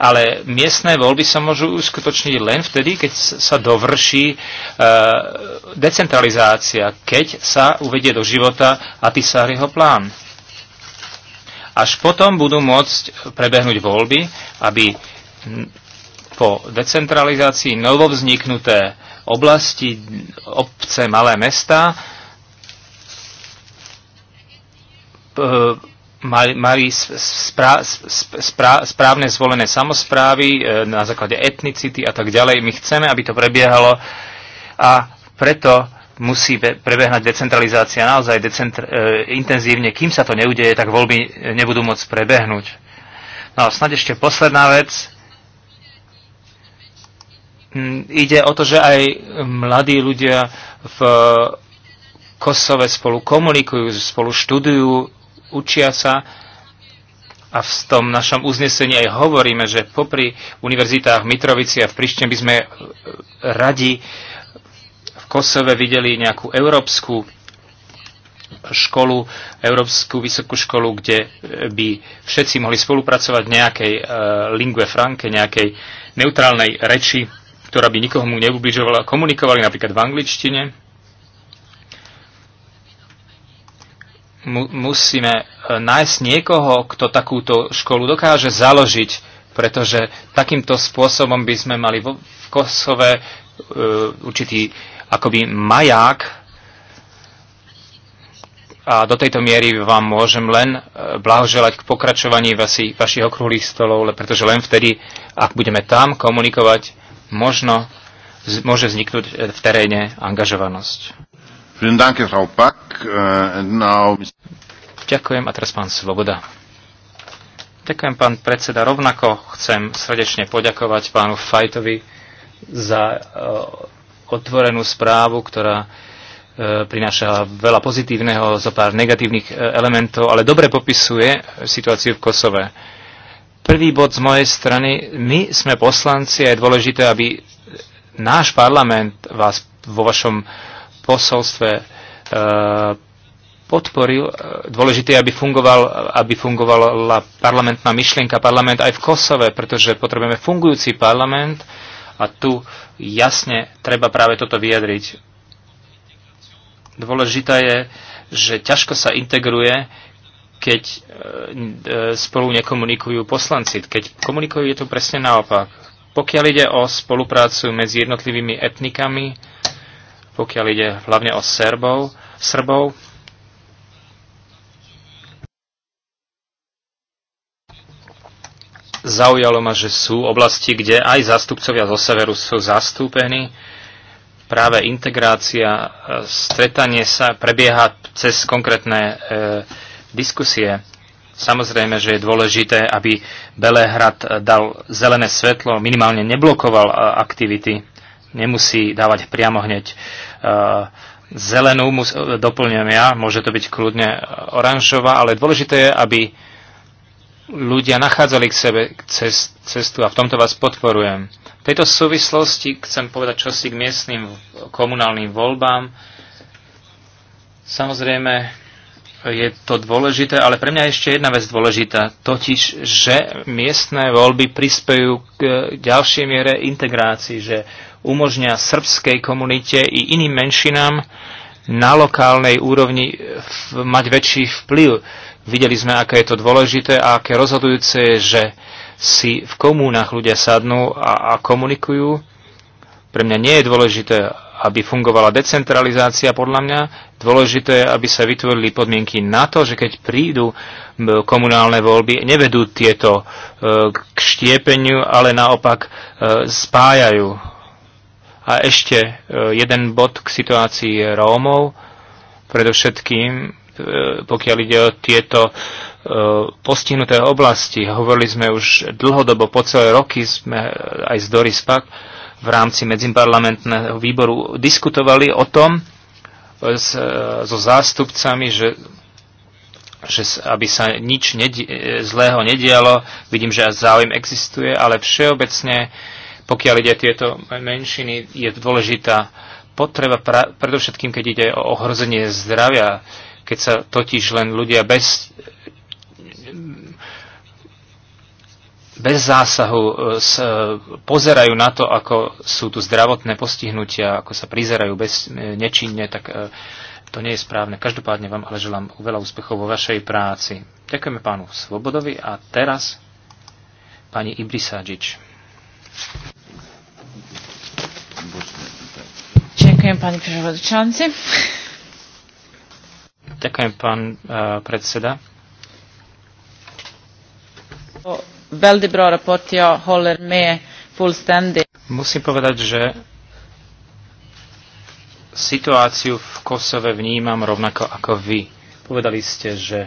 Ale miestne voľby sa môžu uskutočniť len vtedy, keď sa dovrší e, decentralizácia, keď sa uvedie do života Atisáriho plán. Až potom budú môcť prebehnúť voľby, aby po decentralizácii novovzniknuté oblasti, obce, malé mesta mali správne zvolené samozprávy e, na základe etnicity a tak ďalej. My chceme, aby to prebiehalo a preto musí prebehnať decentralizácia naozaj decentra- e, intenzívne. Kým sa to neudeje, tak voľby nebudú môcť prebehnúť. No a snad ešte posledná vec. Mm, ide o to, že aj mladí ľudia v Kosove spolu komunikujú, spolu študujú, učia sa a v tom našom uznesení aj hovoríme, že popri univerzitách Mitrovici a v Prištine by sme e, radi v Kosove videli nejakú európsku školu, Európsku vysokú školu, kde e, by všetci mohli spolupracovať v nejakej e, lingue franke, nejakej neutrálnej reči, ktorá by nikomu neubližovala, komunikovali napríklad v angličtine. Mu, musíme e, nájsť niekoho, kto takúto školu dokáže založiť, pretože takýmto spôsobom by sme mali vo, v Kosove e, určitý akoby maják, a do tejto miery vám môžem len e, blahoželať k pokračovaní vasi, vašich okrúhlych stolov, pretože len vtedy, ak budeme tam komunikovať, možno, môže vzniknúť e, v teréne angažovanosť. Äh, Ďakujem a teraz pán Svoboda. Ďakujem, pán predseda. Rovnako chcem srdečne poďakovať pánu Fajtovi za e, otvorenú správu, ktorá e, prináša veľa pozitívneho, zo pár negatívnych elementov, ale dobre popisuje situáciu v Kosove Prvý bod z mojej strany. My sme poslanci a je dôležité, aby náš parlament vás vo vašom posolstve e, podporil. E, dôležité je, aby, fungoval, aby fungovala parlamentná myšlienka, parlament aj v Kosove, pretože potrebujeme fungujúci parlament a tu jasne treba práve toto vyjadriť. Dôležité je, že ťažko sa integruje, keď e, e, spolu nekomunikujú poslanci. Keď komunikujú, je to presne naopak. Pokiaľ ide o spoluprácu medzi jednotlivými etnikami, pokiaľ ide hlavne o Serbov, Srbov, zaujalo ma, že sú oblasti, kde aj zástupcovia zo severu sú zastúpení. Práve integrácia, e, stretanie sa prebieha cez konkrétne e, diskusie. Samozrejme, že je dôležité, aby Belehrad dal zelené svetlo, minimálne neblokoval e, aktivity. Nemusí dávať priamo hneď e, zelenú, e, doplňujem ja, môže to byť kľudne oranžová, ale dôležité je, aby ľudia nachádzali k sebe cestu a v tomto vás podporujem. V tejto súvislosti chcem povedať čosi k miestnym komunálnym voľbám. Samozrejme, je to dôležité, ale pre mňa je ešte jedna vec dôležitá, totiž, že miestne voľby prispejú k e, ďalšej miere integrácii, že umožňa srbskej komunite i iným menšinám na lokálnej úrovni e, mať väčší vplyv. Videli sme, aké je to dôležité a aké rozhodujúce je, že si v komúnach ľudia sadnú a, a komunikujú. Pre mňa nie je dôležité, aby fungovala decentralizácia, podľa mňa dôležité je, aby sa vytvorili podmienky na to, že keď prídu komunálne voľby, nevedú tieto e, k štiepeniu, ale naopak e, spájajú. A ešte e, jeden bod k situácii Rómov, predovšetkým pokiaľ ide o tieto postihnuté oblasti. Hovorili sme už dlhodobo, po celé roky sme aj z Doris Pak, v rámci medziparlamentného výboru diskutovali o tom e, s, e, so zástupcami, že, že aby sa nič nedie, e, zlého nedialo. Vidím, že záujem existuje, ale všeobecne, pokiaľ ide tieto menšiny, je dôležitá potreba, pra, predovšetkým keď ide o ohrozenie zdravia, keď sa totiž len ľudia bez bez zásahu e, e, pozerajú na to, ako sú tu zdravotné postihnutia, ako sa prizerajú bez, e, nečinne, tak to nie je správne. Každopádne vám ale želám veľa úspechov vo vašej práci. Ďakujeme pánu Svobodovi a teraz pani Ibrisadžič. Ďakujem, pani przewodniczący. Ďakujem, pán uh, predseda. Veľmi bra rapport, ja håller med fullständigt. Musím povedať, že situáciu v Kosove vnímam rovnako ako vy. Povedali ste, že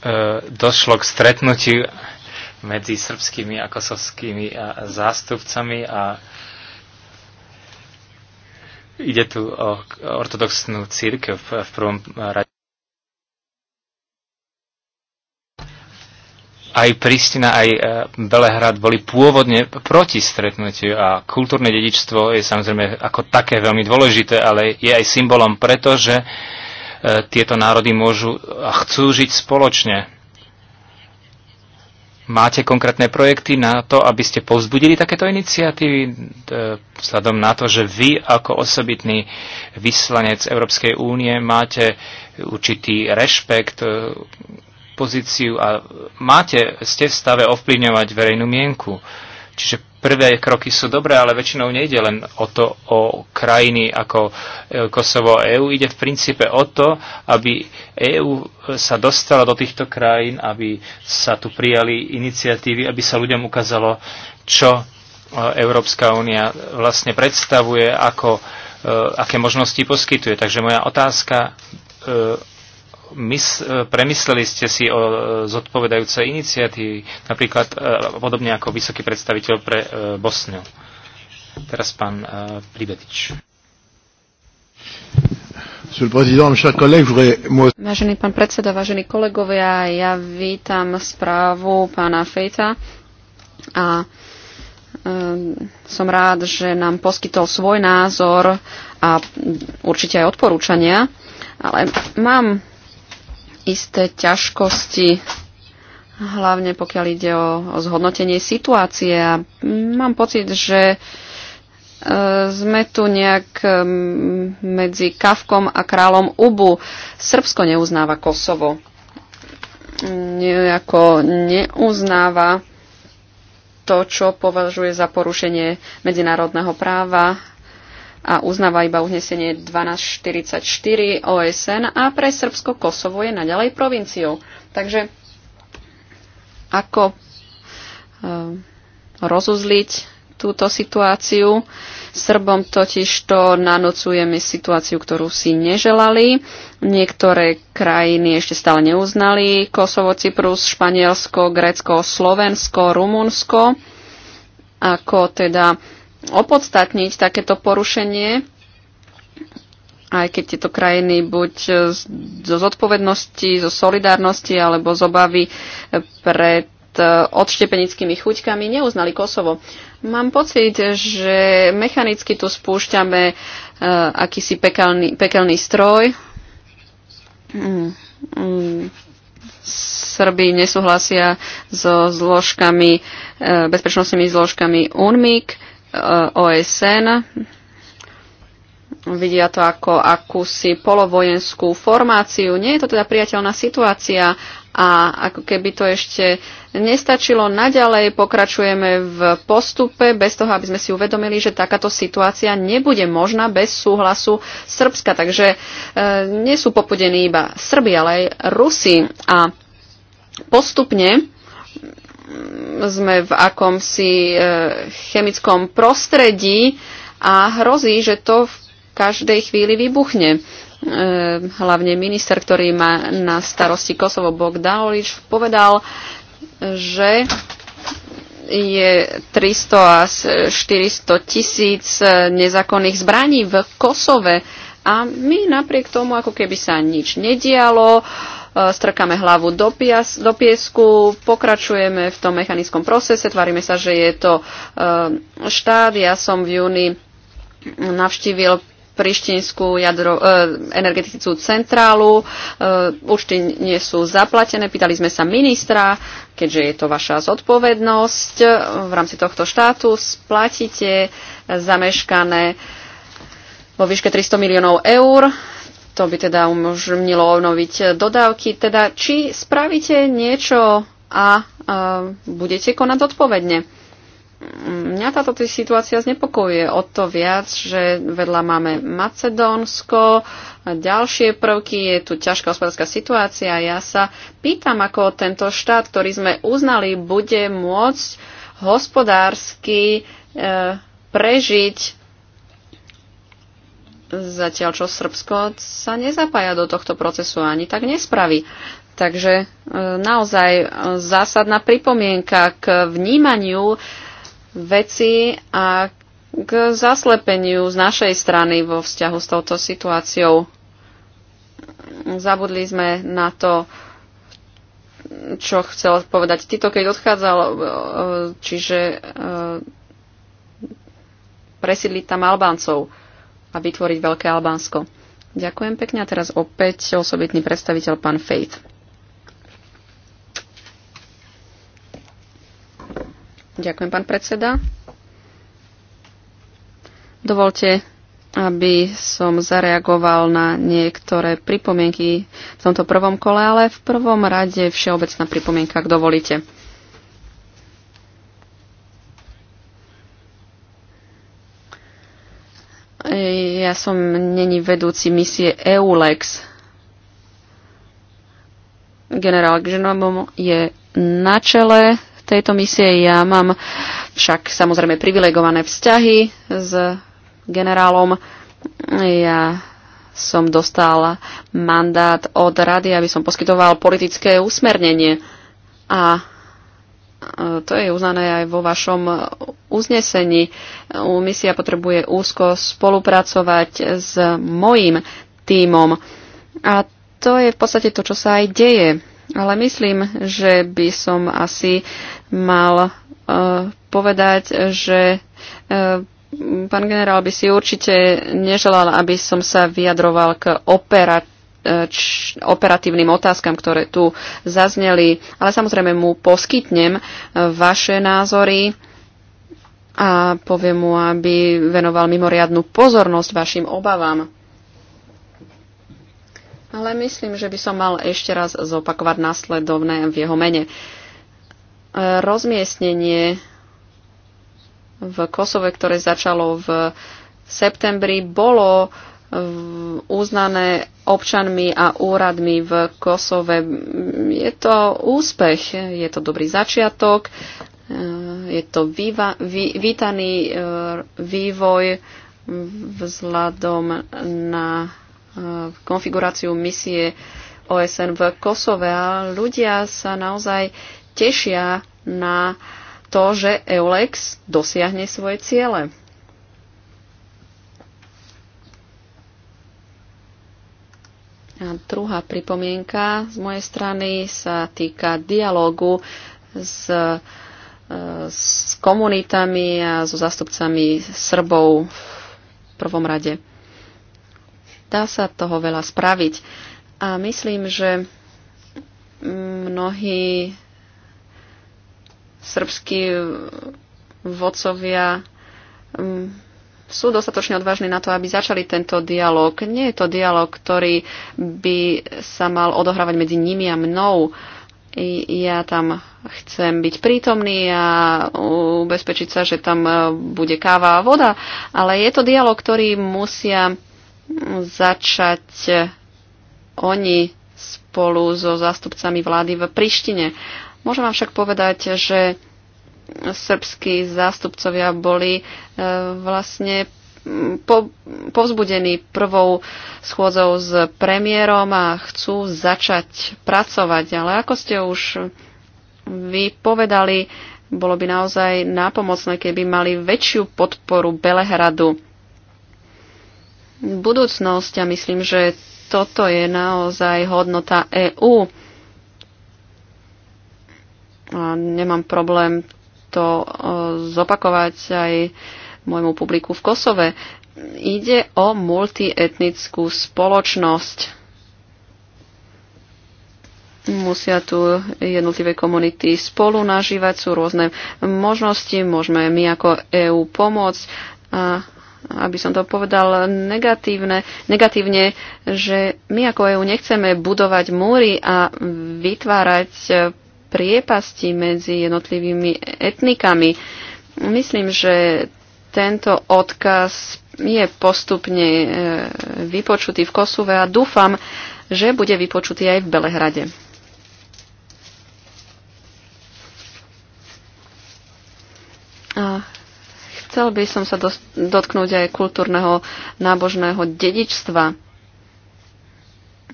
e, došlo k stretnutiu medzi srbskými a kosovskými e, zástupcami a ide tu o ortodoxnú církev v prvom rade. aj Pristina, aj e, Belehrad boli pôvodne proti stretnutiu a kultúrne dedičstvo je samozrejme ako také veľmi dôležité, ale je aj symbolom preto, že e, tieto národy môžu a chcú žiť spoločne. Máte konkrétne projekty na to, aby ste povzbudili takéto iniciatívy e, vzhľadom na to, že vy ako osobitný vyslanec Európskej únie máte určitý rešpekt pozíciu a máte, ste v stave ovplyvňovať verejnú mienku. Čiže prvé kroky sú dobré, ale väčšinou nejde len o to, o krajiny ako e, Kosovo a EÚ. Ide v princípe o to, aby EÚ sa dostala do týchto krajín, aby sa tu prijali iniciatívy, aby sa ľuďom ukázalo, čo e, Európska únia vlastne predstavuje, ako, e, aké možnosti poskytuje. Takže moja otázka E, premysleli ste si o e, zodpovedajúce iniciatívy, napríklad e, podobne ako vysoký predstaviteľ pre Bosnu. Teraz pán Pribetič. Vážený pán predseda, vážení kolegovia, ja vítam správu pána Fejta a som rád, že nám poskytol svoj názor a určite aj odporúčania, ale mám isté ťažkosti, hlavne pokiaľ ide o, o zhodnotenie situácie. A mám pocit, že e, sme tu nejak e, medzi Kavkom a kráľom Ubu. Srbsko neuznáva Kosovo. Nejako neuznáva to, čo považuje za porušenie medzinárodného práva a uznáva iba uznesenie 1244 OSN a pre Srbsko Kosovo je naďalej provinciou. Takže ako eh, rozuzliť túto situáciu. Srbom totiž to nanocujeme situáciu, ktorú si neželali. Niektoré krajiny ešte stále neuznali. Kosovo, Cyprus, Španielsko, Grécko, Slovensko, Rumunsko. Ako teda opodstatniť takéto porušenie, aj keď tieto krajiny buď zo zodpovednosti, zo solidárnosti alebo z obavy pred eh, odštepenickými chuťkami neuznali Kosovo. Mám pocit, že mechanicky tu spúšťame eh, akýsi pekelný, pekelný stroj. Mm, mm. Srby nesúhlasia so zložkami, eh, bezpečnostnými zložkami UNMIK OSN. Vidia to ako akúsi polovojenskú formáciu. Nie je to teda priateľná situácia a ako keby to ešte nestačilo, naďalej pokračujeme v postupe bez toho, aby sme si uvedomili, že takáto situácia nebude možná bez súhlasu Srbska. Takže e, nie sú popudení iba Srbi, ale aj Rusi. A postupne sme v akomsi e, chemickom prostredí a hrozí, že to v každej chvíli vybuchne. E, hlavne minister, ktorý má na starosti Kosovo Bogdaolič, povedal, že je 300 až 400 tisíc nezákonných zbraní v Kosove. A my napriek tomu, ako keby sa nič nedialo, Eh, strkáme hlavu do, pias, do piesku, pokračujeme v tom mechanickom procese, tvárime sa, že je to eh, štát. Ja som v júni navštívil prištinskú jadro, eh, energetickú centrálu. Účty nie sú zaplatené. Pýtali sme sa ministra, keďže je to vaša zodpovednosť. V rámci tohto štátu splatíte zameškané vo výške 300 miliónov eur to by teda umožnilo obnoviť dodávky. Teda, či spravíte niečo a budete konať odpovedne. Mňa táto situácia znepokojuje o to viac, že vedľa máme Macedónsko, ďalšie prvky, je tu ťažká hospodárska situácia. Ja sa pýtam, ako tento štát, ktorý sme uznali, bude môcť hospodársky e, prežiť zatiaľ čo Srbsko sa nezapája do tohto procesu ani tak nespraví. Takže e, naozaj e, zásadná pripomienka k vnímaniu veci a k zaslepeniu z našej strany vo vzťahu s touto situáciou. Zabudli sme na to, čo chcel povedať Tito, keď odchádzal, e, čiže presídliť tam Albáncov a vytvoriť Veľké Albánsko. Ďakujem pekne a teraz opäť osobitný predstaviteľ pán Faith. Ďakujem, pán predseda. Dovolte, aby som zareagoval na niektoré pripomienky v tomto prvom kole, ale v prvom rade všeobecná pripomienka, ak dovolíte. Ja som není vedúci misie EULEX. Generál Gženobom je na čele tejto misie. Ja mám však samozrejme privilegované vzťahy s generálom. Ja som dostal mandát od rady, aby som poskytoval politické usmernenie. A to je uznané aj vo vašom uznesení. Misia potrebuje úzko spolupracovať s mojim tímom. A to je v podstate to, čo sa aj deje. Ale myslím, že by som asi mal uh, povedať, že uh, pán generál by si určite neželal, aby som sa vyjadroval k operat operatívnym otázkam, ktoré tu zazneli, ale samozrejme mu poskytnem e, vaše názory a poviem mu, aby venoval mimoriadnú pozornosť vašim obavám. Ale myslím, že by som mal ešte raz zopakovať následovné v jeho mene. E, rozmiestnenie v Kosove, ktoré začalo v septembri, bolo uh, uznané občanmi a úradmi v Kosove. Je to úspech, je to dobrý začiatok, e, je to výva, vítaný e, vývoj vzhľadom na e, konfiguráciu misie OSN v Kosove a ľudia sa naozaj tešia na to, že EULEX dosiahne svoje ciele. A druhá pripomienka z mojej strany sa týka dialogu s, e, s komunitami a so zastupcami Srbov v prvom rade. Dá sa toho veľa spraviť. A myslím, že mnohí srbskí vodcovia sú dostatočne odvážni na to, aby začali tento dialog. Nie je to dialog, ktorý by sa mal odohrávať medzi nimi a mnou. Ja tam chcem byť prítomný a ubezpečiť sa, že tam e, bude káva a voda, ale je to dialog, ktorý musia začať oni spolu so zástupcami vlády v Prištine. Môžem vám však povedať, že srbskí zástupcovia boli e, vlastne po, povzbudení prvou schôdzou s premiérom a chcú začať pracovať. Ale ako ste už vy povedali, bolo by naozaj nápomocné, keby mali väčšiu podporu Belehradu. Budúcnosť ja myslím, že toto je naozaj hodnota EÚ. A nemám problém to e, zopakovať aj môjmu publiku v Kosove. Ide o multietnickú spoločnosť. Musia tu jednotlivé komunity spolu nažívať, sú rôzne možnosti, môžeme my ako EÚ pomôcť. A aby som to povedal negatívne, negatívne, že my ako EU nechceme budovať múry a vytvárať priepasti medzi jednotlivými etnikami. Myslím, že tento odkaz je postupne e, vypočutý v Kosove a dúfam, že bude vypočutý aj v Belehrade. A chcel by som sa dotknúť aj kultúrneho nábožného dedičstva.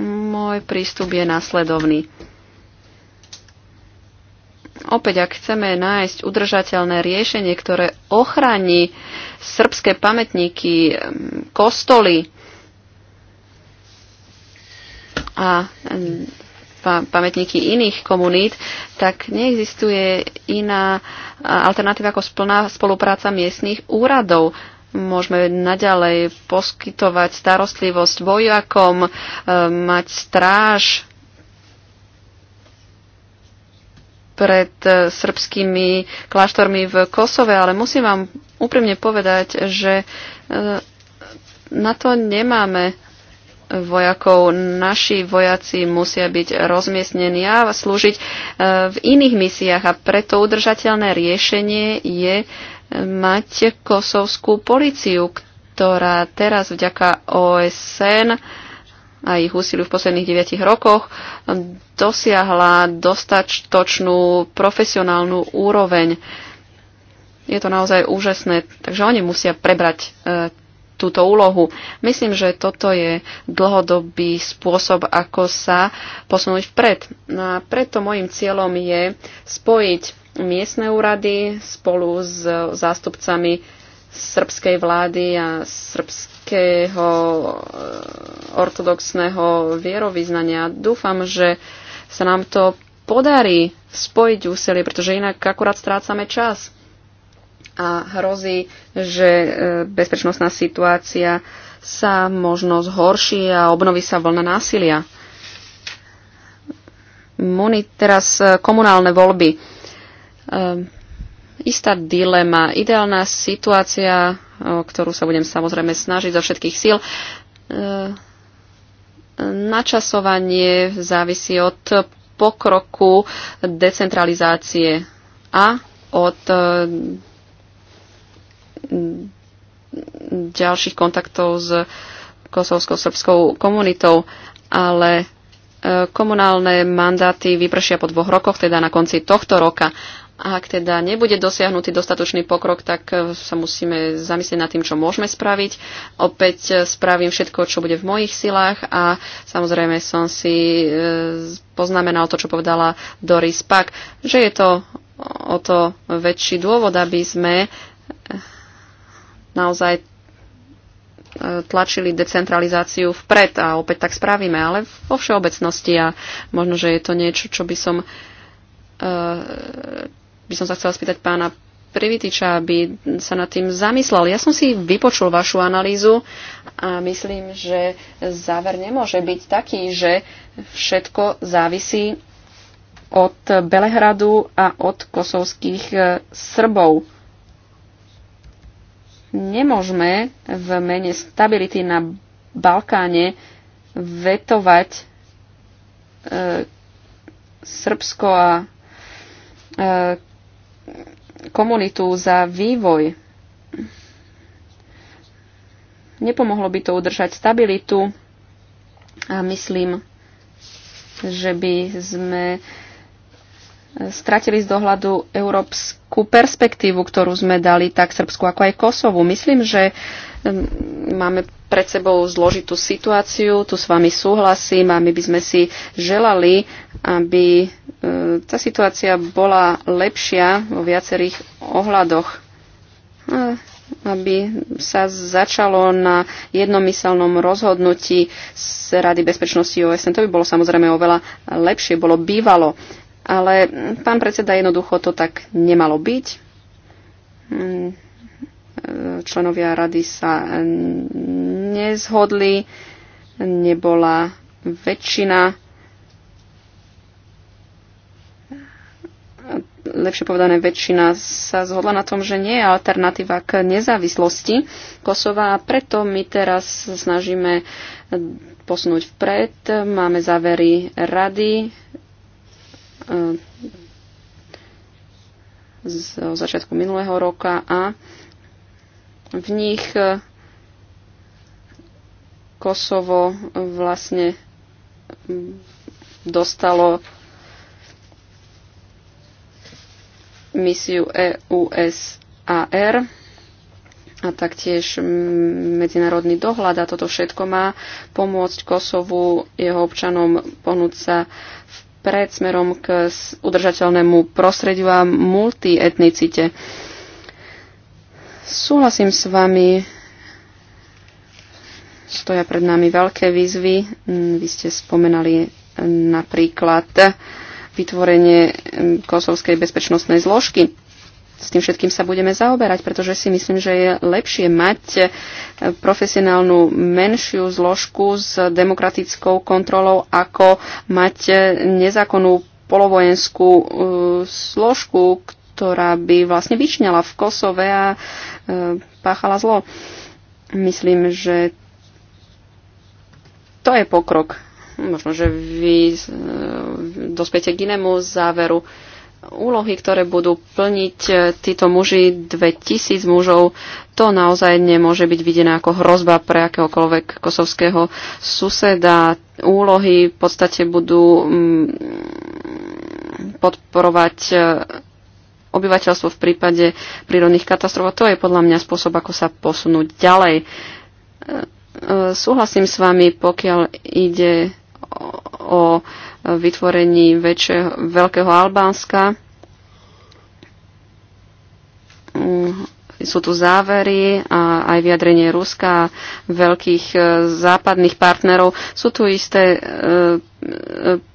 Môj prístup je následovný. Opäť, ak chceme nájsť udržateľné riešenie, ktoré ochráni srbské pamätníky, kostoly a pamätníky iných komunít, tak neexistuje iná alternatíva ako splná spolupráca miestných úradov môžeme naďalej poskytovať starostlivosť vojakom, mať stráž pred e, srbskými kláštormi v Kosove, ale musím vám úprimne povedať, že e, na to nemáme vojakov. Naši vojaci musia byť rozmiestnení a slúžiť e, v iných misiách a preto udržateľné riešenie je mať kosovskú policiu, ktorá teraz vďaka OSN a ich úsiliu v posledných 9 rokoch dosiahla dostatočnú profesionálnu úroveň. Je to naozaj úžasné, takže oni musia prebrať e, túto úlohu. Myslím, že toto je dlhodobý spôsob, ako sa posunúť vpred. No a preto môjim cieľom je spojiť miestne úrady spolu s zástupcami srbskej vlády a srbskej nejakého eh, ortodoxného vierovýznania. Dúfam, že sa nám to podarí spojiť úsilie, pretože inak akurát strácame čas a hrozí, že eh, bezpečnostná situácia sa možno zhorší a obnoví sa vlna násilia. Moni, teraz eh, komunálne voľby. Ehm, istá dilema, ideálna situácia ktorú sa budem samozrejme snažiť zo všetkých síl. E, načasovanie závisí od pokroku decentralizácie a od e, ďalších kontaktov s kosovskou srbskou komunitou, ale e, komunálne mandáty vypršia po dvoch rokoch, teda na konci tohto roka. Ak teda nebude dosiahnutý dostatočný pokrok, tak eh, sa musíme zamyslieť nad tým, čo môžeme spraviť. Opäť eh, spravím všetko, čo bude v mojich silách a samozrejme som si eh, poznamenal to, čo povedala Doris Pak, že je to o to väčší dôvod, aby sme naozaj tlačili decentralizáciu vpred a opäť tak spravíme, ale vo všeobecnosti a možno, že je to niečo, čo by som by som sa chcela spýtať pána Privitiča, aby sa nad tým zamyslel. Ja som si vypočul vašu analýzu a myslím, že záver nemôže byť taký, že všetko závisí od Belehradu a od kosovských e, Srbov. Nemôžeme v mene stability na Balkáne vetovať e, Srbsko a e, komunitu za vývoj. Nepomohlo by to udržať stabilitu a myslím, že by sme stratili z dohľadu európsku perspektívu, ktorú sme dali tak Srbsku ako aj Kosovu. Myslím, že mm, máme pred sebou zložitú situáciu, tu s vami súhlasím a my by sme si želali, aby e, tá situácia bola lepšia vo viacerých ohľadoch aby sa začalo na jednomyselnom rozhodnutí z Rady bezpečnosti OSN. To by bolo samozrejme oveľa lepšie, bolo bývalo. Ale pán predseda, jednoducho to tak nemalo byť. Mm, e, členovia rady sa nezhodli, nebola väčšina. Lepšie povedané, väčšina sa zhodla na tom, že nie je alternatíva k nezávislosti Kosova a preto my teraz snažíme posunúť vpred. Máme závery rady z začiatku minulého roka a v nich e, Kosovo vlastne dostalo misiu EUSAR a taktiež medzinárodný dohľad a toto všetko má pomôcť Kosovu, jeho občanom pohnúť sa pred smerom k udržateľnému prostrediu a multietnicite. Súhlasím s vami, stoja pred nami veľké výzvy. Mm, vy ste spomenali napríklad vytvorenie mm, kosovskej bezpečnostnej zložky s tým všetkým sa budeme zaoberať, pretože si myslím, že je lepšie mať e, profesionálnu menšiu zložku s demokratickou kontrolou, ako mať e, nezákonnú polovojenskú e, zložku, ktorá by vlastne vyčňala v Kosove a páchala zlo. Myslím, že to je pokrok. Možno, že vy dospiete k inému záveru úlohy, ktoré budú plniť e, títo muži, 2000 mužov, to naozaj nemôže byť videné ako hrozba pre akéhokoľvek kosovského suseda. Úlohy v podstate budú mm, podporovať e, obyvateľstvo v prípade prírodných katastrof. To je podľa mňa spôsob, ako sa posunúť ďalej. E, súhlasím s vami, pokiaľ ide o, o vytvorení väčšieho, Veľkého Albánska. Sú tu závery a aj vyjadrenie Ruska a veľkých e, západných partnerov. Sú tu isté e, e,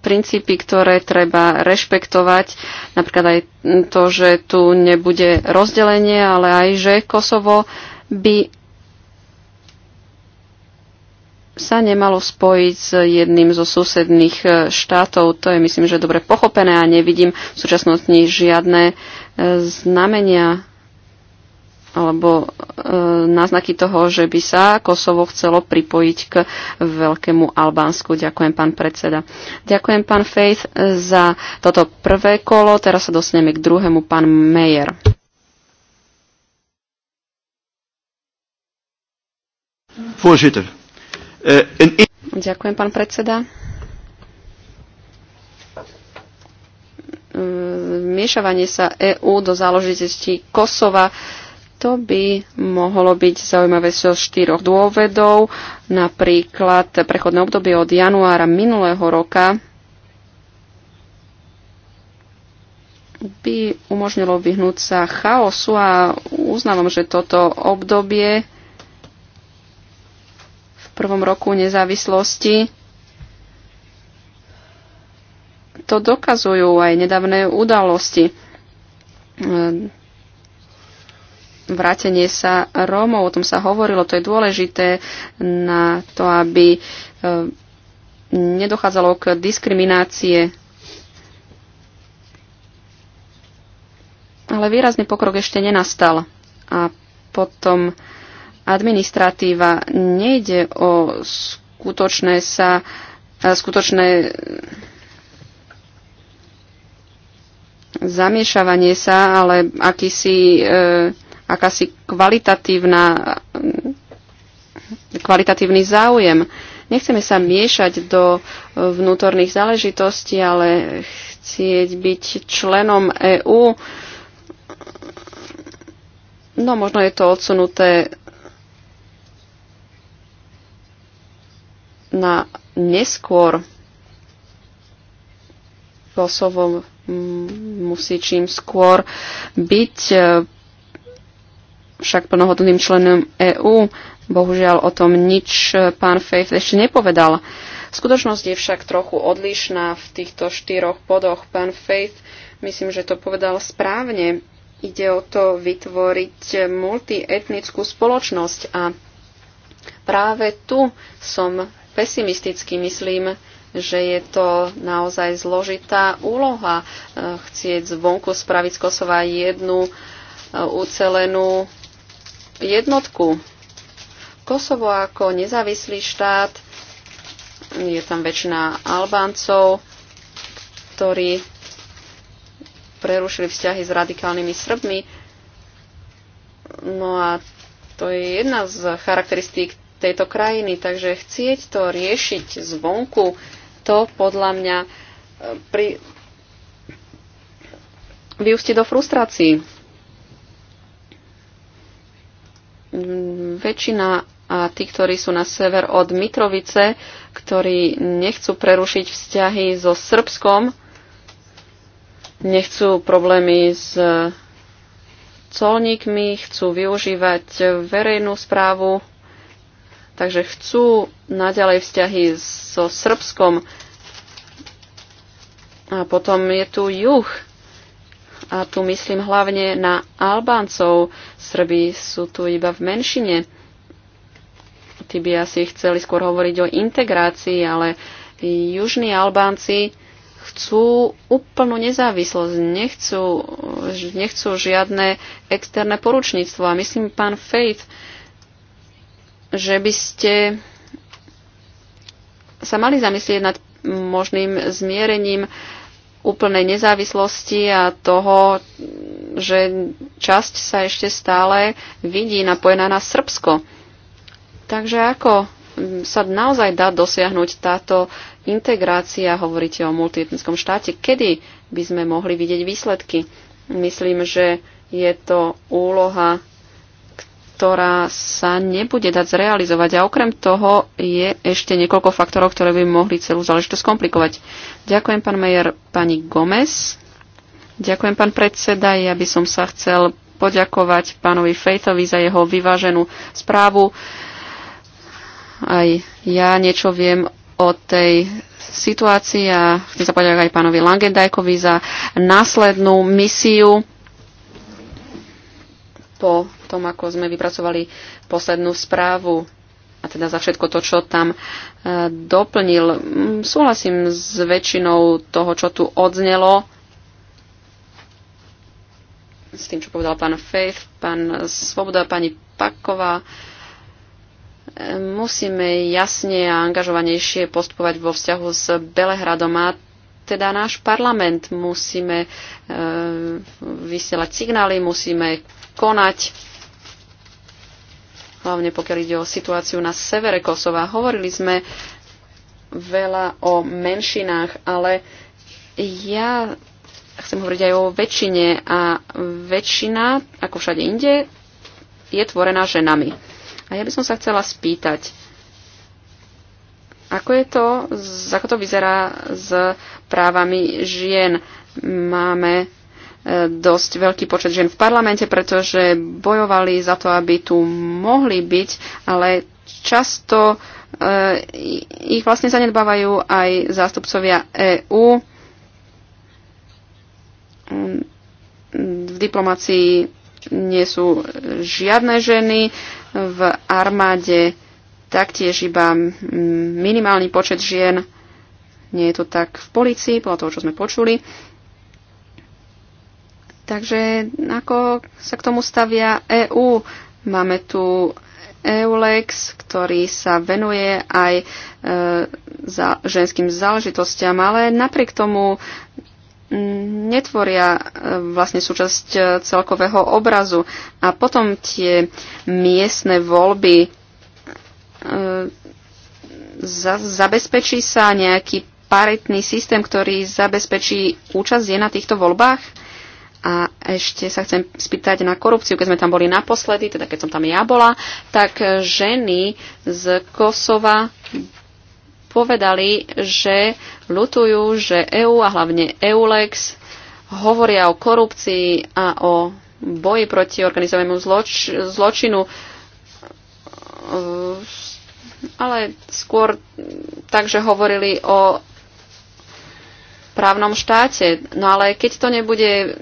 princípy, ktoré treba rešpektovať. Napríklad aj to, že tu nebude rozdelenie, ale aj, že Kosovo by sa nemalo spojiť s jedným zo susedných e, štátov. To je, myslím, že dobre pochopené a nevidím v súčasnosti žiadne e, znamenia alebo e, náznaky toho, že by sa Kosovo chcelo pripojiť k Veľkému Albánsku. Ďakujem, pán predseda. Ďakujem, pán Faith, za toto prvé kolo. Teraz sa dostaneme k druhému, pán mayer. Voorzitter, Eh, Ďakujem, pán predseda. Eh, miešavanie sa EÚ do záležitosti Kosova to by mohlo byť zaujímavé zo štyroch dôvedov, napríklad prechodné obdobie od januára minulého roka by umožnilo vyhnúť sa chaosu a uznávam, že toto obdobie prvom roku nezávislosti. To dokazujú aj nedávne udalosti. Vrátenie sa Rómov, o tom sa hovorilo, to je dôležité na to, aby e, nedochádzalo k diskriminácie. Ale výrazný pokrok ešte nenastal. A potom administratíva. Nejde o skutočné sa skutočné zamiešavanie sa, ale akýsi, e, akási kvalitatívna, kvalitatívny záujem. Nechceme sa miešať do vnútorných záležitostí, ale chcieť byť členom EÚ. No možno je to odsunuté na neskôr. Kosovo musí čím skôr byť e, však plnohodným členom EÚ. Bohužiaľ o tom nič pán Faith ešte nepovedal. Skutočnosť je však trochu odlišná v týchto štyroch bodoch. Pán Faith, myslím, že to povedal správne. Ide o to vytvoriť multietnickú spoločnosť a práve tu som pesimisticky, Myslím, že je to naozaj zložitá úloha eh, chcieť zvonku spraviť z Kosova jednu eh, ucelenú jednotku. Kosovo ako nezávislý štát, je tam väčšina Albáncov, ktorí prerušili vzťahy s radikálnymi Srbmi. No a to je jedna z charakteristík tejto krajiny. Takže chcieť to riešiť zvonku, to podľa mňa e, pri... vyústi do frustrácií. Mm, väčšina a tí, ktorí sú na sever od Mitrovice, ktorí nechcú prerušiť vzťahy so Srbskom, nechcú problémy s e, colníkmi, chcú využívať verejnú správu, Takže chcú naďalej vzťahy so Srbskom. A potom je tu juh. A tu myslím hlavne na Albáncov. Srbi sú tu iba v menšine. Tí by asi chceli skôr hovoriť o integrácii, ale južní Albánci chcú úplnú nezávislosť, nechcú, nechcú žiadne externé poručníctvo. A myslím, pán Faith, že by ste sa mali zamyslieť nad možným zmierením úplnej nezávislosti a toho, že časť sa ešte stále vidí napojená na Srbsko. Takže ako sa naozaj dá dosiahnuť táto integrácia, hovoríte o multietnickom štáte, kedy by sme mohli vidieť výsledky? Myslím, že je to úloha ktorá sa nebude dať zrealizovať. A okrem toho je ešte niekoľko faktorov, ktoré by mohli celú záležitosť komplikovať. Ďakujem, pán Mejer, pani Gomez. Ďakujem, pán predseda. Ja by som sa chcel poďakovať pánovi Fejtovi za jeho vyváženú správu. Aj ja niečo viem o tej situácii a chcem sa poďakovať aj pánovi Langendajkovi za následnú misiu po tom, ako sme vypracovali poslednú správu a teda za všetko to, čo tam e, doplnil. Mm, súhlasím s väčšinou toho, čo tu odznelo, s tým, čo povedal pán Faith, pán Svoboda, pani Paková. E, musíme jasne a angažovanejšie postupovať vo vzťahu s Belehradom a teda náš parlament musíme e, vysielať signály, musíme konať hlavne pokiaľ ide o situáciu na severe Kosova. Hovorili sme veľa o menšinách, ale ja chcem hovoriť aj o väčšine a väčšina, ako všade inde, je tvorená ženami. A ja by som sa chcela spýtať, ako je to, ako to vyzerá s právami žien? Máme dosť veľký počet žien v parlamente, pretože bojovali za to, aby tu mohli byť, ale často eh, ich vlastne zanedbávajú aj zástupcovia EÚ. V diplomácii nie sú žiadne ženy, v armáde taktiež iba minimálny počet žien. Nie je to tak v policii, podľa toho, čo sme počuli. Takže ako sa k tomu stavia EÚ? Máme tu EULEX, ktorý sa venuje aj e, za ženským záležitostiam, ale napriek tomu mm, netvoria e, vlastne súčasť e, celkového obrazu. A potom tie miestne voľby, e, za, zabezpečí sa nejaký paritný systém, ktorý zabezpečí účasť je na týchto voľbách? A ešte sa chcem spýtať na korupciu. Keď sme tam boli naposledy, teda keď som tam ja bola, tak ženy z Kosova povedali, že lutujú, že EU a hlavne EULEX hovoria o korupcii a o boji proti organizovanému zloč- zločinu, ale skôr tak, že hovorili o právnom štáte. No ale keď to nebude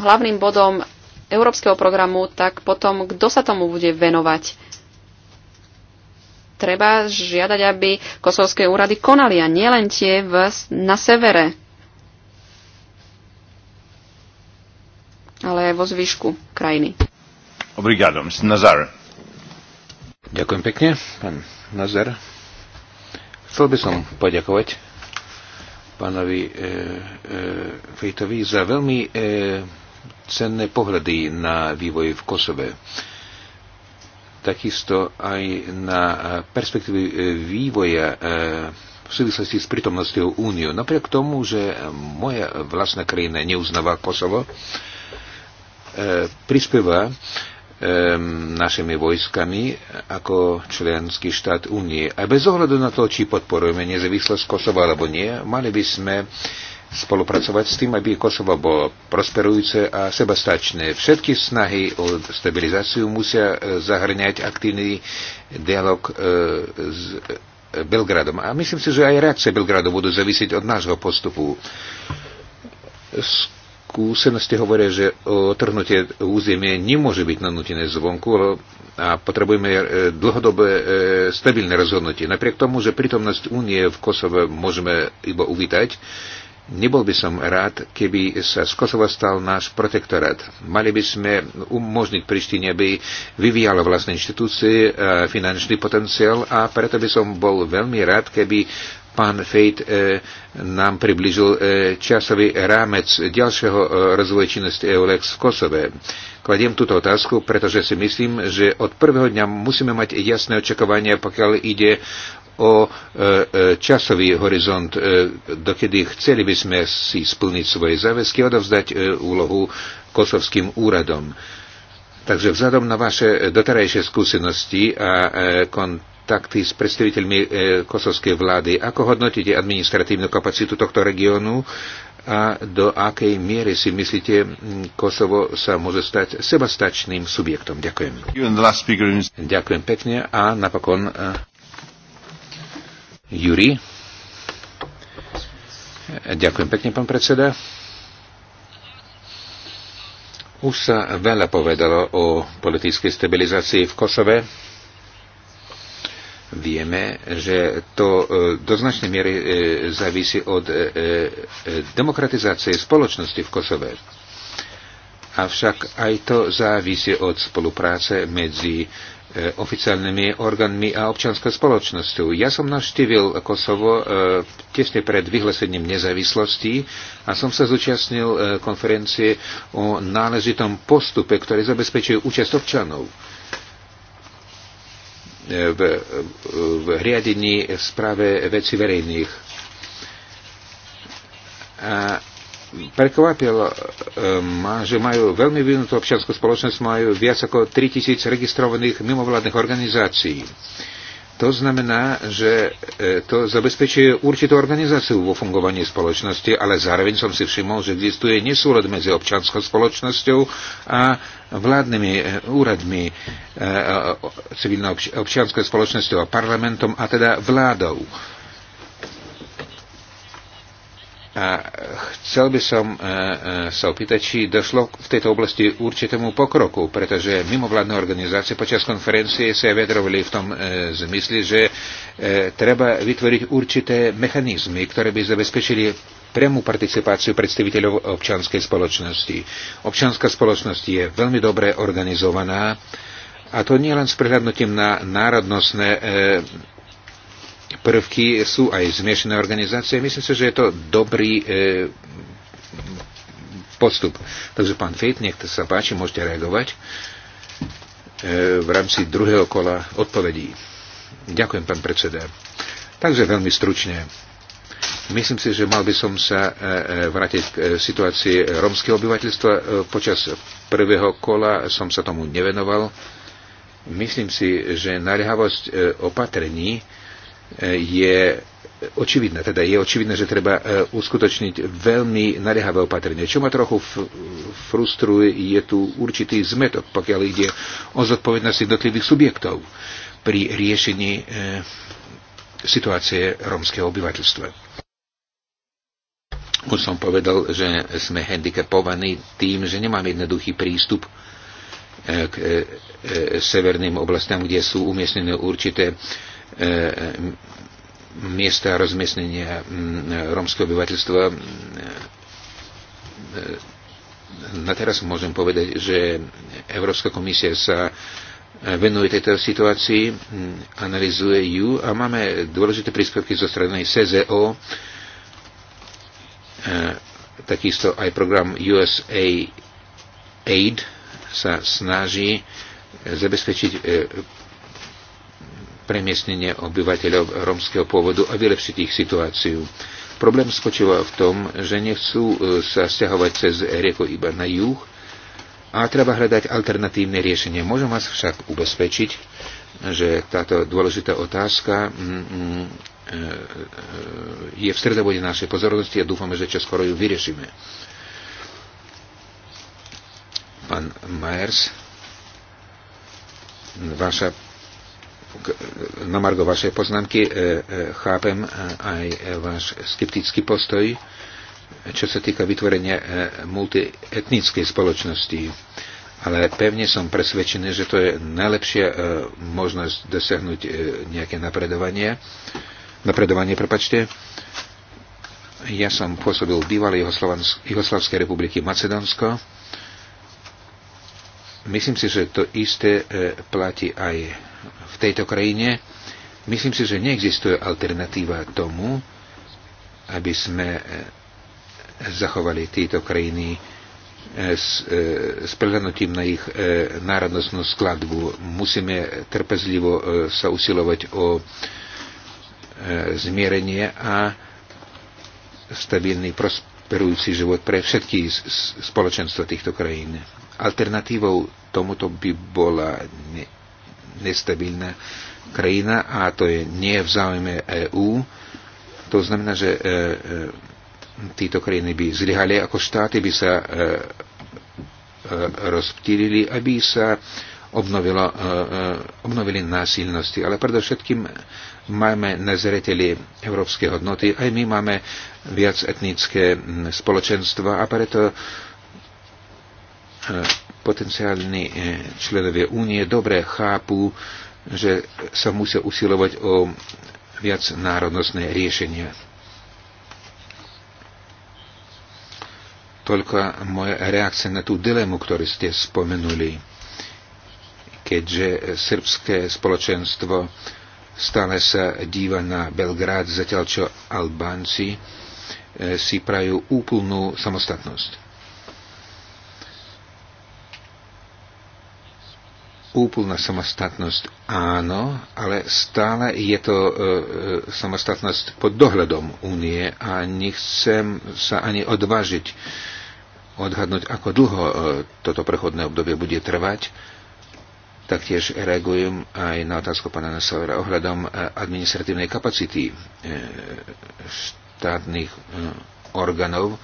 hlavným bodom európskeho programu, tak potom kto sa tomu bude venovať? Treba žiadať, aby kosovské úrady konali a nielen tie v, na severe, ale aj vo zvyšku krajiny. Obrigado, Mr. Nazar. Ďakujem pekne, pán Nazar. Chcel by som poďakovať pánovi e, e, Fejtovi za veľmi e, cenné pohľady na vývoj v Kosove. Takisto aj na perspektívy e, vývoja e, v súvislosti s prítomnosťou úniu. Napriek tomu, že moja vlastná krajina neuznáva Kosovo, e, prispieva našimi vojskami ako členský štát únie. A bez ohľadu na to, či podporujeme nezávislosť Kosova alebo nie, mali by sme spolupracovať s tým, aby Kosovo bolo prosperujúce a sebastačné. Všetky snahy o stabilizáciu musia e, zahrňať aktívny dialog e, s Belgradom. A myslím si, že aj reakcie Belgradu budú zavisiť od nášho postupu. Skúsenosti hovoria, že otrhnutie územie nemôže byť nanútené zvonku, a potrebujeme e, dlhodobé stabilné rozhodnutie. Napriek tomu, že prítomnosť únie v Kosove môžeme iba uvítať, Nebol by som rád, keby sa z Kosova stal náš protektorát. Mali by sme umožniť Prištine, aby vyvíjala vlastné inštitúcie, e, finančný potenciál a preto by som bol veľmi rád, keby pán Fejt e, nám približil e, časový rámec ďalšieho rozvoja činnosti EULEX v Kosove. Kladiem túto otázku, pretože si myslím, že od prvého dňa musíme mať jasné očakovania, pokiaľ ide o e, e, časový horizont, e, dokedy chceli by sme si splniť svoje záväzky a odovzdať úlohu kosovským úradom. Takže vzhľadom na vaše doterajšie skúsenosti a kontakty s predstaviteľmi e, kosovskej vlády, ako hodnotíte administratívnu kapacitu tohto regiónu a do akej miery si myslíte, Kosovo sa môže stať sebastačným subjektom? Ďakujem. Ďakujem pekne a napokon E, Juri. Ďakujem pekne, pán predseda. Už sa veľa povedalo o politickej stabilizácii v Kosove. Vieme, že to e, do značnej miery e, závisí od e, demokratizácie spoločnosti v Kosove. Avšak aj to závisí od spolupráce medzi E, oficiálnymi orgánmi a občianskou spoločnosťou. Ja som navštívil Kosovo e, tesne pred vyhlesením nezávislosti a som sa zúčastnil e, konferencie o náležitom postupe, ktorý zabezpečuje účasť občanov v, v riadení v správe veci verejných. A prekvapil e, ma, že majú veľmi vyvinutú občianskú spoločnosť, majú viac ako 3000 registrovaných mimovládnych organizácií. To znamená, že e, to zabezpečuje určitú organizáciu vo fungovaní spoločnosti, ale zároveň som si všimol, že existuje nesúlad medzi občanskou spoločnosťou a vládnymi e, úradmi civilno-občianskou spoločnosťou a parlamentom a teda vládou a chcel by som e, e, sa opýtať, či došlo v tejto oblasti určitému pokroku, pretože mimovládne organizácie počas konferencie sa vedrovali v tom e, zmysle, že treba vytvoriť určité mechanizmy, ktoré by zabezpečili priamu participáciu predstaviteľov občianskej spoločnosti. Občianská spoločnosť je veľmi dobre organizovaná a to nielen s prehľadnutím na národnostné prvky sú aj zmiešané organizácie. Myslím si, že je to dobrý e, postup. Takže pán Fejt, nech sa páči, môžete reagovať e, v rámci druhého kola odpovedí. Ďakujem, pán predseda. Takže veľmi stručne. Myslím si, že mal by som sa e, e, vrátiť k e, situácii rómskeho obyvateľstva. Počas prvého kola som sa tomu nevenoval. Myslím si, že naliehavosť opatrení je očividné, Teda je očividné, že treba e, uskutočniť veľmi naliehavé opatrenie. Čo ma trochu frustruje, je tu určitý zmetok, pokiaľ ide o zodpovednosť jednotlivých subjektov pri riešení e, situácie rómskeho obyvateľstva. Už som povedal, že sme handicapovaní tým, že nemám jednoduchý prístup e, k severným oblastiam, kde sú umiestnené určité E, miesta rozmiestnenia mm, rómskeho obyvateľstva. E, na teraz môžem povedať, že Európska komisia sa venuje tejto situácii, mm, analizuje ju a máme dôležité príspevky zo strany CZO, e, takisto aj program USA Aid sa snaží zabezpečiť premiestnenie obyvateľov romského pôvodu a vylepšiť ich situáciu. Problém spočíva v tom, že nechcú e, sa stiahovať cez rieku iba na juh a treba hľadať alternatívne riešenie. Môžem vás však ubezpečiť, že táto dôležitá otázka mm, mm, e, e, je v stredobode našej pozornosti a dúfame, že skoro ju vyriešime. Pán Majers, vaša na margo vašej poznámky e, e, chápem e, aj váš skeptický postoj, čo sa týka vytvorenia multietnickej spoločnosti. Ale pevne som presvedčený, že to je najlepšia možnosť dosiahnuť nejaké napredovanie. Napredovanie, prepačte. Ja som pôsobil v bývalej Jugoslavskej republiky Macedónsko. Myslím si, že to isté platí aj tejto krajine. Myslím si, že neexistuje alternatíva tomu, aby sme e, zachovali tieto krajiny e, s, e, s prehľadnutím na ich národnostnú skladbu. Musíme trpezlivo sa usilovať o zmierenie a stabilný prosperujúci život pre všetky spoločenstva týchto krajín. Alternatívou tomuto by bola nestabilná krajina a to je nie v záujme EÚ. To znamená, že e, e, títo krajiny by zlyhali ako štáty, by sa e, rozptýlili, aby sa obnovilo, obnovili násilnosti. Ale predovšetkým máme nezreteli európske hodnoty, aj my máme viac etnické spoločenstva a preto potenciálni eh, členovia únie dobre chápu, že sa musia usilovať o viac národnostné riešenia. Toľko moja reakcia na tú dilemu, ktorú ste spomenuli. Keďže srbské spoločenstvo stále sa díva na Belgrád, zatiaľ čo Albánci eh, si prajú úplnú samostatnosť. úplná samostatnosť áno, ale stále je to e, e, samostatnosť pod dohľadom únie a nechcem sa ani odvážiť odhadnúť, ako dlho e, toto prechodné obdobie bude trvať. Taktiež reagujem aj na otázku pána Nasovera ohľadom e, administratívnej kapacity e, štátnych e, orgánov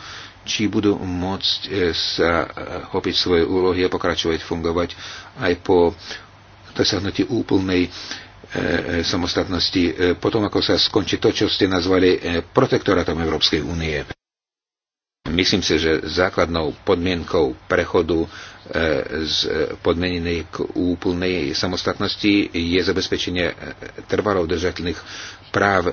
či budú môcť e, sa e, chopiť svoje úlohy a pokračovať fungovať aj po dosiahnutí úplnej e, samostatnosti, potom ako sa skončí to, čo ste nazvali protektorátom Európskej únie. Myslím si, že základnou podmienkou prechodu z podmenenej k úplnej samostatnosti je zabezpečenie trvalo udržateľných práv e,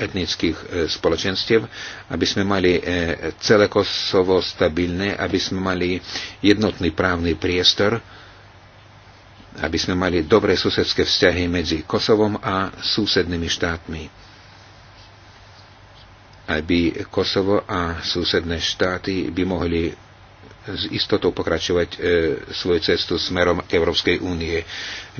etnických e, spoločenstiev, aby sme mali e, celé Kosovo stabilné, aby sme mali jednotný právny priestor, aby sme mali dobré susedské vzťahy medzi Kosovom a susednými štátmi. Aby Kosovo a susedné štáty by mohli s istotou pokračovať e, svoju cestu smerom Európskej únie.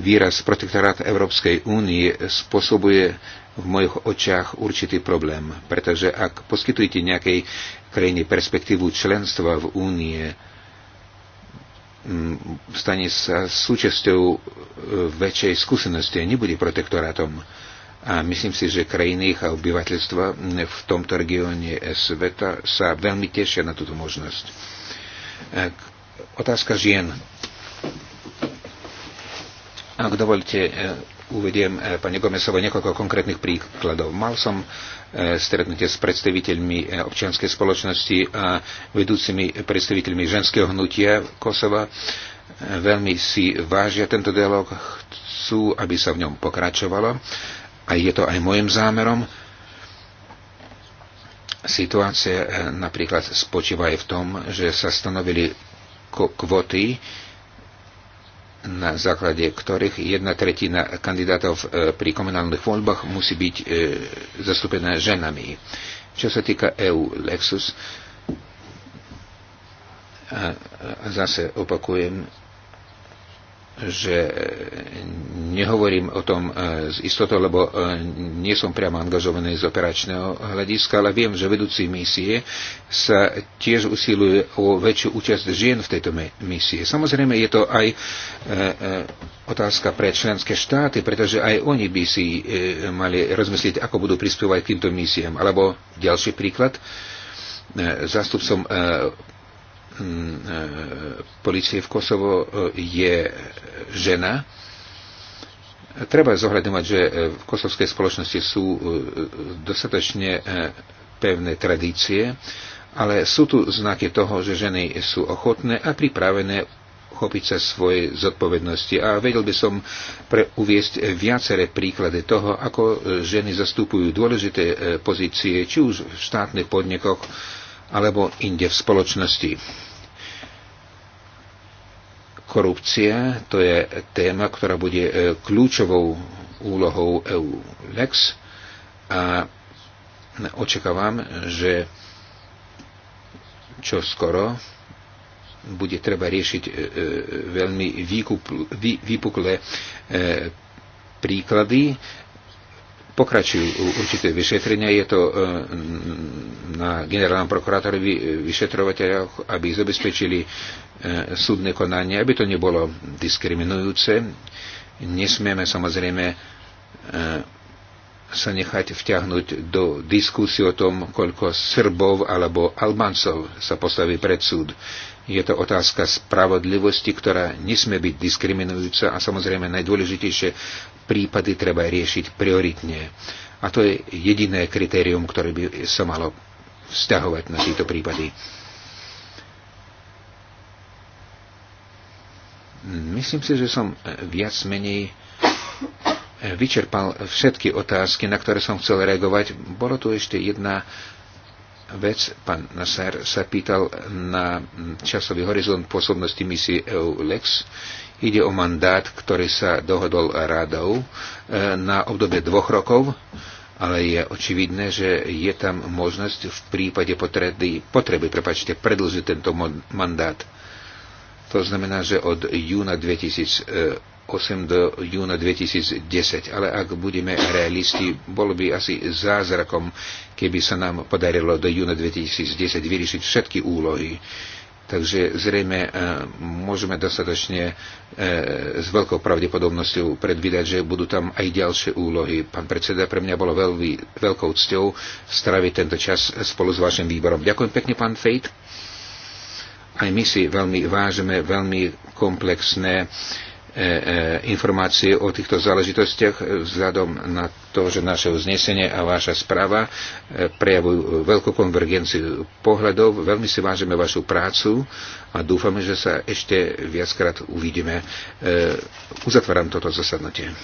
Výraz protektorát Európskej únie spôsobuje v mojich očiach určitý problém, pretože ak poskytujete nejakej krajine perspektívu členstva v únie, stane sa súčasťou e, väčšej skúsenosti a nebude protektorátom. A myslím si, že krajiny a obyvateľstva v tomto regióne sveta sa veľmi tešia na túto možnosť. E, otázka žien. Ak dovolíte, e, Uvediem e, pani Gomesovo niekoľko konkrétnych príkladov. Mal som e, stretnutie s predstaviteľmi e, občianskej spoločnosti a vedúcimi predstaviteľmi ženského hnutia Kosova. Veľmi si vážia tento dialog, chcú, aby sa v ňom pokračovalo a je to aj môjim zámerom. Situácia napríklad spočíva aj v tom, že sa stanovili kvoty, na základe ktorých jedna tretina kandidátov e, pri komunálnych voľbách musí byť e, zastúpená ženami. Čo sa týka EU Lexus, a zase opakujem, že e, nehovorím o tom z e, istotou, lebo e, nie som priamo angažovaný z operačného hľadiska, ale viem, že vedúci misie sa tiež usiluje o väčšiu účasť žien v tejto misie. Samozrejme, je to aj otázka pre členské štáty, pretože aj oni by si mali rozmyslieť, ako budú prispievať k týmto misiám. Alebo ďalší príklad, zástupcom Mm, e, policie v Kosovo e, je žena. Treba zohľadňovať, že e, v kosovskej spoločnosti sú dostatočne pevné tradície, ale sú tu znaky toho, že ženy sú ochotné a pripravené chopiť sa svojej zodpovednosti. A vedel by som pre, uviesť viaceré príklady toho, ako ženy zastupujú dôležité pozície, či už v štátnych podnikoch, alebo inde v spoločnosti. Korupcia to je téma, ktorá bude e, kľúčovou úlohou EULEX a očakávam, že čo skoro bude treba riešiť e, e, veľmi výkup, výpuklé príklady Pokračujú určité vyšetrenia, je to e, na generálnom prokurátorovi vyšetrovateľoch, aby zabezpečili e, súdne konanie, aby to nebolo diskriminujúce. Nesmieme samozrejme e, sa nechať vťahnuť do diskusie o tom, koľko Srbov alebo Albáncov sa postaví pred súd. Je to otázka spravodlivosti, ktorá nesmie byť diskriminujúca a samozrejme najdôležitejšie prípady treba riešiť prioritne. A to je jediné kritérium, ktoré by sa malo vzťahovať na tieto prípady. Myslím si, že som viac menej vyčerpal všetky otázky, na ktoré som chcel reagovať. Bolo tu ešte jedna vec. Pán Nasser sa pýtal na časový horizont pôsobnosti misie EULEX. Ide o mandát, ktorý sa dohodol radou e, na obdobie dvoch rokov, ale je očividné, že je tam možnosť v prípade potreby, potreby prepačte, predlžiť tento mandát. To znamená, že od júna 2008 do júna 2010. Ale ak budeme realisti, bolo by asi zázrakom, keby sa nám podarilo do júna 2010 vyriešiť všetky úlohy. Takže zrejme e, môžeme dostatočne e, s veľkou pravdepodobnosťou predvídať, že budú tam aj ďalšie úlohy. Pán predseda, pre mňa bolo veľmi, veľkou cťou straviť tento čas spolu s vašim výborom. Ďakujem pekne, pán Fejt. Aj my si veľmi vážime veľmi komplexné E, e, informácie o týchto záležitostiach vzhľadom na to, že naše uznesenie a vaša správa e, prejavujú veľkú konvergenciu pohľadov. Veľmi si vážime vašu prácu a dúfame, že sa ešte viackrát uvidíme. Uzatváram toto zasadnutie.